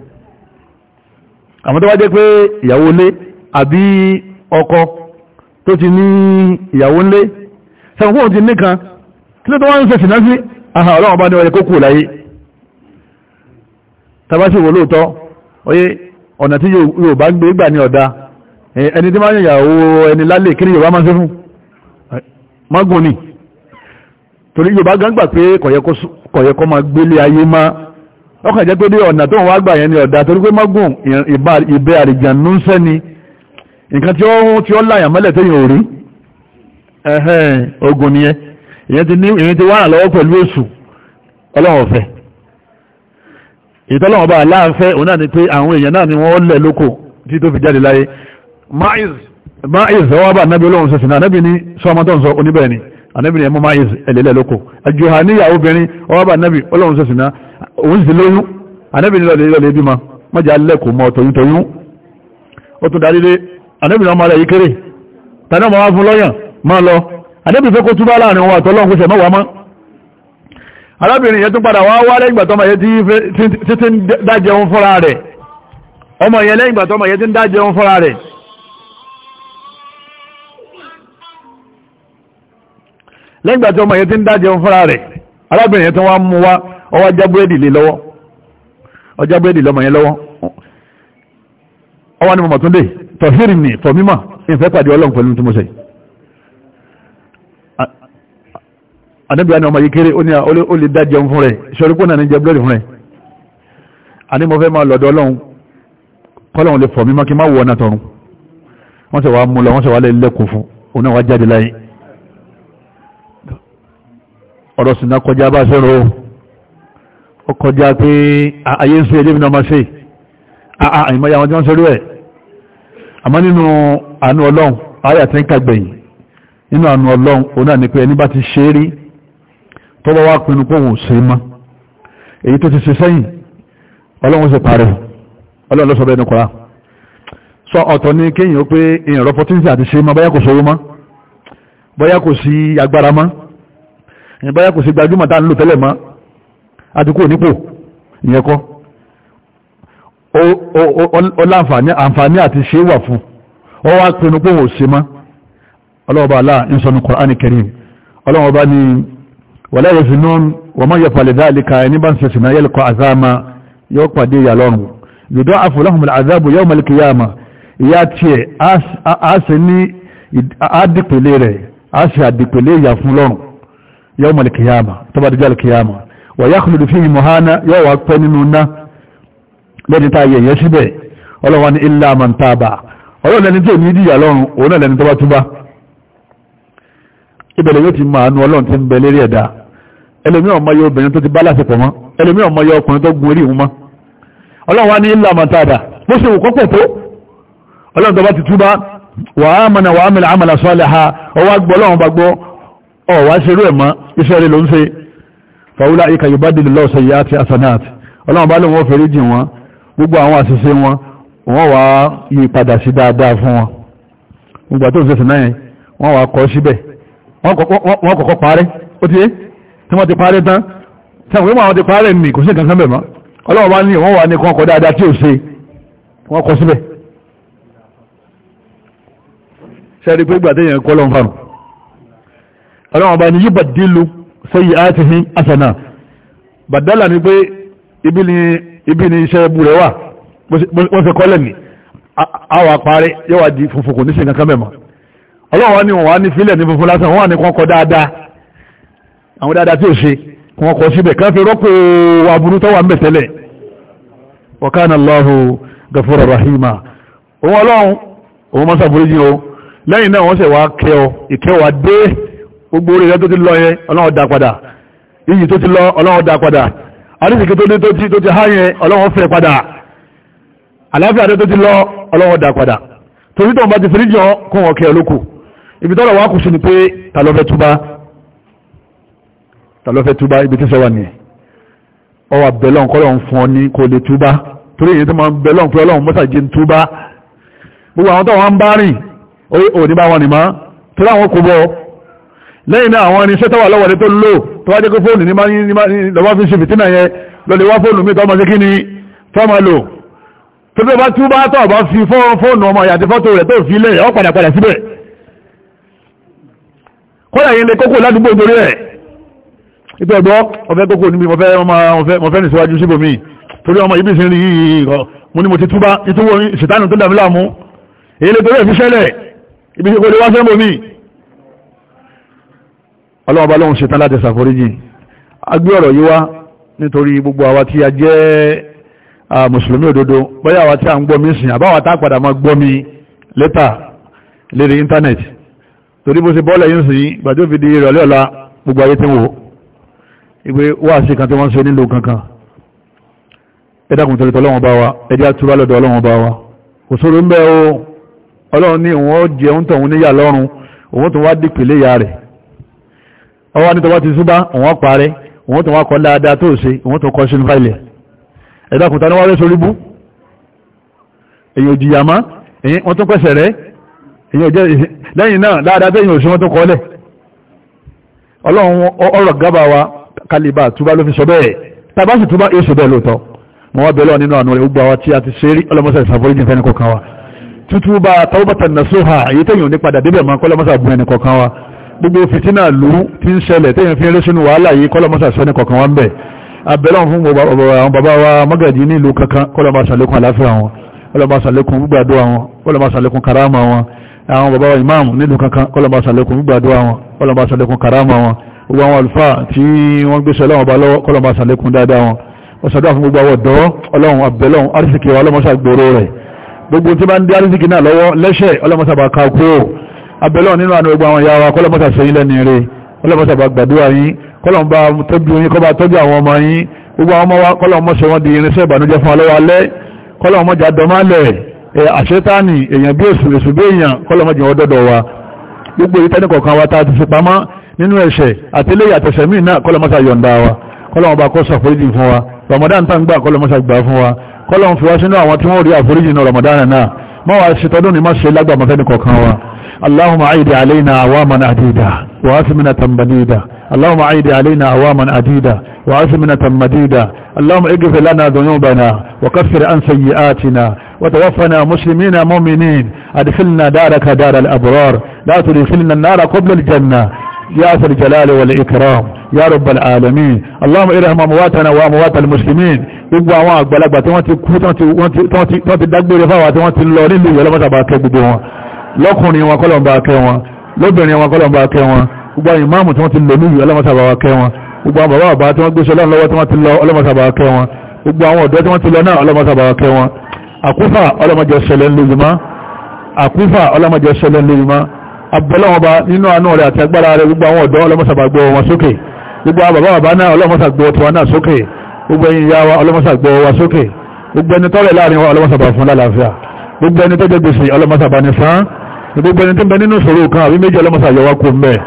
àmọ́ tó wá jẹ́ pé ìyàwó ilé àbí ọkọ tó ti ní ìyàwó ilé sẹ́wọ̀n fóun ti nìkan kí ló tó wá ń ṣe sìná sí àhà ọlọ́run bá ní ọyẹ kó láyé tabasi wo lóòótọ́ oyé ọ̀nà tí yóò bá gbé gbà ní ọ̀dá ẹni tí máa ń yàwó ẹni lálẹ́ kí ni yorùbá máa ń ṣe fún magun ni torí yorùbá gan gbà pé kọ̀yẹ́kọ́ máa gbélé ayé máa ọkàn jẹ́ pé dé ọ̀nà tó ń wá gbà yẹn ni ọ̀dà torí pé mọ́gùn ìbẹ́ àrìjànú ń sẹ́ ni nǹkan tí ó tí ó láyàn mọ́lẹ̀ tó yìn ò rí ẹ̀hẹ́n ogun nìyẹn ìyẹn ti ní ìyẹn ti wárà lọ́wọ́ pẹ̀lú èṣù ọlọ́run ọ̀fẹ́ ìtọ́lọ́run ọba aláàfẹ́ òun náà ni pé àwọn èèyàn náà ni wọ́n lẹ̀ lóko tí tó fi jáde láyé máìz ọwọ́ bá anábì olóhùn sọ̀sìn náà anábì ní sọ́mọ tó ń sọ oníbẹ̀ẹ́ni anábì ní ẹmọ máìz ẹ̀lẹ́lẹ́ lóko àjùhà níyàwó obìnrin ọwọ́ bá anábì olóhùn sọ̀sìn náà onye lóyún anábìnrin lọ́lẹ̀ lọ́lẹ̀ bímọ mọ́jà lẹ́kùn mọ́ tòyún tòyún ó tún darí lé ọmọ rẹ̀ yí kéré tàní ọmọ wá fún lọ́yàn máa lọ anábìnrin fẹ́ kó túbá láàrin òun àtọ́lọ́hun kó ṣe mọ́wàá mọ́ arábìnrin yẹn tún padà wá wá lẹ́yìn gbàtọ́mọ yẹn tí ń dájẹun fúnra rẹ̀ ọmọ yẹn lẹ́yìn ọwọ́ ajá búrẹ́dì lé lọ́wọ́ ọjá búrẹ́dì lọ́mọ yẹn lọ́wọ́ ọwọ́ ni mọ̀mọ̀ tún dé tọ̀hírì ní tọ̀ mímọ̀ ìfẹ́ pàdé ọlọ́run pẹ̀lú tí mo ṣe anábìá ni ọmọ yìí kéré ó ní ó lè dá jẹun fún rẹ̀ ṣọ́rípò náà ní jẹ búrẹ́dì fún rẹ̀ àní mo fẹ́ máa lọ́dọ̀ ọlọ́run kọ́lọ́run lè fọ̀ mímọ́ kí má wọ ọ̀nà wọ́n sì wá mú lọ wọ́n sì wá lẹ́kùn fún òun náà wá jáde láyé ọ̀rọ̀ sì ná kọjá bá ṣẹ́rọ̀ ó kọjá pé ayé ń sún ẹjẹ́ ìbìnà máa ṣe àìmọ́ya wọn tí wọ́n ṣerú ẹ̀ àmọ́ nínú àánú ọlọ́run ayà tí ń kàgbẹ̀yìn nínú àánú ọlọ́run ó náà ní pé ẹni bá ti ṣe rí tó bá wá pinnu pé òun ò ṣe mọ́ èyí tó ti ṣe sẹ́yìn ọlọ́run ṣe kò sí agbára mọ́ bóyá kò sí gbajúmọ̀ tá ń lò tẹ́lẹ̀ mọ́ àdúkò nípò ìyẹn kọ́ ọlá àǹfààní àti ṣe wà fún ọ wá pinnu pé wò ṣe mọ́ ọlọ́ọ̀bá aláà ń sọnù Qur'an Karim ọlọ́ọ̀bá ni wala yazinun wa man yaf'al dhalika ẹni bá ń sẹ̀sì náà yalqa azama yóò pàdé ìyà lọ́rùn yudha'afu lahumul azabu yawm al-qiyamah ìyá tiẹ̀ á sì ní àdìpẹ̀lẹ̀ wọ̀yáhùlù fi mọ̀hánà yóò wà pẹ́ nínú ná lẹ́ni tá yẹ̀yẹ́ síbẹ̀ ọlọ́wọ́n ilẹ̀ àmàntàbà ọlọ́lẹ́ni tó ní ìdíyà lọ́rùn òun lẹ́ni tó bá túbá ibẹ̀lẹ̀ yóò ti máa nu ọlọ́run ti ń bẹ lérí àmàlà sọ́ọ̀lẹ̀ ha ọwọ́ agbọ́ ọlọ́run bá gbọ́ ọ̀wá ṣerú ẹ̀ mọ́ iṣẹ́ rẹ̀ ló fàúlà ìkà yubadilullahu sayyiati hasanat ọlọ́run bá lóun wọ́n fèrè jì wọ́n gbogbo àwọn àṣìṣe wọn wọ́n wá yí padà sí dáadáa fún wọn gbogbo àti òṣèṣe náà wọ́n wá kọ́ síbẹ̀ wọ́n kọ́kọ́ parẹ́ ó ti yé tí wọ́n ti parẹ́ tán tí àwọn ìwọ̀n àwọn ti parẹ́ nì kò sí nǹkan sábẹ̀ mọ́ ọlọ́run bá ní wọ́n wà ní kan kọ́ dáadáa tí ò ṣe wọ́n kọ́ síbẹ̀ sẹ́rí pé gbàdéyàn kọ́ lọ́n fáwọn ọlọ́run bá ní yíbàdílù sayyi'atihim hasana bàdálà ni pé ibi ni ibi ni iṣẹ́ ẹbú rẹ̀ wà wọ́n fẹ́ kọ́lẹ̀ ní àwọn àparẹ́ yọ́wà di funfun kò ní sí nǹkan mẹ́mọ́ ọlọ́run wá ní wọ́n wá ní fílẹ̀ ní funfun lásán wọ́n wá ní kọ́ kọ́ dáadáa àwọn dáadáa tí ò ṣe wọ́n kọ́ síbẹ̀ ká fi rọ́pò aburú tó wà ń bẹ̀ tẹ́lẹ̀ wa kana Allahu gafura rahima òun ọlọ́run òun mọ́sàbúrú yìí o lẹ́yìn náà wọ́n sẹ̀ wá kẹ́ ọ ìkẹ́ wá dé gbogbo orí rẹ tó ti lọ yẹn ọlọ́run dá padà iyì tó ti lọ ọlọ́run dá padà àrísìkí tó ní tó ti tó ti há yẹn ọlọ́run fẹ́ padà àlàáfíà tó ti lọ ọlọ́run dá padà torí tó ń bá ti fìrí jọ kún ọ̀kẹ́ olóko ibi tọ́lọ̀ wá kù sí ni pé ta ló fẹ́ túbá ta ló fẹ́ túbá ibi tí sọ wà nìyẹn ọwà bẹ̀lọ́n kọ́lọ̀ ń fún ọ ní kò lè túbá torí èyí tó máa ń bẹ̀lọ́n pé ọlọ́run mọ́sàjì ń túbá gbogbo àwọn tó wọn bá rìn orí òní bá wọn nìmọ́ lẹ́yìn náà àwọn irinṣẹ́ tọ́wà lọ́wọ́ rẹ̀ tó lò tó wá jẹ́ kó fóònù ní lọ́wọ́ fi ṣe fìtínà yẹn lọ́lẹ̀ wá fóònù mi tọ́mọ sí kí ni tọ́mọ lò tó tó bá tú bá tọ́ bá fi fóònù ọmọ ìyàtí fọ́tò rẹ̀ tó fi lẹ̀ ọ́ padà padà síbẹ̀ kọ́lá yẹn lè kókó ládùúgbò torí ẹ̀ ìtọ́ ọ̀dọ́ ọ̀fẹ́ kókó níbi mọ̀fẹ́ nìṣíwájú síbò mi torí ọmọ ibi sí rí mo ní mo ti túbá ìtúwò ìṣètánù tó dàmílà mú èyí lè ọlọ́ọ̀bá lóhun ṣetán láti ṣàforíjì agbé ọ̀rọ̀ yíwá nítorí gbogbo àwa tí a jẹ́ mùsùlùmí òdodo bóyá àwa tí a ń gbọ́ mi sìn àbáwa tá padà máa gbọ́ mi lẹ́tà lérí íńtánẹ̀tì torí bó ṣe bọ́ọ̀lẹ̀ yìí sìn gbàjó fi di ìrọ̀lẹ́ ọ̀la gbogbo ayé tí ń wò ìgbé wáàsí kan tí wọ́n ṣe nílùú kankan ẹ dákun wa ẹ jẹ́ àtúrà wa òṣòro ń bẹ́ o ọlọ́run ní òun ó jẹun tọ̀hún tó wá dìpìlẹ̀ ìyá rẹ̀ ọwọ́ ní tọwọ́ ti súbá òun parẹ́ òun tó wá kọ́ láadáa tó ṣe òun tó kọ́ sínú fáìlẹ̀ ẹ̀dàkùnta ní wá rẹ́ sórí bú èyàn òjìyà má wọ́n tó pẹ̀sẹ̀ rẹ̀ lẹ́yìn náà láadáa tẹ́yìn òṣì wọ́n tó kọ́lẹ̀ ọlọ́run ọ̀rọ̀ gábà wa kálíbà túbá ló fi sọ bẹ́ẹ̀ tàbá sì túbá yóò sọ bẹ́ẹ̀ lóòótọ́ mo wá bẹ̀lọ́ nínú àánú rẹ̀ gbogbo gbogbo fitina lú tí ń ṣẹlẹ̀ tẹ́yìn fi rẹ́ sínú wàhálà yìí kọ́lọ́mọ́sà sẹ́ni kọ̀ọ̀kan wá ń bẹ̀ abẹ́lọ́n fún àwọn bàbá wa mọ́gàjì ní ìlú kankan kọ́lọ́mọ́sà lékún àláfíà wọn kọ́lọ́mọ́sà lékún gbígbàdó wọn kọ́lọ́mọ́sà lékún karama wọn àwọn bàbá wa ìmáàmù nílùú kankan kọ́lọ́mọ́sà lékún gbígbàdó wọn kọ́lọ́mọ́sà lékún karama wọn gbogbo àwọn àlùfáà tí wọ́n gbé sọ ọlọ́wọ́n bá lọ́wọ́ kọ́lọ́mọ́sà lékún dáadáa ọlọ́mọ́sà gbòòrò rẹ̀ abẹ́lọ́ nínú àánú gbogbo àwọn ìyá wa kọ́lọ́mọ́sà sẹ́yìn lẹ́ni rẹ̀ kọ́lọ́mọ́sà bá gbàdúrà yín kọ́lọ́mọba tọ́jú yín kọ́ba tọ́jú àwọn ọmọ yín gbogbo àwọn ọmọ wa kọ́lọ́mọ́sẹ̀ wọn di irinṣẹ́ ìbànújẹ́ fún alọ́wọ́ alẹ́ kọ́lọ́mọ́jà dọ́málẹ̀ àṣetáni èèyàn bí èsù èsù bí èèyàn kọ́lọ́mọ́jà wọn dọ́dọ̀ wa gbogbo èyí tẹ́ni kọ̀ọ̀kan wa ta ti fi pamọ́ nínú ẹ̀ṣẹ̀ àtẹlẹ́yà àtẹ̀ṣẹ̀ míì náà kọ́lọ́mọ́sà yọ̀ǹda wa kọ́lọ́mọba kó ṣàforíjì fún wa ramadan tá ń gbà kọ́lọ́mọ́sà gbà fún wa kọ́lọ́mọ́ fi wá sínú àwọn tí má ṣe lágbàmọ́fẹ́ni kọ̀ọ̀kan wa اللهم عيد علينا عواما عديدة وأثمنة مديدة اللهم عيد علينا عواما عديدة وأثمنة مديدة اللهم اغفر لنا ذنوبنا وكفر عن سيئاتنا وتوفنا مسلمين مؤمنين أدخلنا دارك دار الأبرار لا تدخلنا النار قبل الجنة يا ذا الجلال والإكرام يا رب العالمين اللهم ارحم امواتنا واموات المسلمين gbogbo àwọn àgbàlagbà tí wọ́n ti kú tí wọ́n ti dágbére fáwọn àti wọ́n ti lọ nílùú ìyọ́lọ́mọ́sàbà lọ́kùnrin wọn kọ́lọ̀ ń bá kẹ́ wọn lóbìnrin wọn kọ́lọ̀ ń bá kẹ́ wọn gbogbo àwọn ìmáàmù tí wọ́n ti lò nílùú ọlọ́mọsàbà wa kẹ́ wọn gbogbo àwọn bàbá àbá tí wọ́n gbéṣẹ́ lọ́nà lọ́wọ́ tí wọ́n ti lọ ọlọ́mọsàbà wa kẹ́ wọn gbogbo àwọn ọ̀dọ́ tí wọ́n ti lọ náà ọlọ́mọsàbà wa kẹ́ wọn àkúfà ọlọ́mọjọ ṣẹlẹ̀ ńlẹ́yìnmá àkúfà ọlọ́mọjọ ṣẹlẹ̀ ńlẹ́yìnmá abẹ́lẹ́wọ̀n bá nínú àánú rẹ̀ àti agbára rẹ̀ gbogbo àwọn ọ̀dọ́ ọlọ́mọsàbà gbọ́ wọn sókè gbogbo àwọn bàbá bàbá náà ọlọ́mọsàgbọ́ tiwa náà sókè gbogbo ẹ̀yin ìyá wa ọlọ́mọsàgbọ́ wa sókè gbogbo ẹni tọ́rẹ̀ láàrin wa ọlọ́mọsàbà fún lálàáfíà gbogbo ẹni tọ́jọ́ gbèsè ọlọ́mọsàbà ní sàn gbogbo ẹni tí ń bẹ nínú ìṣòro kan àbí méjì ọlọ́mọsá àyọwá kò mẹ́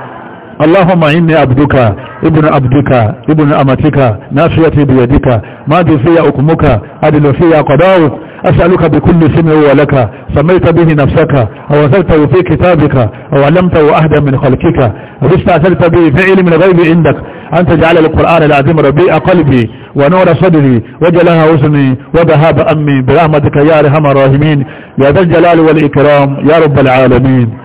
Allahumma inni abduka ibnu abdika ibnu amatika nasiyati biyadika madi fiya hukmuka adilu fiya qada'uk أسألك بكل اسم هو لك سميت به نفسك أو أزلته في كتابك أو علمته أهدا من خلقك أو استأثرت به فعل من غير عندك أن تجعل القرآن العظيم ربيع قلبي ونور صدري وجلها وسني وذهاب أمي برحمتك يا أرحم الراحمين يا ذا الجلال والإكرام يا رب العالمين